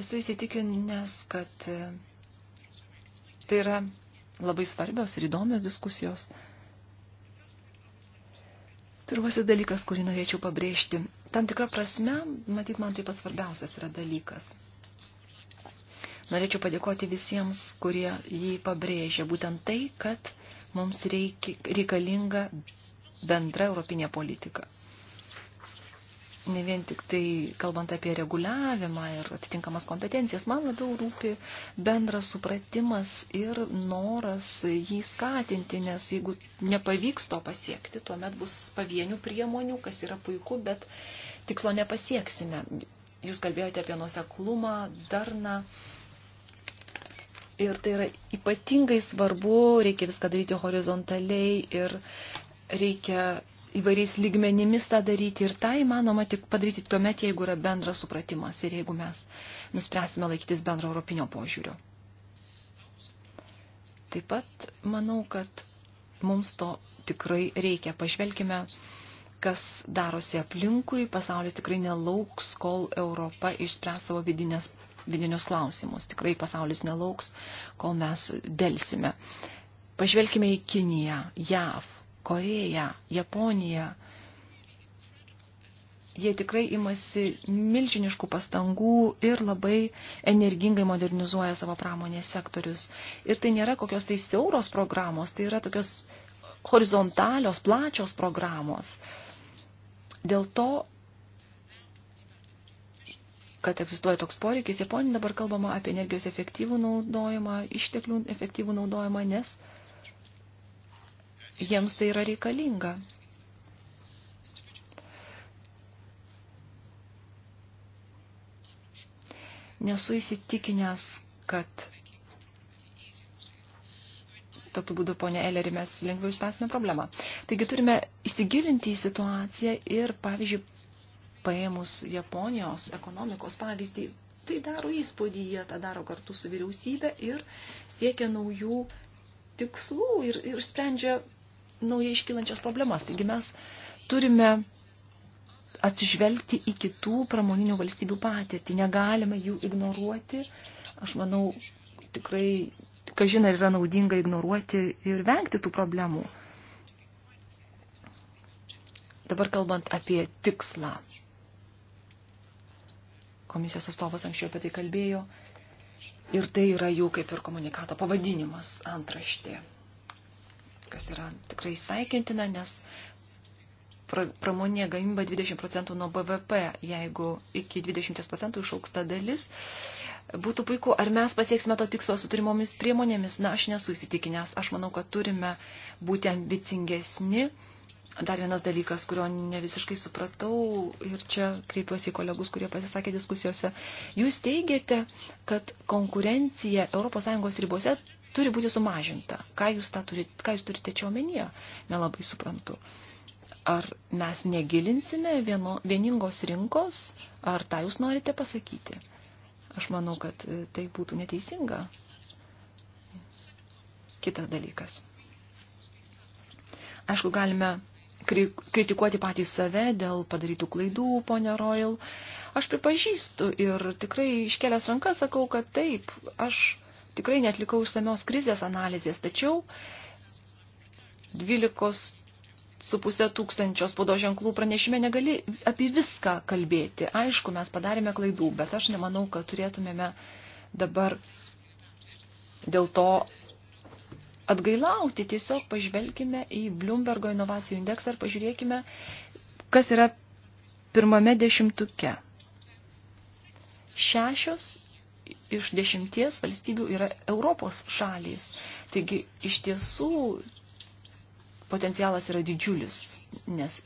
Esu įsitikinęs, kad tai yra labai svarbios ir įdomios diskusijos. Pirmasis dalykas, kurį norėčiau pabrėžti. Tam tikrą prasme, matyt, man taip pat svarbiausias yra dalykas – Norėčiau padėkoti visiems, kurie jį pabrėžė. Būtent tai, kad mums reiki, reikalinga bendra europinė politika. Ne vien tik tai kalbant apie reguliavimą ir atitinkamas kompetencijas, man labiau rūpi bendras supratimas ir noras jį skatinti, nes jeigu nepavyks to pasiekti, tuomet bus pavienių priemonių, kas yra puiku, bet tikslo nepasieksime. Jūs kalbėjote apie nuoseklumą, darną. Na Ir tai yra ypatingai svarbu, reikia viską daryti horizontaliai ir reikia įvairiais lygmenimis tą daryti. Ir tą įmanoma tik padaryti tuomet, jeigu yra bendras supratimas ir jeigu mes nuspręsime laikytis bendro europinio požiūrio. Taip pat manau, kad mums to tikrai reikia. Pažvelkime, kas darosi aplinkui. Pasaulis tikrai nelauks, kol Europa išspręs savo vidinės vidinius klausimus. Tikrai pasaulis nelauks, kol mes dėlsime. Pažvelkime į Kiniją, JAV, Koreją, Japoniją. Jie tikrai imasi milžiniškų pastangų ir labai energingai modernizuoja savo pramonės sektorius. Ir tai nėra kokios tai siauros programos, tai yra tokios horizontalios, plačios programos. Dėl to kad egzistuoja toks poreikis. Japonija dabar kalbama apie energijos efektyvų naudojimą, išteklių efektyvų naudojimą, nes jiems tai yra reikalinga. Nesu įsitikinęs, kad tokiu būdu, ponė Eleri, mes lengviau išspręsime problemą. Taigi turime įsigilinti į situaciją ir, pavyzdžiui, paėmus Japonijos ekonomikos pavyzdį, tai daro įspūdį, jie tą daro kartu su vyriausybė ir siekia naujų tikslų ir, ir sprendžia naujai iškylančias problemas. Taigi mes turime atsižvelgti į kitų pramoninių valstybių patirtį, negalime jų ignoruoti. Aš manau, tikrai, kažin ar yra naudinga ignoruoti ir vengti tų problemų. Dabar kalbant apie tikslą, Komisijos atstovas anksčiau apie tai kalbėjo. Ir tai yra jų kaip ir komunikato pavadinimas antraštė, kas yra tikrai sveikintina, nes pramonė gamyba 20 procentų nuo BVP, jeigu iki 20 procentų išauks ta dalis. Būtų puiku, ar mes pasieksime to tikslo su turimomis priemonėmis? Na, aš nesu įsitikinęs. Aš manau, kad turime būti ambicingesni Dar vienas dalykas, kurio ne visiškai supratau ir čia kreipiuosi į kolegus, kurie pasisakė diskusijose. Jūs teigiate, kad konkurencija ES ribose turi būti sumažinta. Ką jūs, turit, ką jūs turite čia omenyje? Nelabai suprantu. Ar mes negilinsime vieno, vieningos rinkos, ar tą jūs norite pasakyti? Aš manau, kad tai būtų neteisinga. Kitas dalykas. Aišku, galime kritikuoti patį save dėl padarytų klaidų, ponia Royal. Aš pripažįstu ir tikrai iškelęs rankas sakau, kad taip, aš tikrai netlikau išsamios krizės analizės, tačiau 12 su pusė tūkstančio spaudo ženklų pranešime negali apie viską kalbėti. Aišku, mes padarėme klaidų, bet aš nemanau, kad turėtumėme dabar dėl to atgailauti, tiesiog pažvelkime į Bloombergo inovacijų indeksą ir pažiūrėkime, kas yra pirmame dešimtuke. Šešios iš dešimties valstybių yra Europos šalys. Taigi iš tiesų potencialas yra didžiulis, nes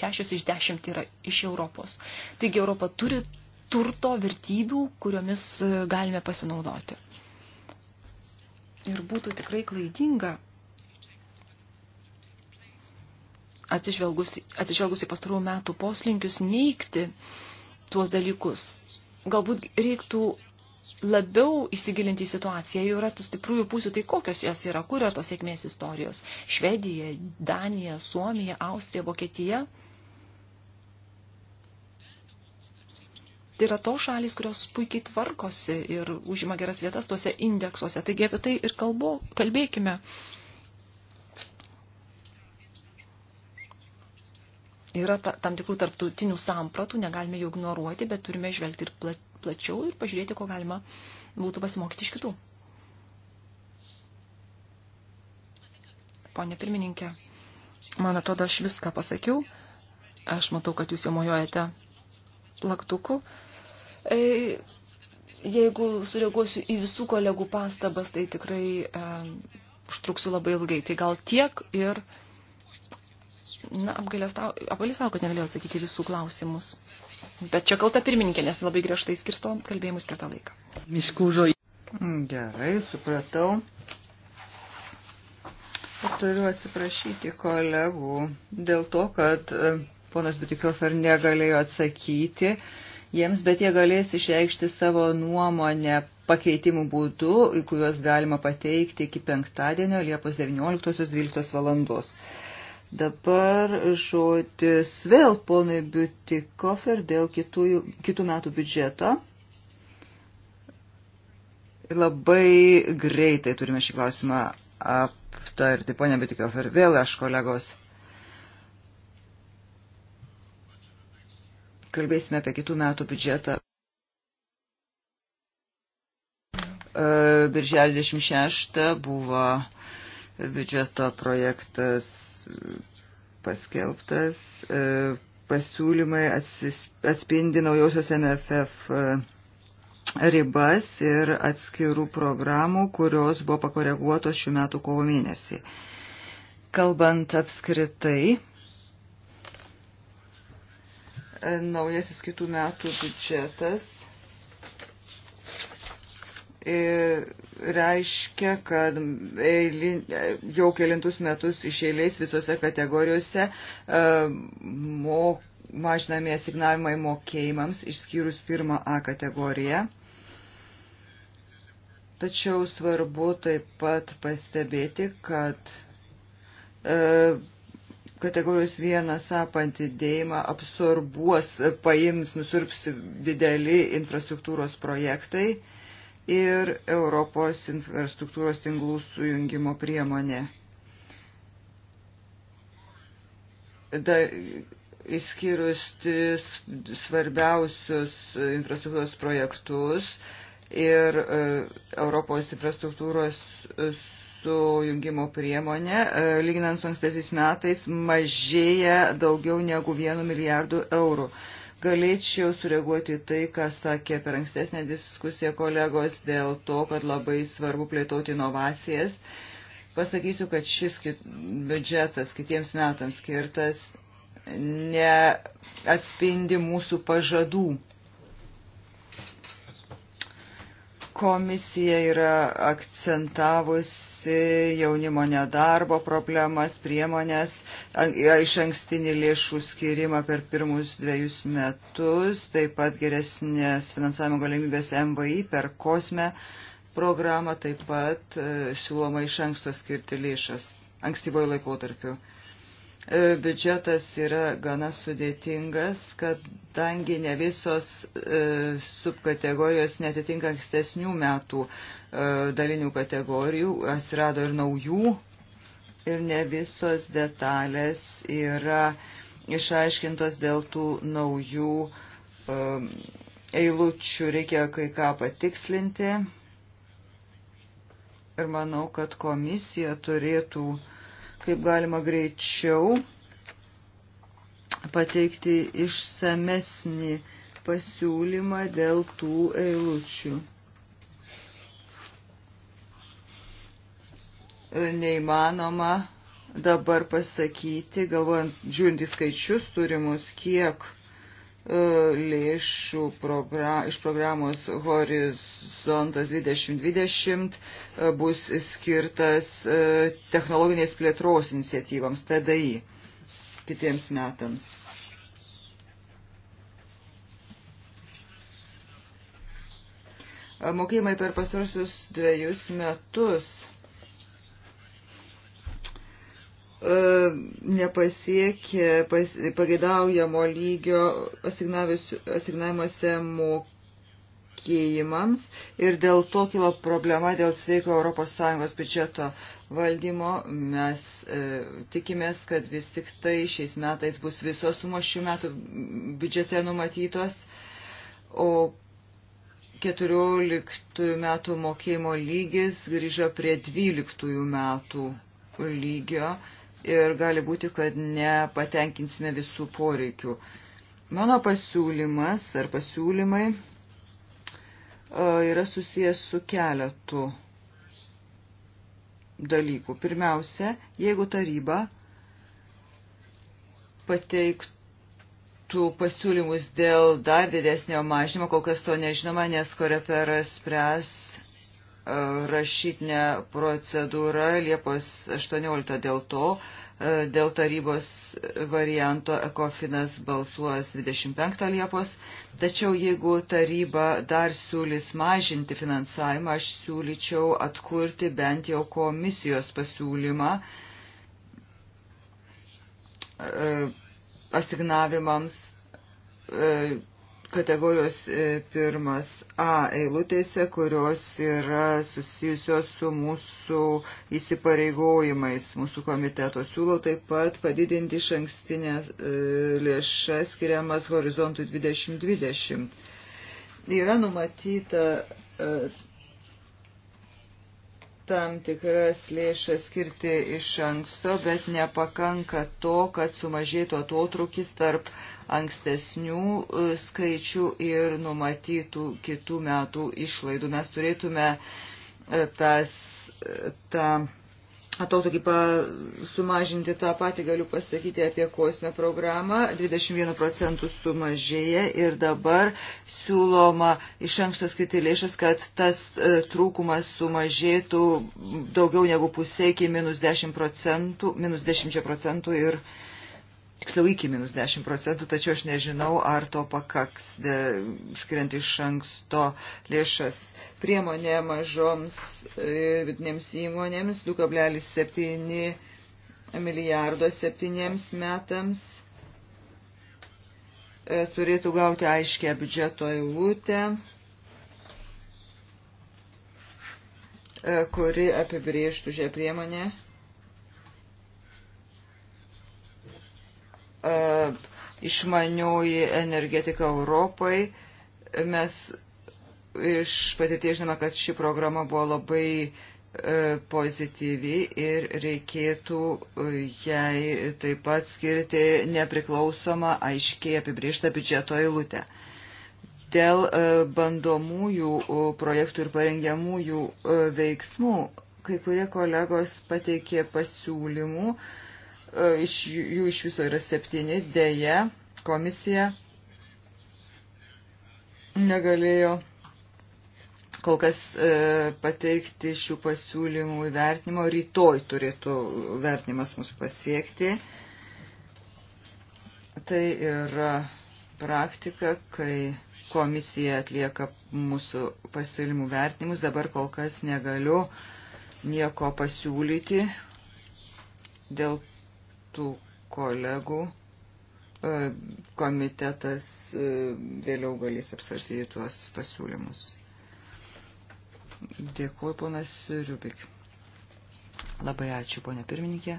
šešios iš dešimt yra iš Europos. Taigi Europa turi turto vertybių, kuriomis e, galime pasinaudoti ir būtų tikrai klaidinga atsižvelgus, atsižvelgus į pastarų metų poslinkius neikti tuos dalykus. Galbūt reiktų labiau įsigilinti į situaciją, jeigu yra tų stipriųjų pusių, tai kokios jos yra, kur yra tos sėkmės istorijos. Švedija, Danija, Suomija, Austrija, Vokietija – tai yra to šalis, kurios puikiai tvarkosi ir užima geras vietas tuose indeksuose. Taigi apie tai ir kalbu, kalbėkime. Yra ta, tam tikrų tarptautinių sampratų, negalime jų ignoruoti, bet turime žvelgti ir pla, plačiau ir pažiūrėti, ko galima būtų pasimokyti iš kitų. Pone pirmininkė, man atrodo, aš viską pasakiau. Aš matau, kad jūs jau mojojate plaktukų. E, jeigu sureaguosiu į visų kolegų pastabas, tai tikrai e, užtruksiu labai ilgai. Tai gal tiek ir na, apgailestau, kad negalėjau atsakyti visų klausimus. Bet čia kalta pirmininkė, nes labai griežtai skirsto kalbėjimus skirtą laiką. Miškūžo. Gerai, supratau. Turiu atsiprašyti kolegų dėl to, kad ponas Butikiofer negalėjo atsakyti jiems, bet jie galės išreikšti savo nuomonę pakeitimų būdu, kuriuos galima pateikti iki penktadienio Liepos 19.12 valandos. Dabar žodis vėl ponui Butikofer dėl kitų, kitų metų biudžeto. Labai greitai turime šį klausimą aptarti, ponia Butikofer. Vėl aš kolegos. kalbėsime apie kitų metų biudžetą. E, Birželio 26 buvo biudžeto projektas paskelbtas. E, Pasiūlymai atspindi naujosios MFF e, ribas ir atskirų programų, kurios buvo pakoreguotos šių metų kovo mėnesį. Kalbant apskritai, naujasis kitų metų biudžetas reiškia, kad eilin, jau kelintus metus iš eilės visose kategorijose e, mok, mažinami asignavimai mokėjimams, išskyrus pirmą A kategoriją. Tačiau svarbu taip pat pastebėti, kad e, kategorijos vienas apantį dėjimą absorbuos, paims, nusurps dideli infrastruktūros projektai ir Europos infrastruktūros tinklų sujungimo priemonė. Da, išskyrus tris svarbiausius infrastruktūros projektus ir e, Europos infrastruktūros sujungimo priemonė, e, lyginant su ankstesiais metais, mažėja daugiau negu 1 milijardų eurų. Galėčiau sureaguoti tai, ką sakė per ankstesnę diskusiją kolegos dėl to, kad labai svarbu plėtoti inovacijas. Pasakysiu, kad šis kit, biudžetas kitiems metams skirtas neatspindi mūsų pažadų Komisija yra akcentavusi jaunimo nedarbo problemas, priemonės, iš ankstinį lėšų skirimą per pirmus dviejus metus, taip pat geresnės finansavimo galimybės MVI per kosmę programą, taip pat e, siūloma iš anksto skirti lėšas ankstyvojo laikotarpiu. tarpiu E, biudžetas yra gana sudėtingas, kadangi ne visos e, subkategorijos netitinka ankstesnių metų e, dalinių kategorijų, atsirado ir naujų ir ne visos detalės yra išaiškintos dėl tų naujų e, eilučių, reikia kai ką patikslinti. Ir manau, kad komisija turėtų uh, kaip galima greičiau pateikti išsamesnį pasiūlymą dėl tų eilučių. Neįmanoma dabar pasakyti, galvojant, žiūrint į skaičius turimus, kiek E, lėšų program, iš programos Horizontas 2020 e, bus skirtas e, technologinės plėtros iniciatyvams, TDI, kitiems metams. Mokėjimai per pastarusius dviejus metus E, nepasiekė pas, pageidaujamo lygio asignavimuose mokėjimams ir dėl to kilo problema dėl sveiko ES biudžeto valdymo. Mes e, tikimės, kad vis tik tai šiais metais bus visos sumos šių metų biudžete numatytos, o 14 metų mokėjimo lygis grįžo prie 12 metų lygio ir gali būti, kad nepatenkinsime visų poreikių. Mano pasiūlymas ar pasiūlymai e, yra susijęs su keletu dalykų. Pirmiausia, jeigu taryba pateiktų pasiūlymus dėl dar didesnio mažinimo, kol kas to nežinoma, nes koreperas spręs rašytinė procedūra Liepos 18 dėl to, e, dėl tarybos varianto Ekofinas balsuos 25 Liepos, tačiau jeigu taryba dar siūlys mažinti finansavimą, aš siūlyčiau atkurti bent jau komisijos pasiūlymą e, asignavimams e, kategorijos e, pirmas A eilutėse, kurios yra susijusios su mūsų įsipareigojimais. Mūsų komiteto siūlo taip pat padidinti iš ankstinę e, lėšą skiriamas horizontų 2020. Yra numatyta e, tam tikras lėšas skirti iš anksto, bet nepakanka to, kad sumažėtų atotrukis tarp ankstesnių e, skaičių ir numatytų kitų metų išlaidų. Mes turėtume e, tas, e, tą. Ta, atotokį sumažinti tą patį galiu pasakyti apie kosmę programą. 21 procentų sumažėja ir dabar siūloma iš anksto skirti lėšas, kad tas e, trūkumas sumažėtų daugiau negu pusė iki minus 10 procentų, minus 10 procentų ir tiksliau iki minus 10 procentų, tačiau aš nežinau, ar to pakaks, de, skiriant iš anksto lėšas priemonė mažoms e, vidinėms įmonėms 2,7 milijardo septyniems metams e, turėtų gauti aiškę biudžeto eilutę, e, kuri apibrėžtų šią priemonę. E, E, išmanioji energetika Europai. Mes iš patirties žinome, kad ši programa buvo labai e, pozityvi ir reikėtų e, jai taip pat skirti nepriklausomą, aiškiai apibrieštą biudžeto eilutę. Dėl bandomųjų projektų ir parengiamųjų veiksmų kai kurie kolegos pateikė pasiūlymų, uh, E, iš jų iš viso yra septyni, dėja komisija negalėjo kol kas e, pateikti šių pasiūlymų įvertinimo. Rytoj turėtų vertinimas mūsų pasiekti. Tai yra praktika, kai komisija atlieka mūsų pasiūlymų vertinimus. Dabar kol kas negaliu nieko pasiūlyti dėl tų kolegų e, komitetas e, vėliau galės apsvarsyti tuos pasiūlymus. Dėkuoju, ponas Riubik. Labai ačiū, ponė pirmininkė.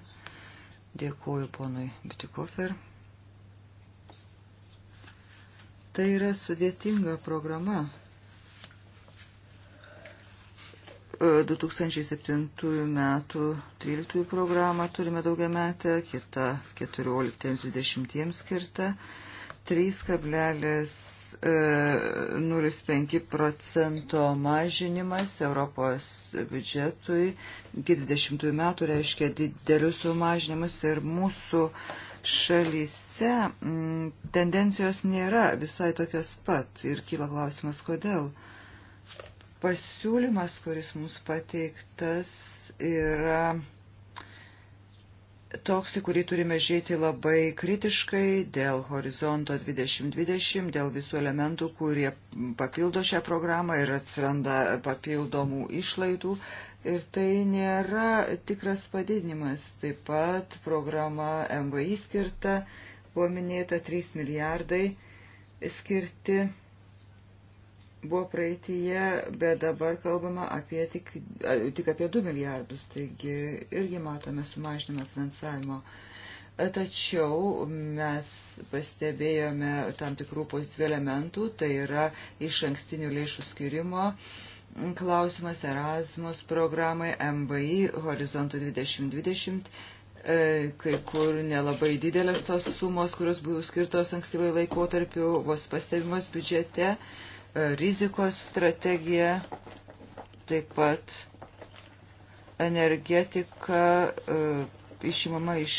Dėkuoju, ponui Bitikofer. Tai yra sudėtinga programa, 2007 metų 13 programą turime daugiametę, kita 14-20 skirta. 3,05 procento mažinimas Europos biudžetui iki 20 metų reiškia didelius sumažinimus ir mūsų šalyse mm, tendencijos nėra visai tokios pat ir kyla klausimas, kodėl. Pasiūlymas, kuris mums pateiktas, yra toks, į kurį turime žiūrėti labai kritiškai dėl horizonto 2020, dėl visų elementų, kurie papildo šią programą ir atsiranda papildomų išlaidų. Ir tai nėra tikras padidinimas. Taip pat programa MVI skirta, buvo minėta 3 milijardai skirti buvo praeitįje, bet dabar kalbama apie tik, tik apie 2 milijardus, taigi irgi matome sumažinimą finansavimo. Tačiau mes pastebėjome tam tikrų pozityvių elementų, tai yra iš ankstinių lėšų skirimo klausimas Erasmus programai MVI Horizonto 2020 e, kai kur nelabai didelės tos sumos, kurios buvo skirtos ankstyvai laikotarpiu, vos pastebimos biudžete. Uh, rizikos strategija, taip pat energetika e, išimama iš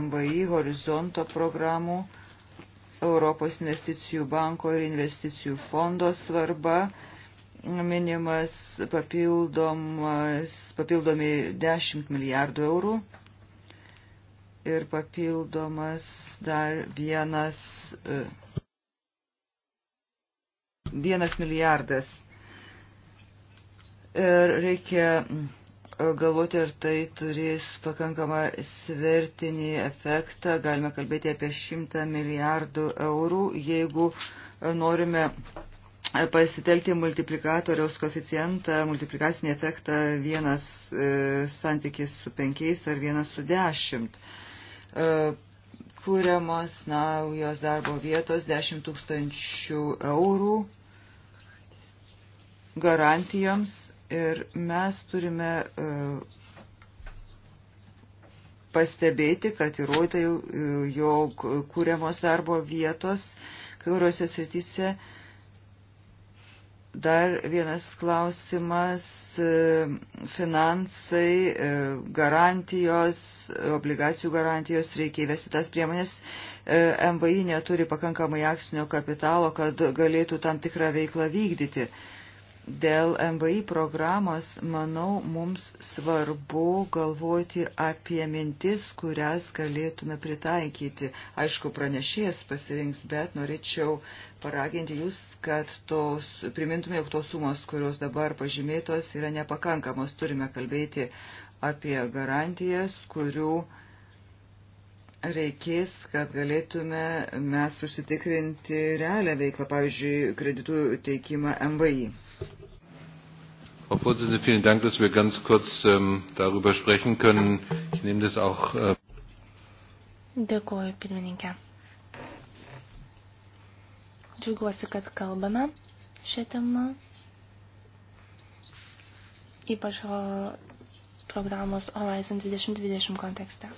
MVI horizonto programų, Europos investicijų banko ir investicijų fondo svarba, minimas papildomi 10 milijardų eurų ir papildomas dar vienas e, vienas milijardas. Ir reikia e, galvoti, ar tai turės pakankamą svertinį efektą. Galime kalbėti apie 100 milijardų eurų, jeigu e, norime e, pasitelkti multiplikatoriaus koficijantą, multiplikacinį efektą vienas e, santykis su penkiais ar vienas su dešimt. E, kūriamos naujos darbo vietos 10 tūkstančių eurų garantijoms ir mes turime e, pastebėti, kad įrodyta jau, e, jog kūriamos darbo vietos kai kuriuose srityse. Dar vienas klausimas e, - finansai, garantijos, obligacijų garantijos, reikia įvesti tas priemonės. MVI neturi pakankamai akcinio kapitalo, kad galėtų tam tikrą veiklą vykdyti. Dėl MVI programos, manau, mums svarbu galvoti apie mintis, kurias galėtume pritaikyti. Aišku, pranešėjas pasirinks, bet norėčiau paraginti jūs, kad tos, primintume, jog tos sumos, kurios dabar pažymėtos, yra nepakankamos. Turime kalbėti apie garantijas, kurių reikės, kad galėtume mes užsitikrinti realią veiklą, pavyzdžiui, kreditų teikimą MVI. Vorsitzende, vielen Dank, dass wir ganz kurz ähm, darüber sprechen können. Ich nehme das auch. Äh Dėkuoju, pirmininkė. Džiuguosi, kad kalbame šią temą. Ypač programos Horizon 2020 kontekste.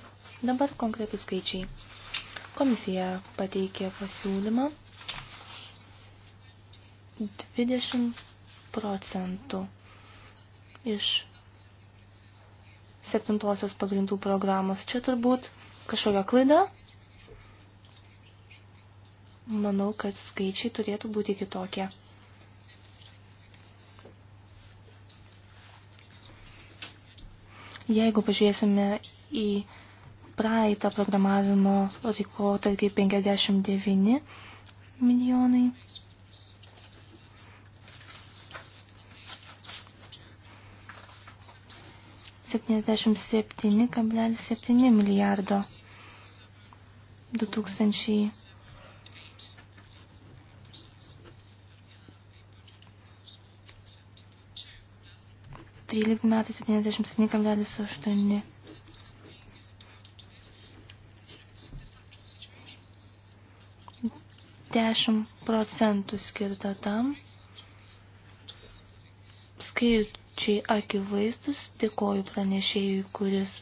Dabar konkretus skaičiai. Komisija pateikė pasiūlymą 20 procentų iš septintosios pagrindų programos. Čia turbūt kažkokia klaida. Manau, kad skaičiai turėtų būti kitokie. Jeigu pažiūrėsime į praeitą programavimo laikotarpį 59 milijonai, 77,7 milijardo 2013 metai 77,8 10 procentų skirta tam, skaitų absoliučiai akivaizdus. Dėkoju pranešėjui, kuris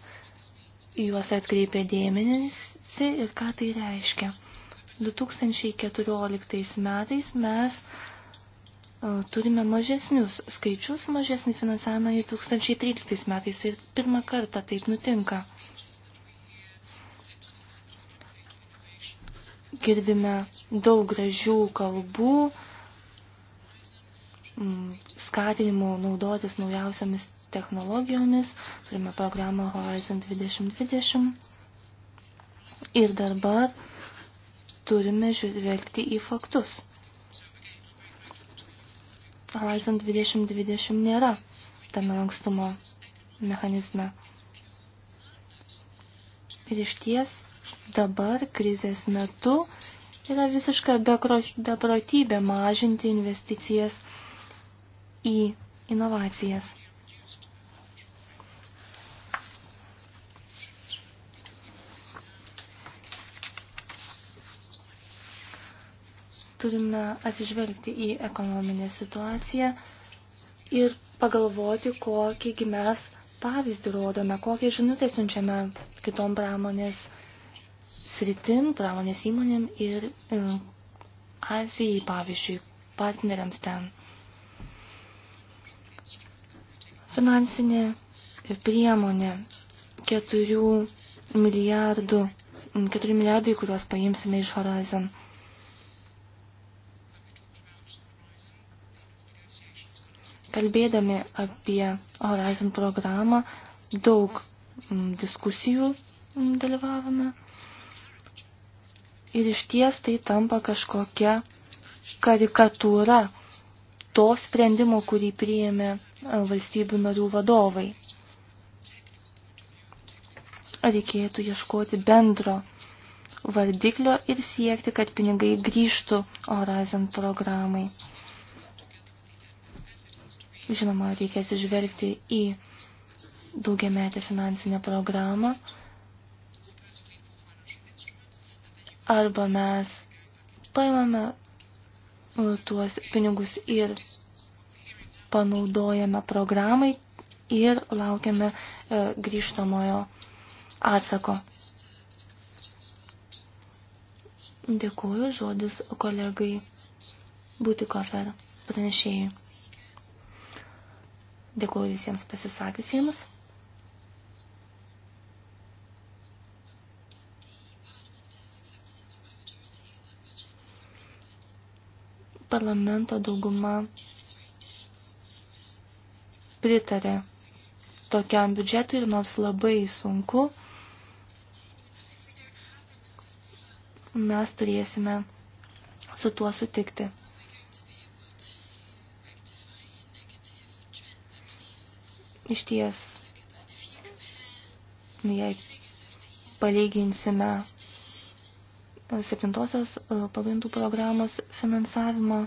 juos atkreipė dėmenėsi ir ką tai reiškia. 2014 metais mes e, turime mažesnius skaičius, mažesnį finansavimą 2013 metais ir pirmą kartą taip nutinka. Girdime daug gražių kalbų, Mm, skatinimo naudotis naujausiamis technologijomis. Turime programą Horizon 2020. Ir dabar turime žvelgti į faktus. Horizon 2020 nėra tame lankstumo mechanizme. Ir iš ties dabar krizės metu yra visiška beprotybė mažinti investicijas į inovacijas. Turime atsižvelgti į ekonominę situaciją ir pagalvoti, kokį mes pavyzdį rodome, kokią žinutę siunčiame kitom pramonės sritim, pramonės įmonėm ir e, Azijai, pavyzdžiui, partneriams ten. Finansinė priemonė 4 milijardų, 4 milijardai, kuriuos paimsime iš Horizon. Kalbėdami apie Horizon programą, daug diskusijų dalyvavome. Ir iš ties tai tampa kažkokia karikatūra to sprendimo, kurį priėmė valstybių narių vadovai. Reikėtų ieškoti bendro vardiklio ir siekti, kad pinigai grįžtų Horizon programai. Žinoma, reikės išvelgti į daugiametę finansinę programą arba mes paimame tuos pinigus ir panaudojame programai ir laukiame e, grįžtamojo atsako. Dėkuoju žodis kolegai Butikofer pranešėjai. Dėkuoju visiems pasisakiusiems. Parlamento dauguma pritarė tokiam biudžetui ir nors labai sunku, mes turėsime su tuo sutikti. Iš ties, jei palyginsime septintosios pagrindų programos finansavimą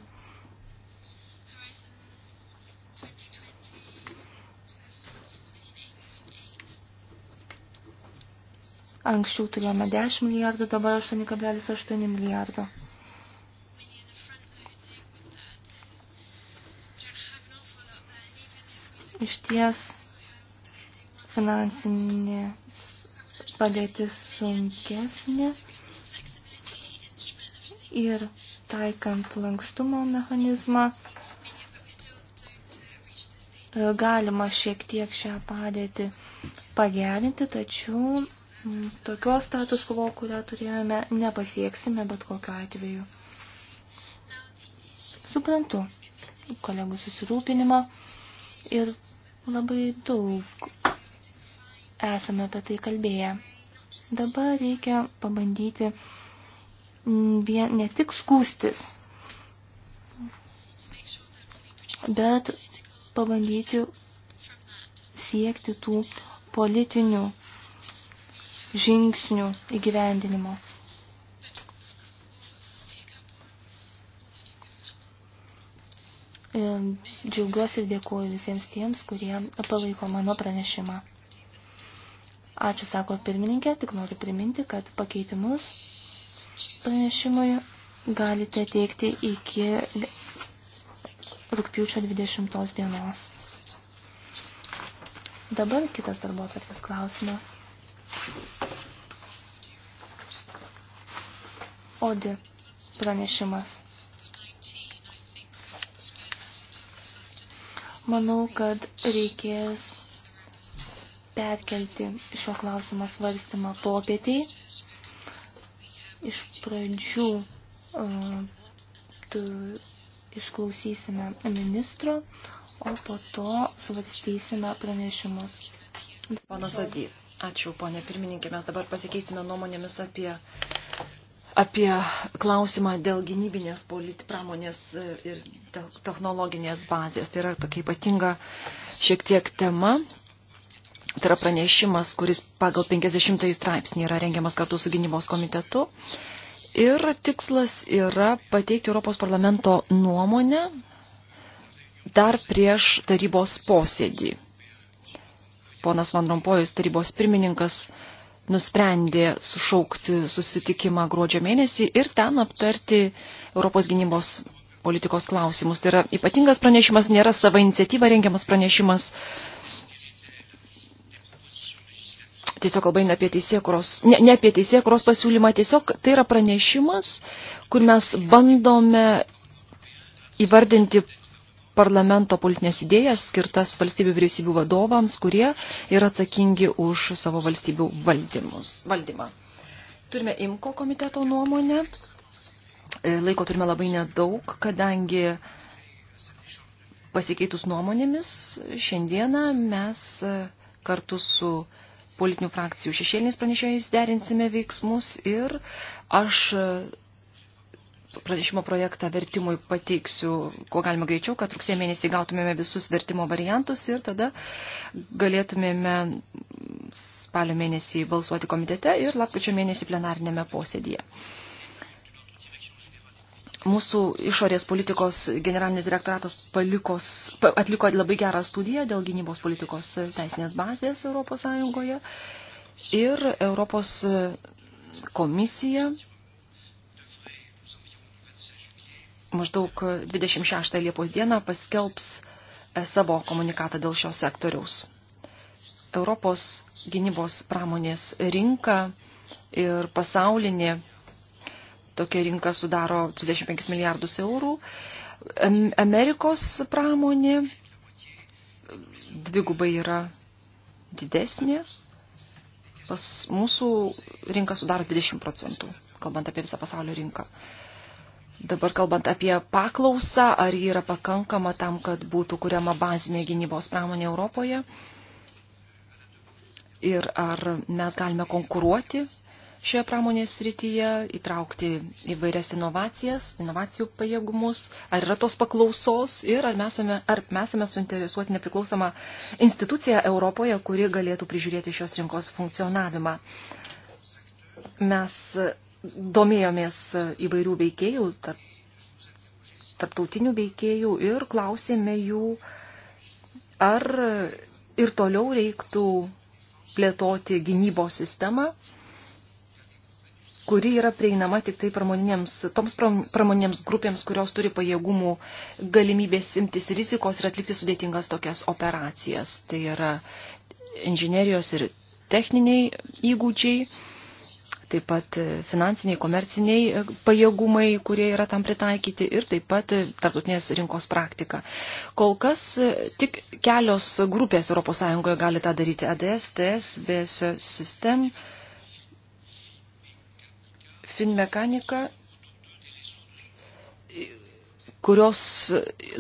Anksčiau turėjome 10 milijardų, dabar 8,8 milijardo. Iš ties finansinė padėtis sunkesnė ir taikant lankstumo mechanizmą galima šiek tiek šią padėtį pagerinti, tačiau Tokios status quo, kurio turėjome, nepasieksime bet kokiu atveju. Suprantu kolegų susirūpinimą ir labai daug esame apie tai kalbėję. Dabar reikia pabandyti vien, ne tik skūstis, bet pabandyti siekti tų politinių žingsnių įgyvendinimo. E, džiaugiuosi ir dėkuoju visiems tiems, kurie palaiko mano pranešimą. Ačiū, sako pirmininkė, tik noriu priminti, kad pakeitimus pranešimui galite teikti iki rūpiučio 20 dienos. Dabar kitas darbo klausimas. Odi pranešimas. Manau, kad reikės perkelti šio klausimo svarstymą popietį. Iš pradžių uh, išklausysime ministro, o po to svarstysime pranešimus. Pana Sadį, ačiū, ponė pirmininkė, mes dabar pasikeisime nuomonėmis apie uh, apie klausimą dėl gynybinės politi, pramonės e, ir technologinės bazės. Tai yra tokia ypatinga šiek tiek tema. Tai yra pranešimas, kuris pagal 50 straipsnį yra rengiamas kartu su gynybos komitetu. Ir tikslas yra pateikti Europos parlamento nuomonę dar prieš tarybos posėdį. Ponas Van Rompojus, tarybos pirmininkas, nusprendė sušaukti susitikimą gruodžio mėnesį ir ten aptarti Europos gynybos politikos klausimus. Tai yra ypatingas pranešimas, nėra savo iniciatyva rengiamas pranešimas. Tiesiog kalba eina apie teisėkuros, ne, ne apie teisėkuros pasiūlymą, tiesiog tai yra pranešimas, kur mes bandome įvardinti parlamento politinės idėjas skirtas valstybių vyriausybių vadovams, kurie yra atsakingi už savo valstybių valdymus, valdymą. Turime IMKO komiteto nuomonę. E, laiko turime labai nedaug, kadangi pasikeitus nuomonėmis šiandieną mes e, kartu su politinių frakcijų šešėliniais pranešėjais derinsime veiksmus ir aš e, pranešimo projektą vertimui pateiksiu, kuo galima greičiau, kad rugsėjo mėnesį gautumėme visus vertimo variantus ir tada galėtumėme spalio mėnesį balsuoti komitete ir lapkričio mėnesį plenarinėme posėdėje. Mūsų išorės politikos generalinis direktoratas palikos, atliko labai gerą studiją dėl gynybos politikos teisinės bazės Europos Sąjungoje ir Europos komisija maždaug 26 Liepos dieną paskelbs e, savo komunikatą dėl šio sektoriaus. Europos gynybos pramonės rinka ir pasaulinė tokia rinka sudaro 35 milijardus eurų. Amerikos pramonė dvigubai yra didesnė. Pas mūsų rinka sudaro 20 procentų, kalbant apie visą pasaulio rinką. Uh, Dabar kalbant apie paklausą, ar ji yra pakankama tam, kad būtų kuriama bazinė gynybos pramonė Europoje ir ar mes galime konkuruoti šioje pramonės srityje, įtraukti įvairias inovacijas, inovacijų pajėgumus, ar yra tos paklausos ir ar mes esame, ar mes esame suinteresuoti nepriklausomą instituciją Europoje, kuri galėtų prižiūrėti šios rinkos funkcionavimą. Mes domėjomės įvairių veikėjų, tarp, tarptautinių veikėjų ir klausėme jų, ar ir toliau reiktų plėtoti gynybos sistemą, kuri yra prieinama tik tai pramoninėms, toms pramoninėms grupėms, kurios turi pajėgumų galimybės imtis rizikos ir atlikti sudėtingas tokias operacijas. Tai yra inžinerijos ir techniniai įgūdžiai taip pat finansiniai, komerciniai e, pajėgumai, kurie yra tam pritaikyti ir taip pat tarptautinės rinkos praktika. Kol kas e, tik kelios grupės ES gali tą daryti – ADS, TS, BSO System, Finmechanika, kurios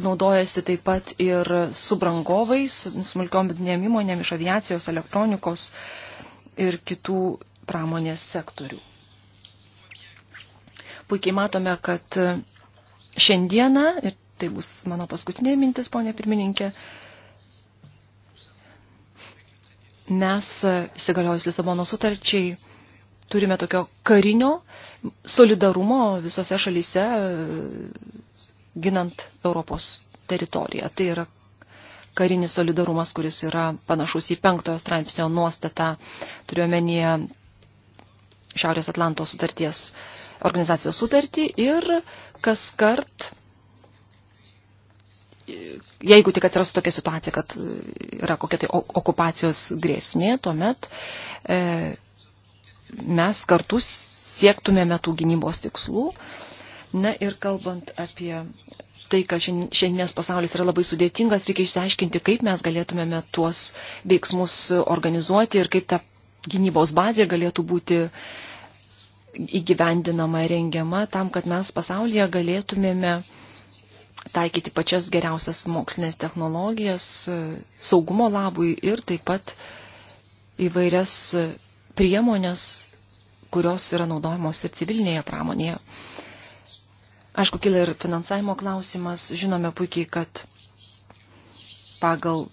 naudojasi taip pat ir subrangovais, smulkiom vidinėm įmonėm iš aviacijos, elektronikos ir kitų pramonės sektorių. Puikiai matome, kad šiandieną, ir tai bus mano paskutinė mintis, ponė pirmininkė, mes įsigaliojus Lisabono sutarčiai turime tokio karinio solidarumo visose šalyse ginant Europos teritoriją. Tai yra karinis solidarumas, kuris yra panašus į penktojo straipsnio nuostatą, turiuomenyje Šiaurės Atlanto sutarties organizacijos sutartį ir kas kart, jeigu tik atsiras tokia situacija, kad yra kokia tai okupacijos grėsmė, tuomet e, mes kartu siektumėme tų gynybos tikslų. Na ir kalbant apie tai, kad šiandienės pasaulis yra labai sudėtingas, reikia išsiaiškinti, kaip mes galėtumėme tuos veiksmus organizuoti ir kaip ta gynybos bazė galėtų būti įgyvendinama, rengiama tam, kad mes pasaulyje galėtumėme taikyti pačias geriausias mokslinės technologijas saugumo labui ir taip pat įvairias priemonės, kurios yra naudojamos ir civilinėje pramonėje. Aišku, kila ir finansavimo klausimas. Žinome puikiai, kad pagal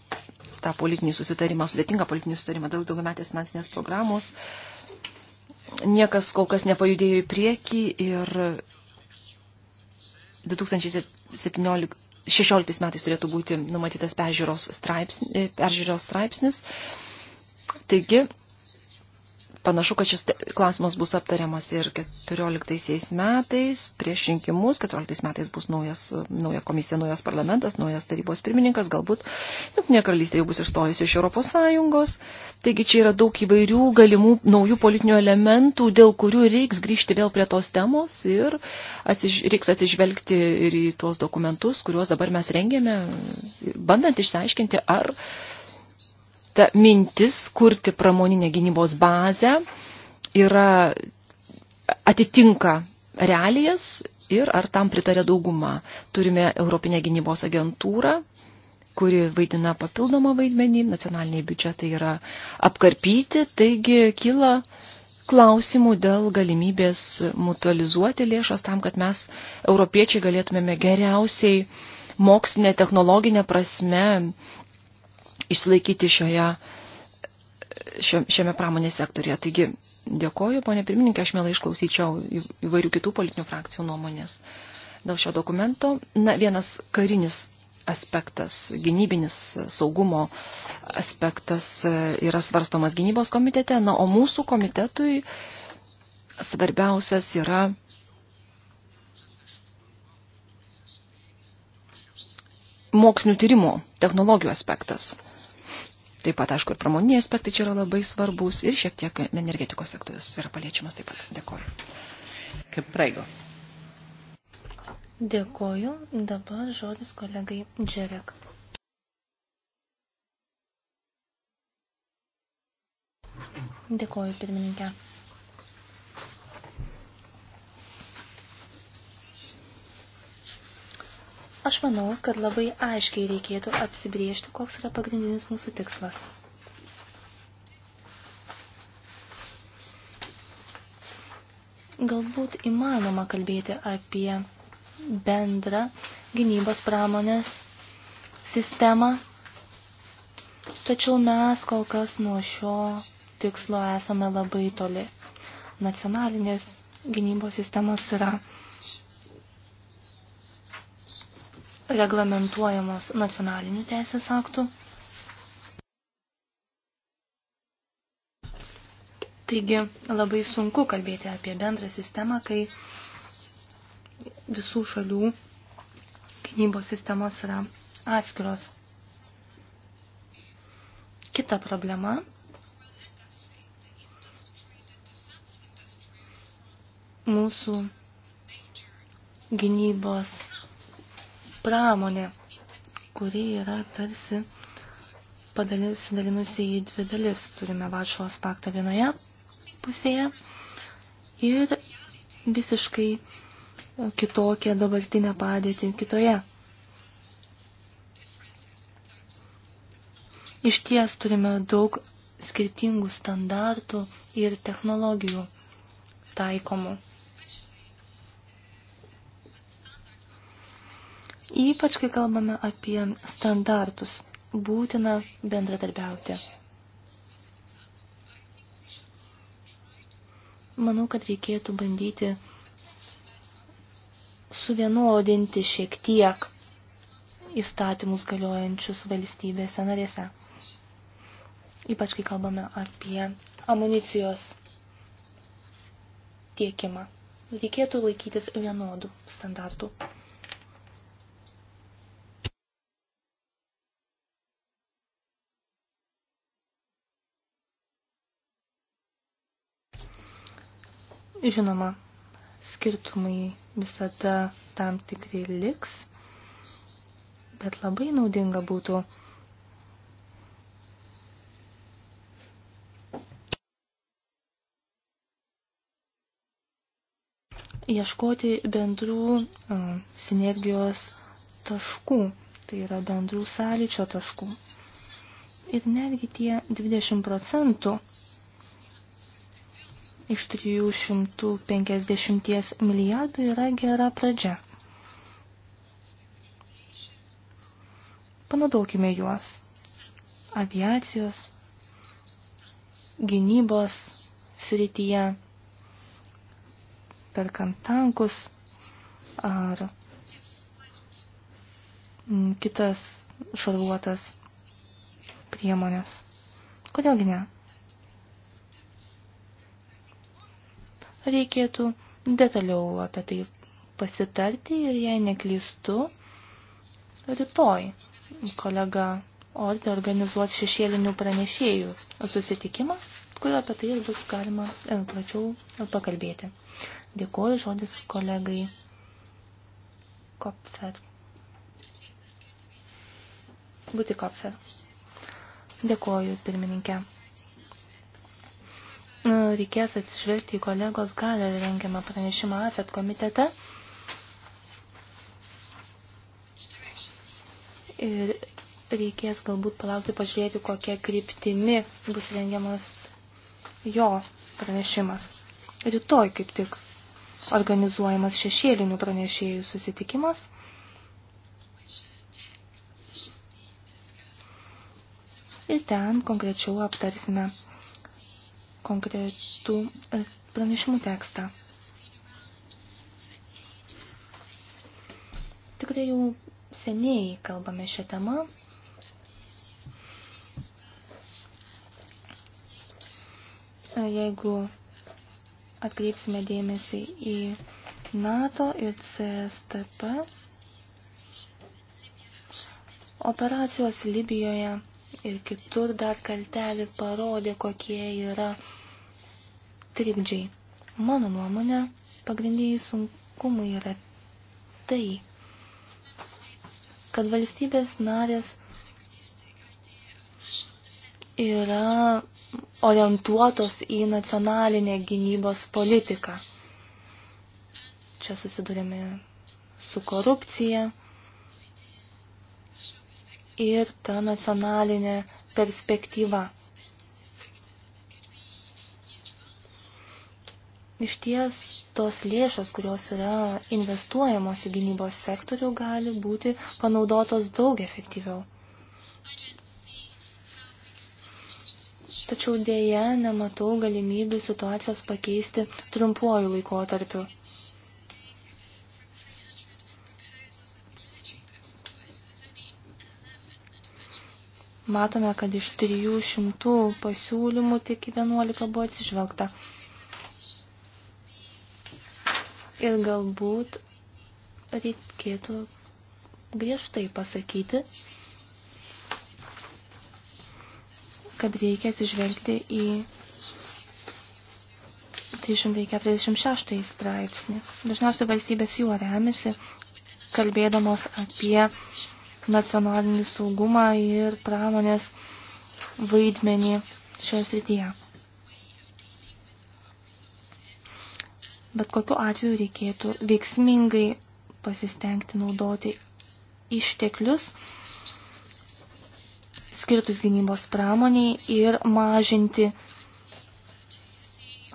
tą politinį susitarimą, sudėtingą politinį susitarimą dėl daugiametės finansinės programos, niekas kol kas nepajudėjo į priekį ir 2017 16 metais turėtų būti numatytas peržiūros straipsnis. Peržiūros straipsnis. Taigi, Panašu, kad šis klausimas bus aptariamas ir 14 metais, prieš rinkimus, 14 metais bus naujas, nauja komisija, naujas parlamentas, naujas tarybos pirmininkas, galbūt Junktinė karalystė jau bus išstojusi iš Europos Sąjungos. Taigi čia yra daug įvairių galimų naujų politinių elementų, dėl kurių reiks grįžti vėl prie tos temos ir atsiž, reiks atsižvelgti ir į tuos dokumentus, kuriuos dabar mes rengėme, bandant išsiaiškinti, ar uh, ta mintis kurti pramoninę gynybos bazę yra atitinka realijas ir ar tam pritarė dauguma. Turime Europinę gynybos agentūrą, kuri vaidina papildomą vaidmenį, nacionaliniai biudžetai yra apkarpyti, taigi kyla klausimų dėl galimybės mutualizuoti lėšas tam, kad mes, europiečiai, galėtumėme geriausiai mokslinė, technologinė prasme išsilaikyti šioje, šiame pramonės sektorėje. Taigi dėkoju, ponė pirmininkė, aš mielai išklausyčiau įvairių kitų politinių frakcijų nuomonės dėl šio dokumento. Na, vienas karinis aspektas, gynybinis saugumo aspektas e, yra svarstomas gynybos komitete, na, o mūsų komitetui svarbiausias yra mokslinių tyrimų technologijų aspektas. Taip pat, aišku, ir pramoniniai aspektai čia yra labai svarbus ir šiek tiek energetikos sektorius yra paliečiamas taip pat. Dėkoju. Kaip praigo. Dėkoju. Dabar žodis kolegai Džerek. Dėkoju, pirmininkė. Aš manau, kad labai aiškiai reikėtų apsibriežti, koks yra pagrindinis mūsų tikslas. Galbūt įmanoma kalbėti apie bendrą gynybos pramonės sistemą, tačiau mes kol kas nuo šio tikslo esame labai toli. Nacionalinės gynybos sistemos yra reglamentuojamos nacionalinių teisės aktų. Taigi labai sunku kalbėti apie bendrą sistemą, kai visų šalių gynybos sistemos yra atskiros. Kita problema. Mūsų gynybos pramonė, kuri yra tarsi padalinusi į dvi dalis. Turime Varšuvos paktą vienoje pusėje ir visiškai kitokią dabartinę padėtį kitoje. Iš ties turime daug skirtingų standartų ir technologijų taikomų. Ypač, kai kalbame apie standartus, būtina bendradarbiauti. Manau, kad reikėtų bandyti suvienodinti šiek tiek įstatymus galiojančius valstybėse narėse. Ypač, kai kalbame apie amunicijos tiekimą. Reikėtų laikytis vienodų standartų. Žinoma, skirtumai visada tam tikrai liks, bet labai naudinga būtų ieškoti bendrų sinergijos taškų, tai yra bendrų sąlyčio taškų. Ir netgi tie 20 procentų iš 350 milijardų yra gera pradžia. Panaudokime juos aviacijos, gynybos srityje, perkant tankus ar mm, kitas šarvuotas priemonės. Kodėlgi ne? reikėtų detaliau apie tai pasitarti ir jei neklystu, rytoj kolega Ordė organizuos šešėlinių pranešėjų susitikimą, kur apie tai bus galima e, plačiau pakalbėti. Dėkuoju žodis kolegai Kopfer. Būti Kopfer. Dėkuoju pirmininkė reikės atsižvelgti į kolegos galę rengiamą pranešimą AFET komitete. Ir reikės galbūt palaukti, pažiūrėti, kokia kryptimi bus rengiamas jo pranešimas. Rytoj kaip tik organizuojamas šešėlinių pranešėjų susitikimas. Ir ten konkrečiau aptarsime konkretų e, pranešimų tekstą. Tikrai jau seniai kalbame šią temą. Jeigu atkreipsime dėmesį į NATO ir CSTP, operacijos Libijoje ir kitur dar kartelį parodė, kokie yra trikdžiai. Mano nuomonė, pagrindiniai sunkumai yra tai, kad valstybės narės yra orientuotos į nacionalinę gynybos politiką. Čia susidurėme su korupcija, ir ta nacionalinė perspektyva. Iš ties tos lėšos, kurios yra investuojamos į gynybos sektorių, gali būti panaudotos daug efektyviau. Tačiau dėje nematau galimybių situacijos pakeisti trumpuoju laikotarpiu. matome, kad iš 300 pasiūlymų tik 11 buvo atsižvelgta. Ir galbūt reikėtų griežtai pasakyti, kad reikia atsižvelgti į 346 straipsnį. Dažniausiai valstybės juo remiasi, kalbėdamos apie nacionalinį saugumą ir pramonės vaidmenį šioje srityje. Bet kokiu atveju reikėtų veiksmingai pasistengti naudoti išteklius skirtus gynybos pramoniai ir mažinti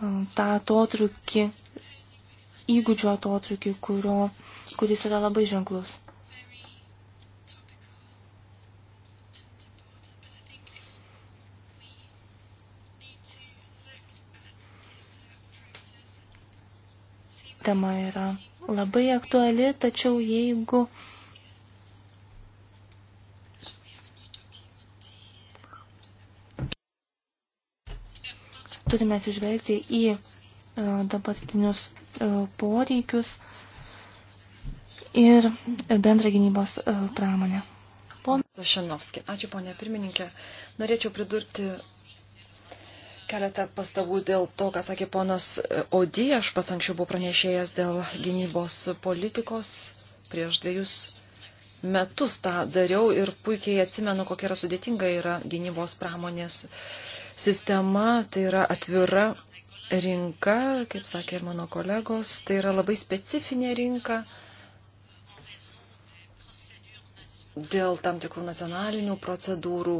um, tą atotrukį, įgūdžio atotrukį, kurio, kuris yra labai ženklus. tema yra labai aktuali, tačiau jeigu turime atsižvelgti į e, dabartinius e, poreikius ir bendrą gynybos e, pramonę. Pon... Zašinovski, ačiū ponė pirmininkė. Norėčiau pridurti Keletą pastabų dėl to, ką sakė ponas Odi, aš pats anksčiau buvau pranešėjęs dėl gynybos politikos prieš dviejus metus tą dariau ir puikiai atsimenu, kokia yra sudėtinga yra gynybos pramonės sistema, tai yra atvira rinka, kaip sakė ir mano kolegos, tai yra labai specifinė rinka dėl tam tikrų nacionalinių procedūrų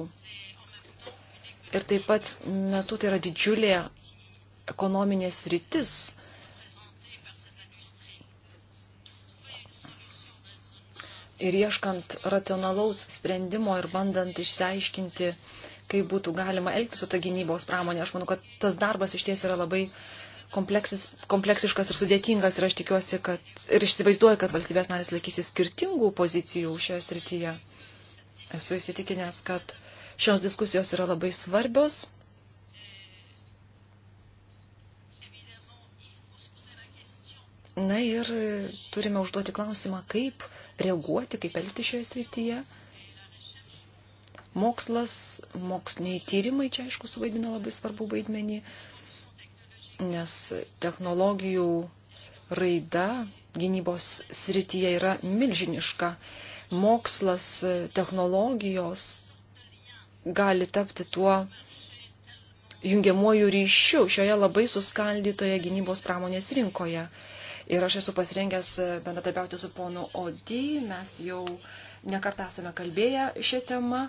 Ir taip pat metu tai yra didžiulė ekonominės rytis. Ir ieškant racionalaus sprendimo ir bandant išsiaiškinti, kaip būtų galima elgtis su ta gynybos pramonė, aš manau, kad tas darbas iš ties yra labai kompleksiškas ir sudėtingas ir aš tikiuosi, kad ir išsivaizduoju, kad valstybės narės laikysi skirtingų pozicijų šioje srityje. Esu įsitikinęs, kad Šios diskusijos yra labai svarbios. Na ir turime užduoti klausimą, kaip reaguoti, kaip elgti šioje srityje. Mokslas, moksliniai tyrimai čia, aišku, suvaidina labai svarbu vaidmenį, nes technologijų raida gynybos srityje yra milžiniška. Mokslas, technologijos gali tapti tuo jungiamuoju ryšiu šioje labai suskaldytoje gynybos pramonės rinkoje. Ir aš esu pasirengęs e, bendradarbiauti su ponu Odi, mes jau nekartą esame kalbėję šią temą.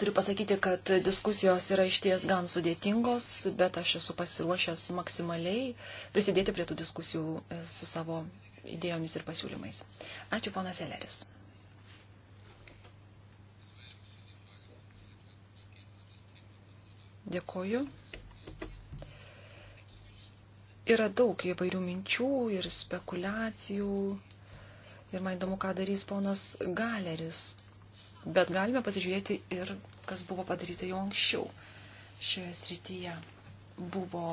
Turiu pasakyti, kad diskusijos yra išties gan sudėtingos, bet aš esu pasiruošęs maksimaliai prisidėti prie tų diskusijų e, su savo idėjomis ir pasiūlymais. Ačiū, ponas Eleris. Dėkoju. Yra daug įvairių minčių ir spekulacijų. Ir man įdomu, ką darys ponas Galeris. Bet galime pasižiūrėti ir, kas buvo padaryta jau anksčiau šioje srityje. Buvo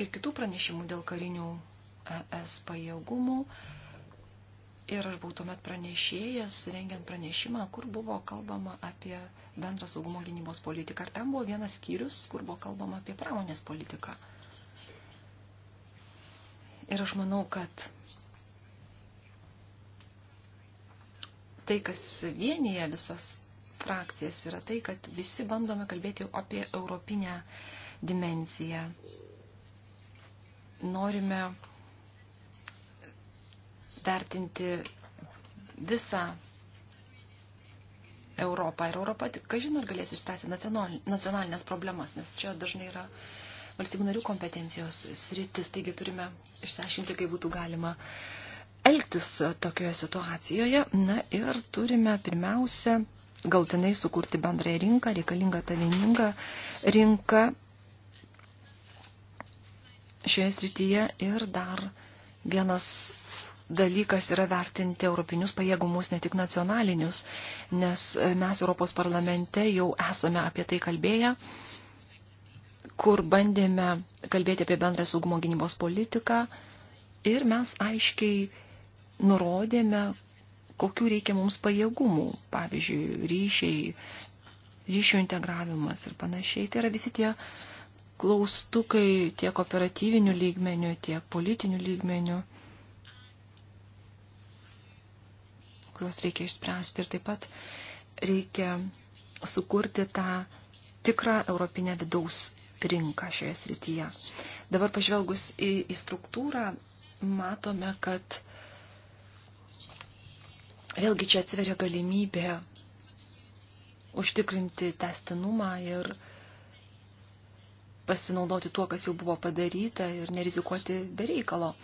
ir kitų pranešimų dėl karinių ES pajėgumų, Ir aš buvau tuomet pranešėjas, rengiant pranešimą, kur buvo kalbama apie bendrą saugumo gynybos politiką. Ar ten buvo vienas skyrius, kur buvo kalbama apie pramonės politiką. Ir aš manau, kad tai, kas vienyje visas frakcijas, yra tai, kad visi bandome kalbėti apie europinę dimensiją. Norime vertinti visą Europą. Ir Europa, kažin ar galės išspręsti nacionalinės problemas, nes čia dažnai yra valstybių narių kompetencijos sritis, taigi turime išsiaiškinti, kaip būtų galima elgtis tokioje situacijoje. Na ir turime pirmiausia galtinai sukurti bendrąją rinką, reikalingą tą vieningą rinką šioje srityje. Ir dar vienas dalykas yra vertinti europinius pajėgumus, ne tik nacionalinius, nes e, mes Europos parlamente jau esame apie tai kalbėję, kur bandėme kalbėti apie bendrą saugumo gynybos politiką ir mes aiškiai nurodėme, kokių reikia mums pajėgumų, pavyzdžiui, ryšiai, ryšių integravimas ir panašiai. Tai yra visi tie klaustukai tiek operatyvinių lygmenių, tiek politinių lygmenių kuriuos reikia išspręsti ir taip pat reikia sukurti tą tikrą europinę vidaus rinką šioje srityje. Dabar pažvelgus į, į struktūrą, matome, kad vėlgi čia atsiveria galimybė užtikrinti testinumą ir pasinaudoti tuo, kas jau buvo padaryta ir nerizikuoti be reikalo.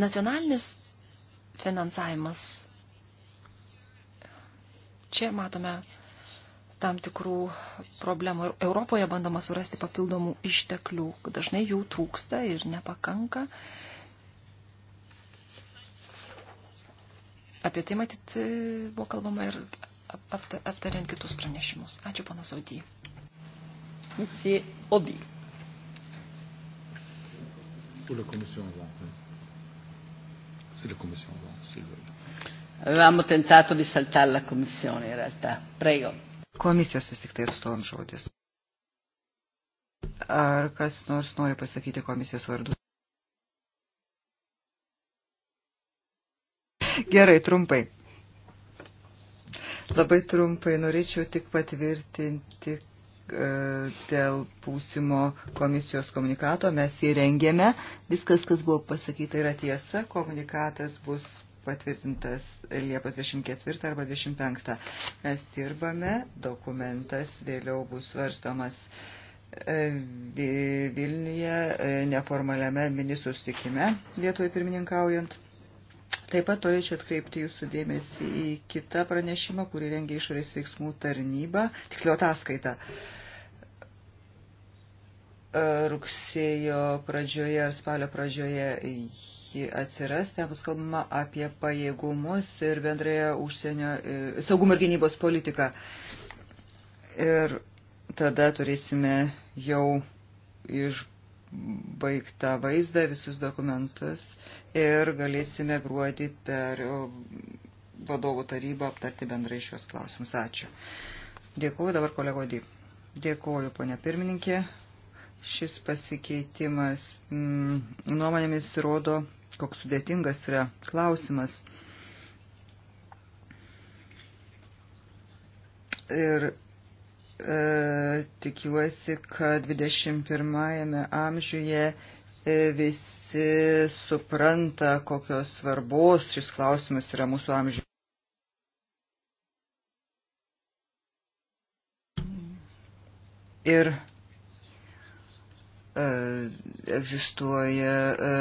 Nacionalinis finansavimas Čia matome tam tikrų problemų. Europoje bandoma surasti papildomų išteklių. Dažnai jų trūksta ir nepakanka. Apie tai matyt e, buvo kalbama ir aptariant kitus pranešimus. Ačiū, panas Audy. Monsieur Audy. Pour la commission avant. C'est la commission avant, s'il veut. Avevamo tentato di saltare la Commissione in realtà. Prego. Komisijos vis tik tai atstovams žodis. Ar kas nors nori pasakyti komisijos vardu? Gerai, trumpai. Labai trumpai norėčiau tik patvirtinti e, dėl būsimo komisijos komunikato. Mes jį rengėme. Viskas, kas buvo pasakyta, yra tiesa. Komunikatas bus patvirtintas Liepos 24 arba 25. Mes dirbame, dokumentas vėliau bus svarstomas e, Vilniuje e, neformaliame ministrų stikime Lietuvai pirmininkaujant. Taip pat norėčiau atkreipti jūsų dėmesį į kitą pranešimą, kurį rengia išorės veiksmų tarnyba, tiksliau ataskaita. E, rugsėjo pradžioje ar spalio pradžioje ji atsiras, ten bus kalbama apie pajėgumus ir bendrąją užsienio e, saugumo ir gynybos politiką. Ir tada turėsime jau išbaigtą vaizdą, visus dokumentus ir galėsime gruodį per vadovų tarybą aptarti bendrai šios klausimus. Ačiū. Dėkuoju dabar kolego Dyk. Dėkuoju, ponia pirmininkė. Šis pasikeitimas mm, nuomonėmis rodo koks sudėtingas yra klausimas. Ir e, tikiuosi, kad 21 amžiuje e, visi supranta, kokios svarbos šis klausimas yra mūsų amžiuje. Ir E, egzistuoja e,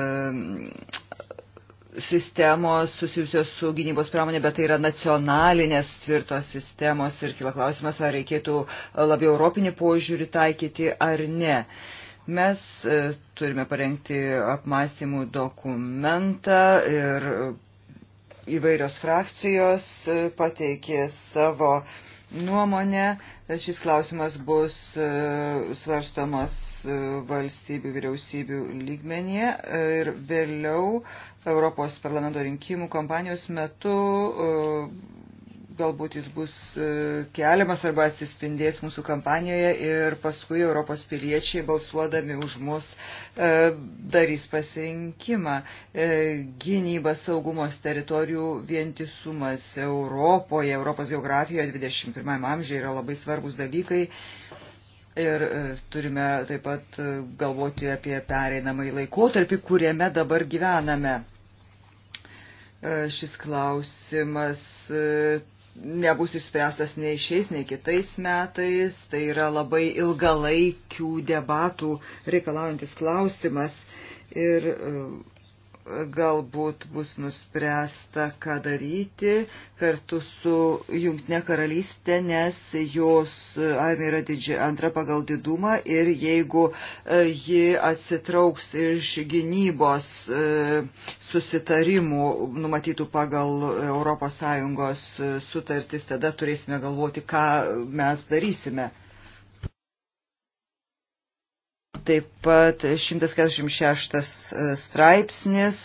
sistemos susijusios su gynybos pramonė, bet tai yra nacionalinės tvirtos sistemos ir kila klausimas, ar reikėtų labiau europinį požiūrį taikyti ar ne. Mes e, turime parengti apmąstymų dokumentą ir įvairios frakcijos pateikė savo uh, nuomonę. Šis klausimas bus e, svarstomas e, valstybių vyriausybių lygmenyje e, ir vėliau Europos parlamento rinkimų kampanijos metu galbūt jis bus e, keliamas arba atsispindės mūsų kampanijoje ir paskui Europos piliečiai balsuodami už mus e, darys pasirinkimą. E, gynyba, saugumos teritorijų vientisumas Europoje, Europos geografijoje 21 amžiuje yra labai svarbus dalykai. Ir turime taip pat galvoti apie pereinamąjį laikotarpį, kuriame dabar gyvename šis klausimas nebus išspręstas nei šiais, nei kitais metais. Tai yra labai ilgalaikių debatų reikalaujantis klausimas. Ir e, galbūt bus nuspręsta, ką daryti kartu su Junktinė karalystė, nes jos armija yra didžia, antra pagal didumą ir jeigu e, ji atsitrauks iš gynybos e, susitarimų numatytų pagal ES e, sutartis, tada turėsime galvoti, ką mes darysime. Taip pat 146 e, straipsnis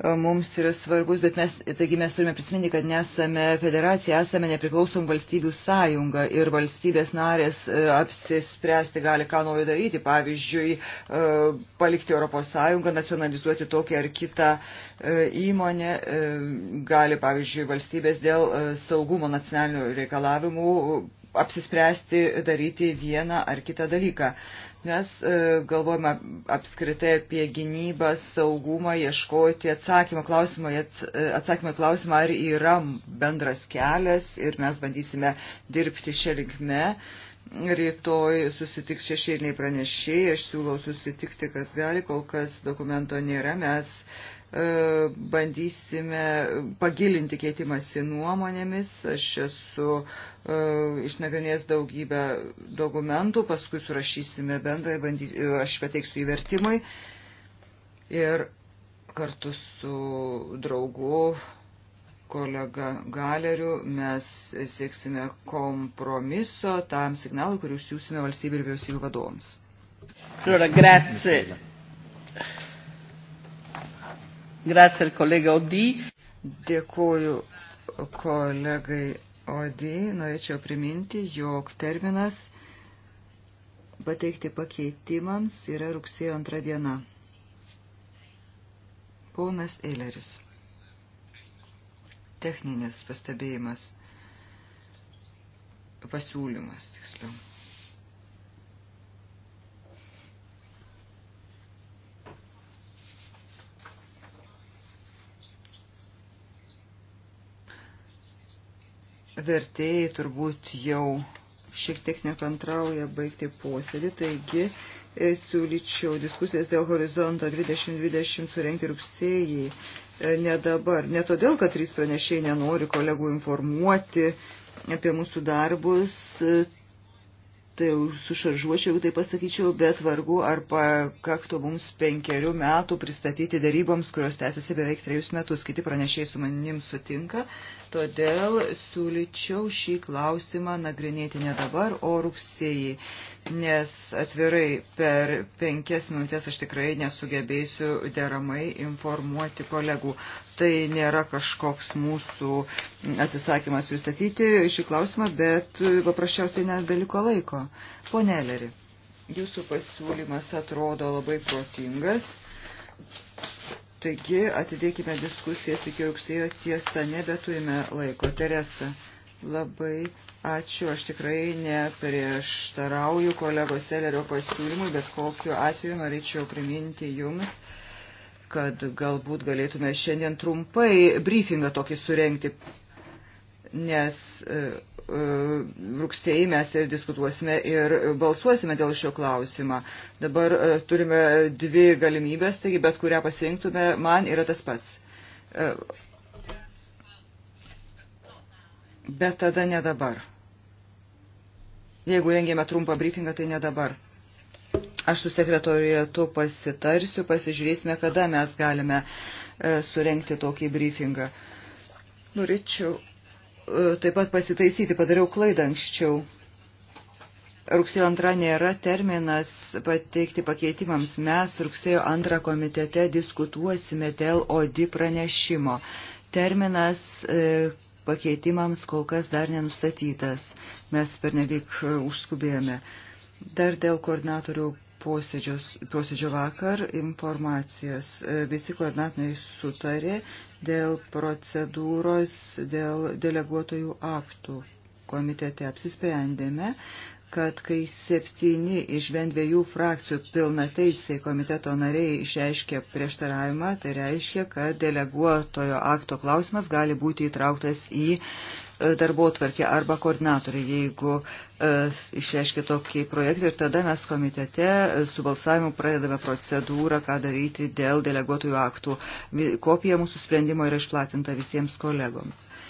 e, mums yra svarbus, bet mes, taigi mes turime prisiminti, kad nesame federacija, esame nepriklausom valstybių sąjunga ir valstybės narės e, apsispręsti gali, ką nori daryti, pavyzdžiui, palikti Europos sąjungą, nacionalizuoti tokią ar kitą įmonę, gali, pavyzdžiui, valstybės dėl saugumo nacionalinių reikalavimų apsispręsti daryti vieną ar kitą dalyką. Mes e, galvojame apskritai apie gynybą, saugumą, ieškoti atsakymo klausimo, e, atsakymo klausimą, ar yra bendras kelias ir mes bandysime dirbti šią linkmę. Rytoj susitiks šešėliniai pranešėjai, aš siūlau susitikti, kas gali, kol kas dokumento nėra, mes E, bandysime pagilinti keitimąsi nuomonėmis. Aš esu e, išnagrinėjęs daugybę dokumentų, paskui surašysime bendrai, bandys, e, aš pateiksiu įvertimui. Ir kartu su draugu kolega Galeriu mes sieksime kompromiso tam signalui, kurį siūsime valstybių ir vyriausybių vadovams. Allora, grazie. Grazie al kolega Odi. Dėkuoju kolegai Odi. Norėčiau priminti, jog terminas pateikti pakeitimams yra rugsėjo antrą dieną. Ponas Eileris. Techninis pastebėjimas. Pasiūlymas, tiksliau. vertėjai turbūt jau šiek tiek nekantrauja baigti posėdį, taigi e, siūlyčiau diskusijas dėl horizonto 2020 surenkti rugsėjį. E, ne dabar, ne todėl, kad trys pranešėjai nenori kolegų informuoti apie mūsų darbus, tai sušaržuočiau, jeigu tai pasakyčiau, bet vargu ar pakaktų mums penkerių metų pristatyti daryboms, kurios tęsiasi beveik trejus metus. Kiti pranešėjai su manim sutinka, todėl siūlyčiau šį klausimą nagrinėti ne dabar, o rugsėjai nes atvirai per penkias minutės aš tikrai nesugebėsiu deramai informuoti kolegų. Tai nėra kažkoks mūsų atsisakymas pristatyti šį klausimą, bet paprasčiausiai nebeliko laiko. Pone Eleri, jūsų pasiūlymas atrodo labai protingas. Taigi atidėkime diskusijas iki rugsėjo tiesa, nebeturime laiko. Teresa, labai Ačiū, aš tikrai neprieštarauju kolegos Selerio pasiūlymui, bet kokiu atveju norėčiau priminti jums, kad galbūt galėtume šiandien trumpai briefingą tokį surenkti, nes e, e, rugsėjai mes ir diskutuosime ir balsuosime dėl šio klausimo. Dabar e, turime dvi galimybės, taigi bet kurią pasirinktume, man yra tas pats. Bet tada ne dabar. Jeigu rengėme trumpą briefingą, tai ne dabar. Aš su sekretorijatu pasitarsiu, pasižiūrėsime, kada mes galime e, surenkti tokį briefingą. Norėčiau e, taip pat pasitaisyti, padariau klaidą anksčiau. Rugsėjo antra nėra terminas pateikti pakeitimams. Mes rugsėjo antrą komitete diskutuosime dėl ODI pranešimo. Terminas e, pakeitimams kol kas dar nenustatytas. Mes pernelyg e, užskubėjome. Dar dėl koordinatorių posėdžios, posėdžio vakar informacijos. E, visi koordinatoriai sutarė dėl procedūros, dėl deleguotojų aktų komitete. Apsisprendėme kad kai septyni iš bent dviejų frakcijų pilnateisiai komiteto nariai išreiškė prieštaravimą, tai reiškia, kad deleguotojo akto klausimas gali būti įtrauktas į e, darbo tvarkę arba koordinatoriai, jeigu e, išreiškia tokį projektą ir tada mes komitete e, su balsavimu pradedame procedūrą, ką daryti dėl deleguotojų aktų. Kopija mūsų sprendimo yra išplatinta visiems kolegoms. E,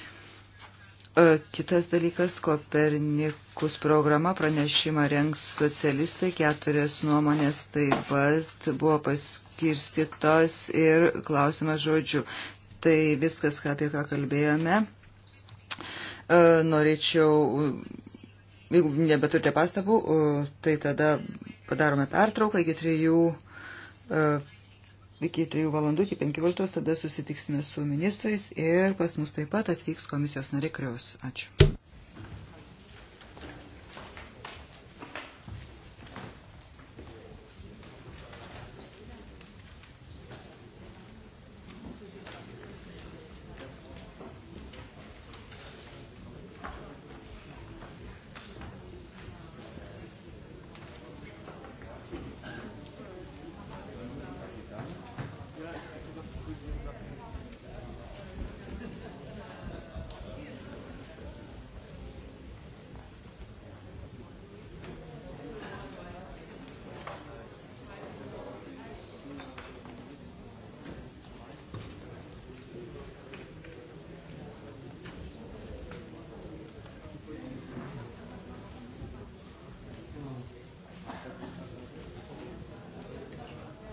E, kitas dalykas, Kopernikus programa pranešimą rengs socialistai, keturias nuomonės taip pat buvo paskirstytos ir klausimas žodžiu. Tai viskas, ką apie ką kalbėjome. E, norėčiau, jeigu nebeturite pastabų, e, tai tada padarome pertrauką iki trijų iki 3 valandų, iki 15, tada susitiksime su ministrais ir pas mus taip pat atvyks komisijos nariai Krios. Ačiū.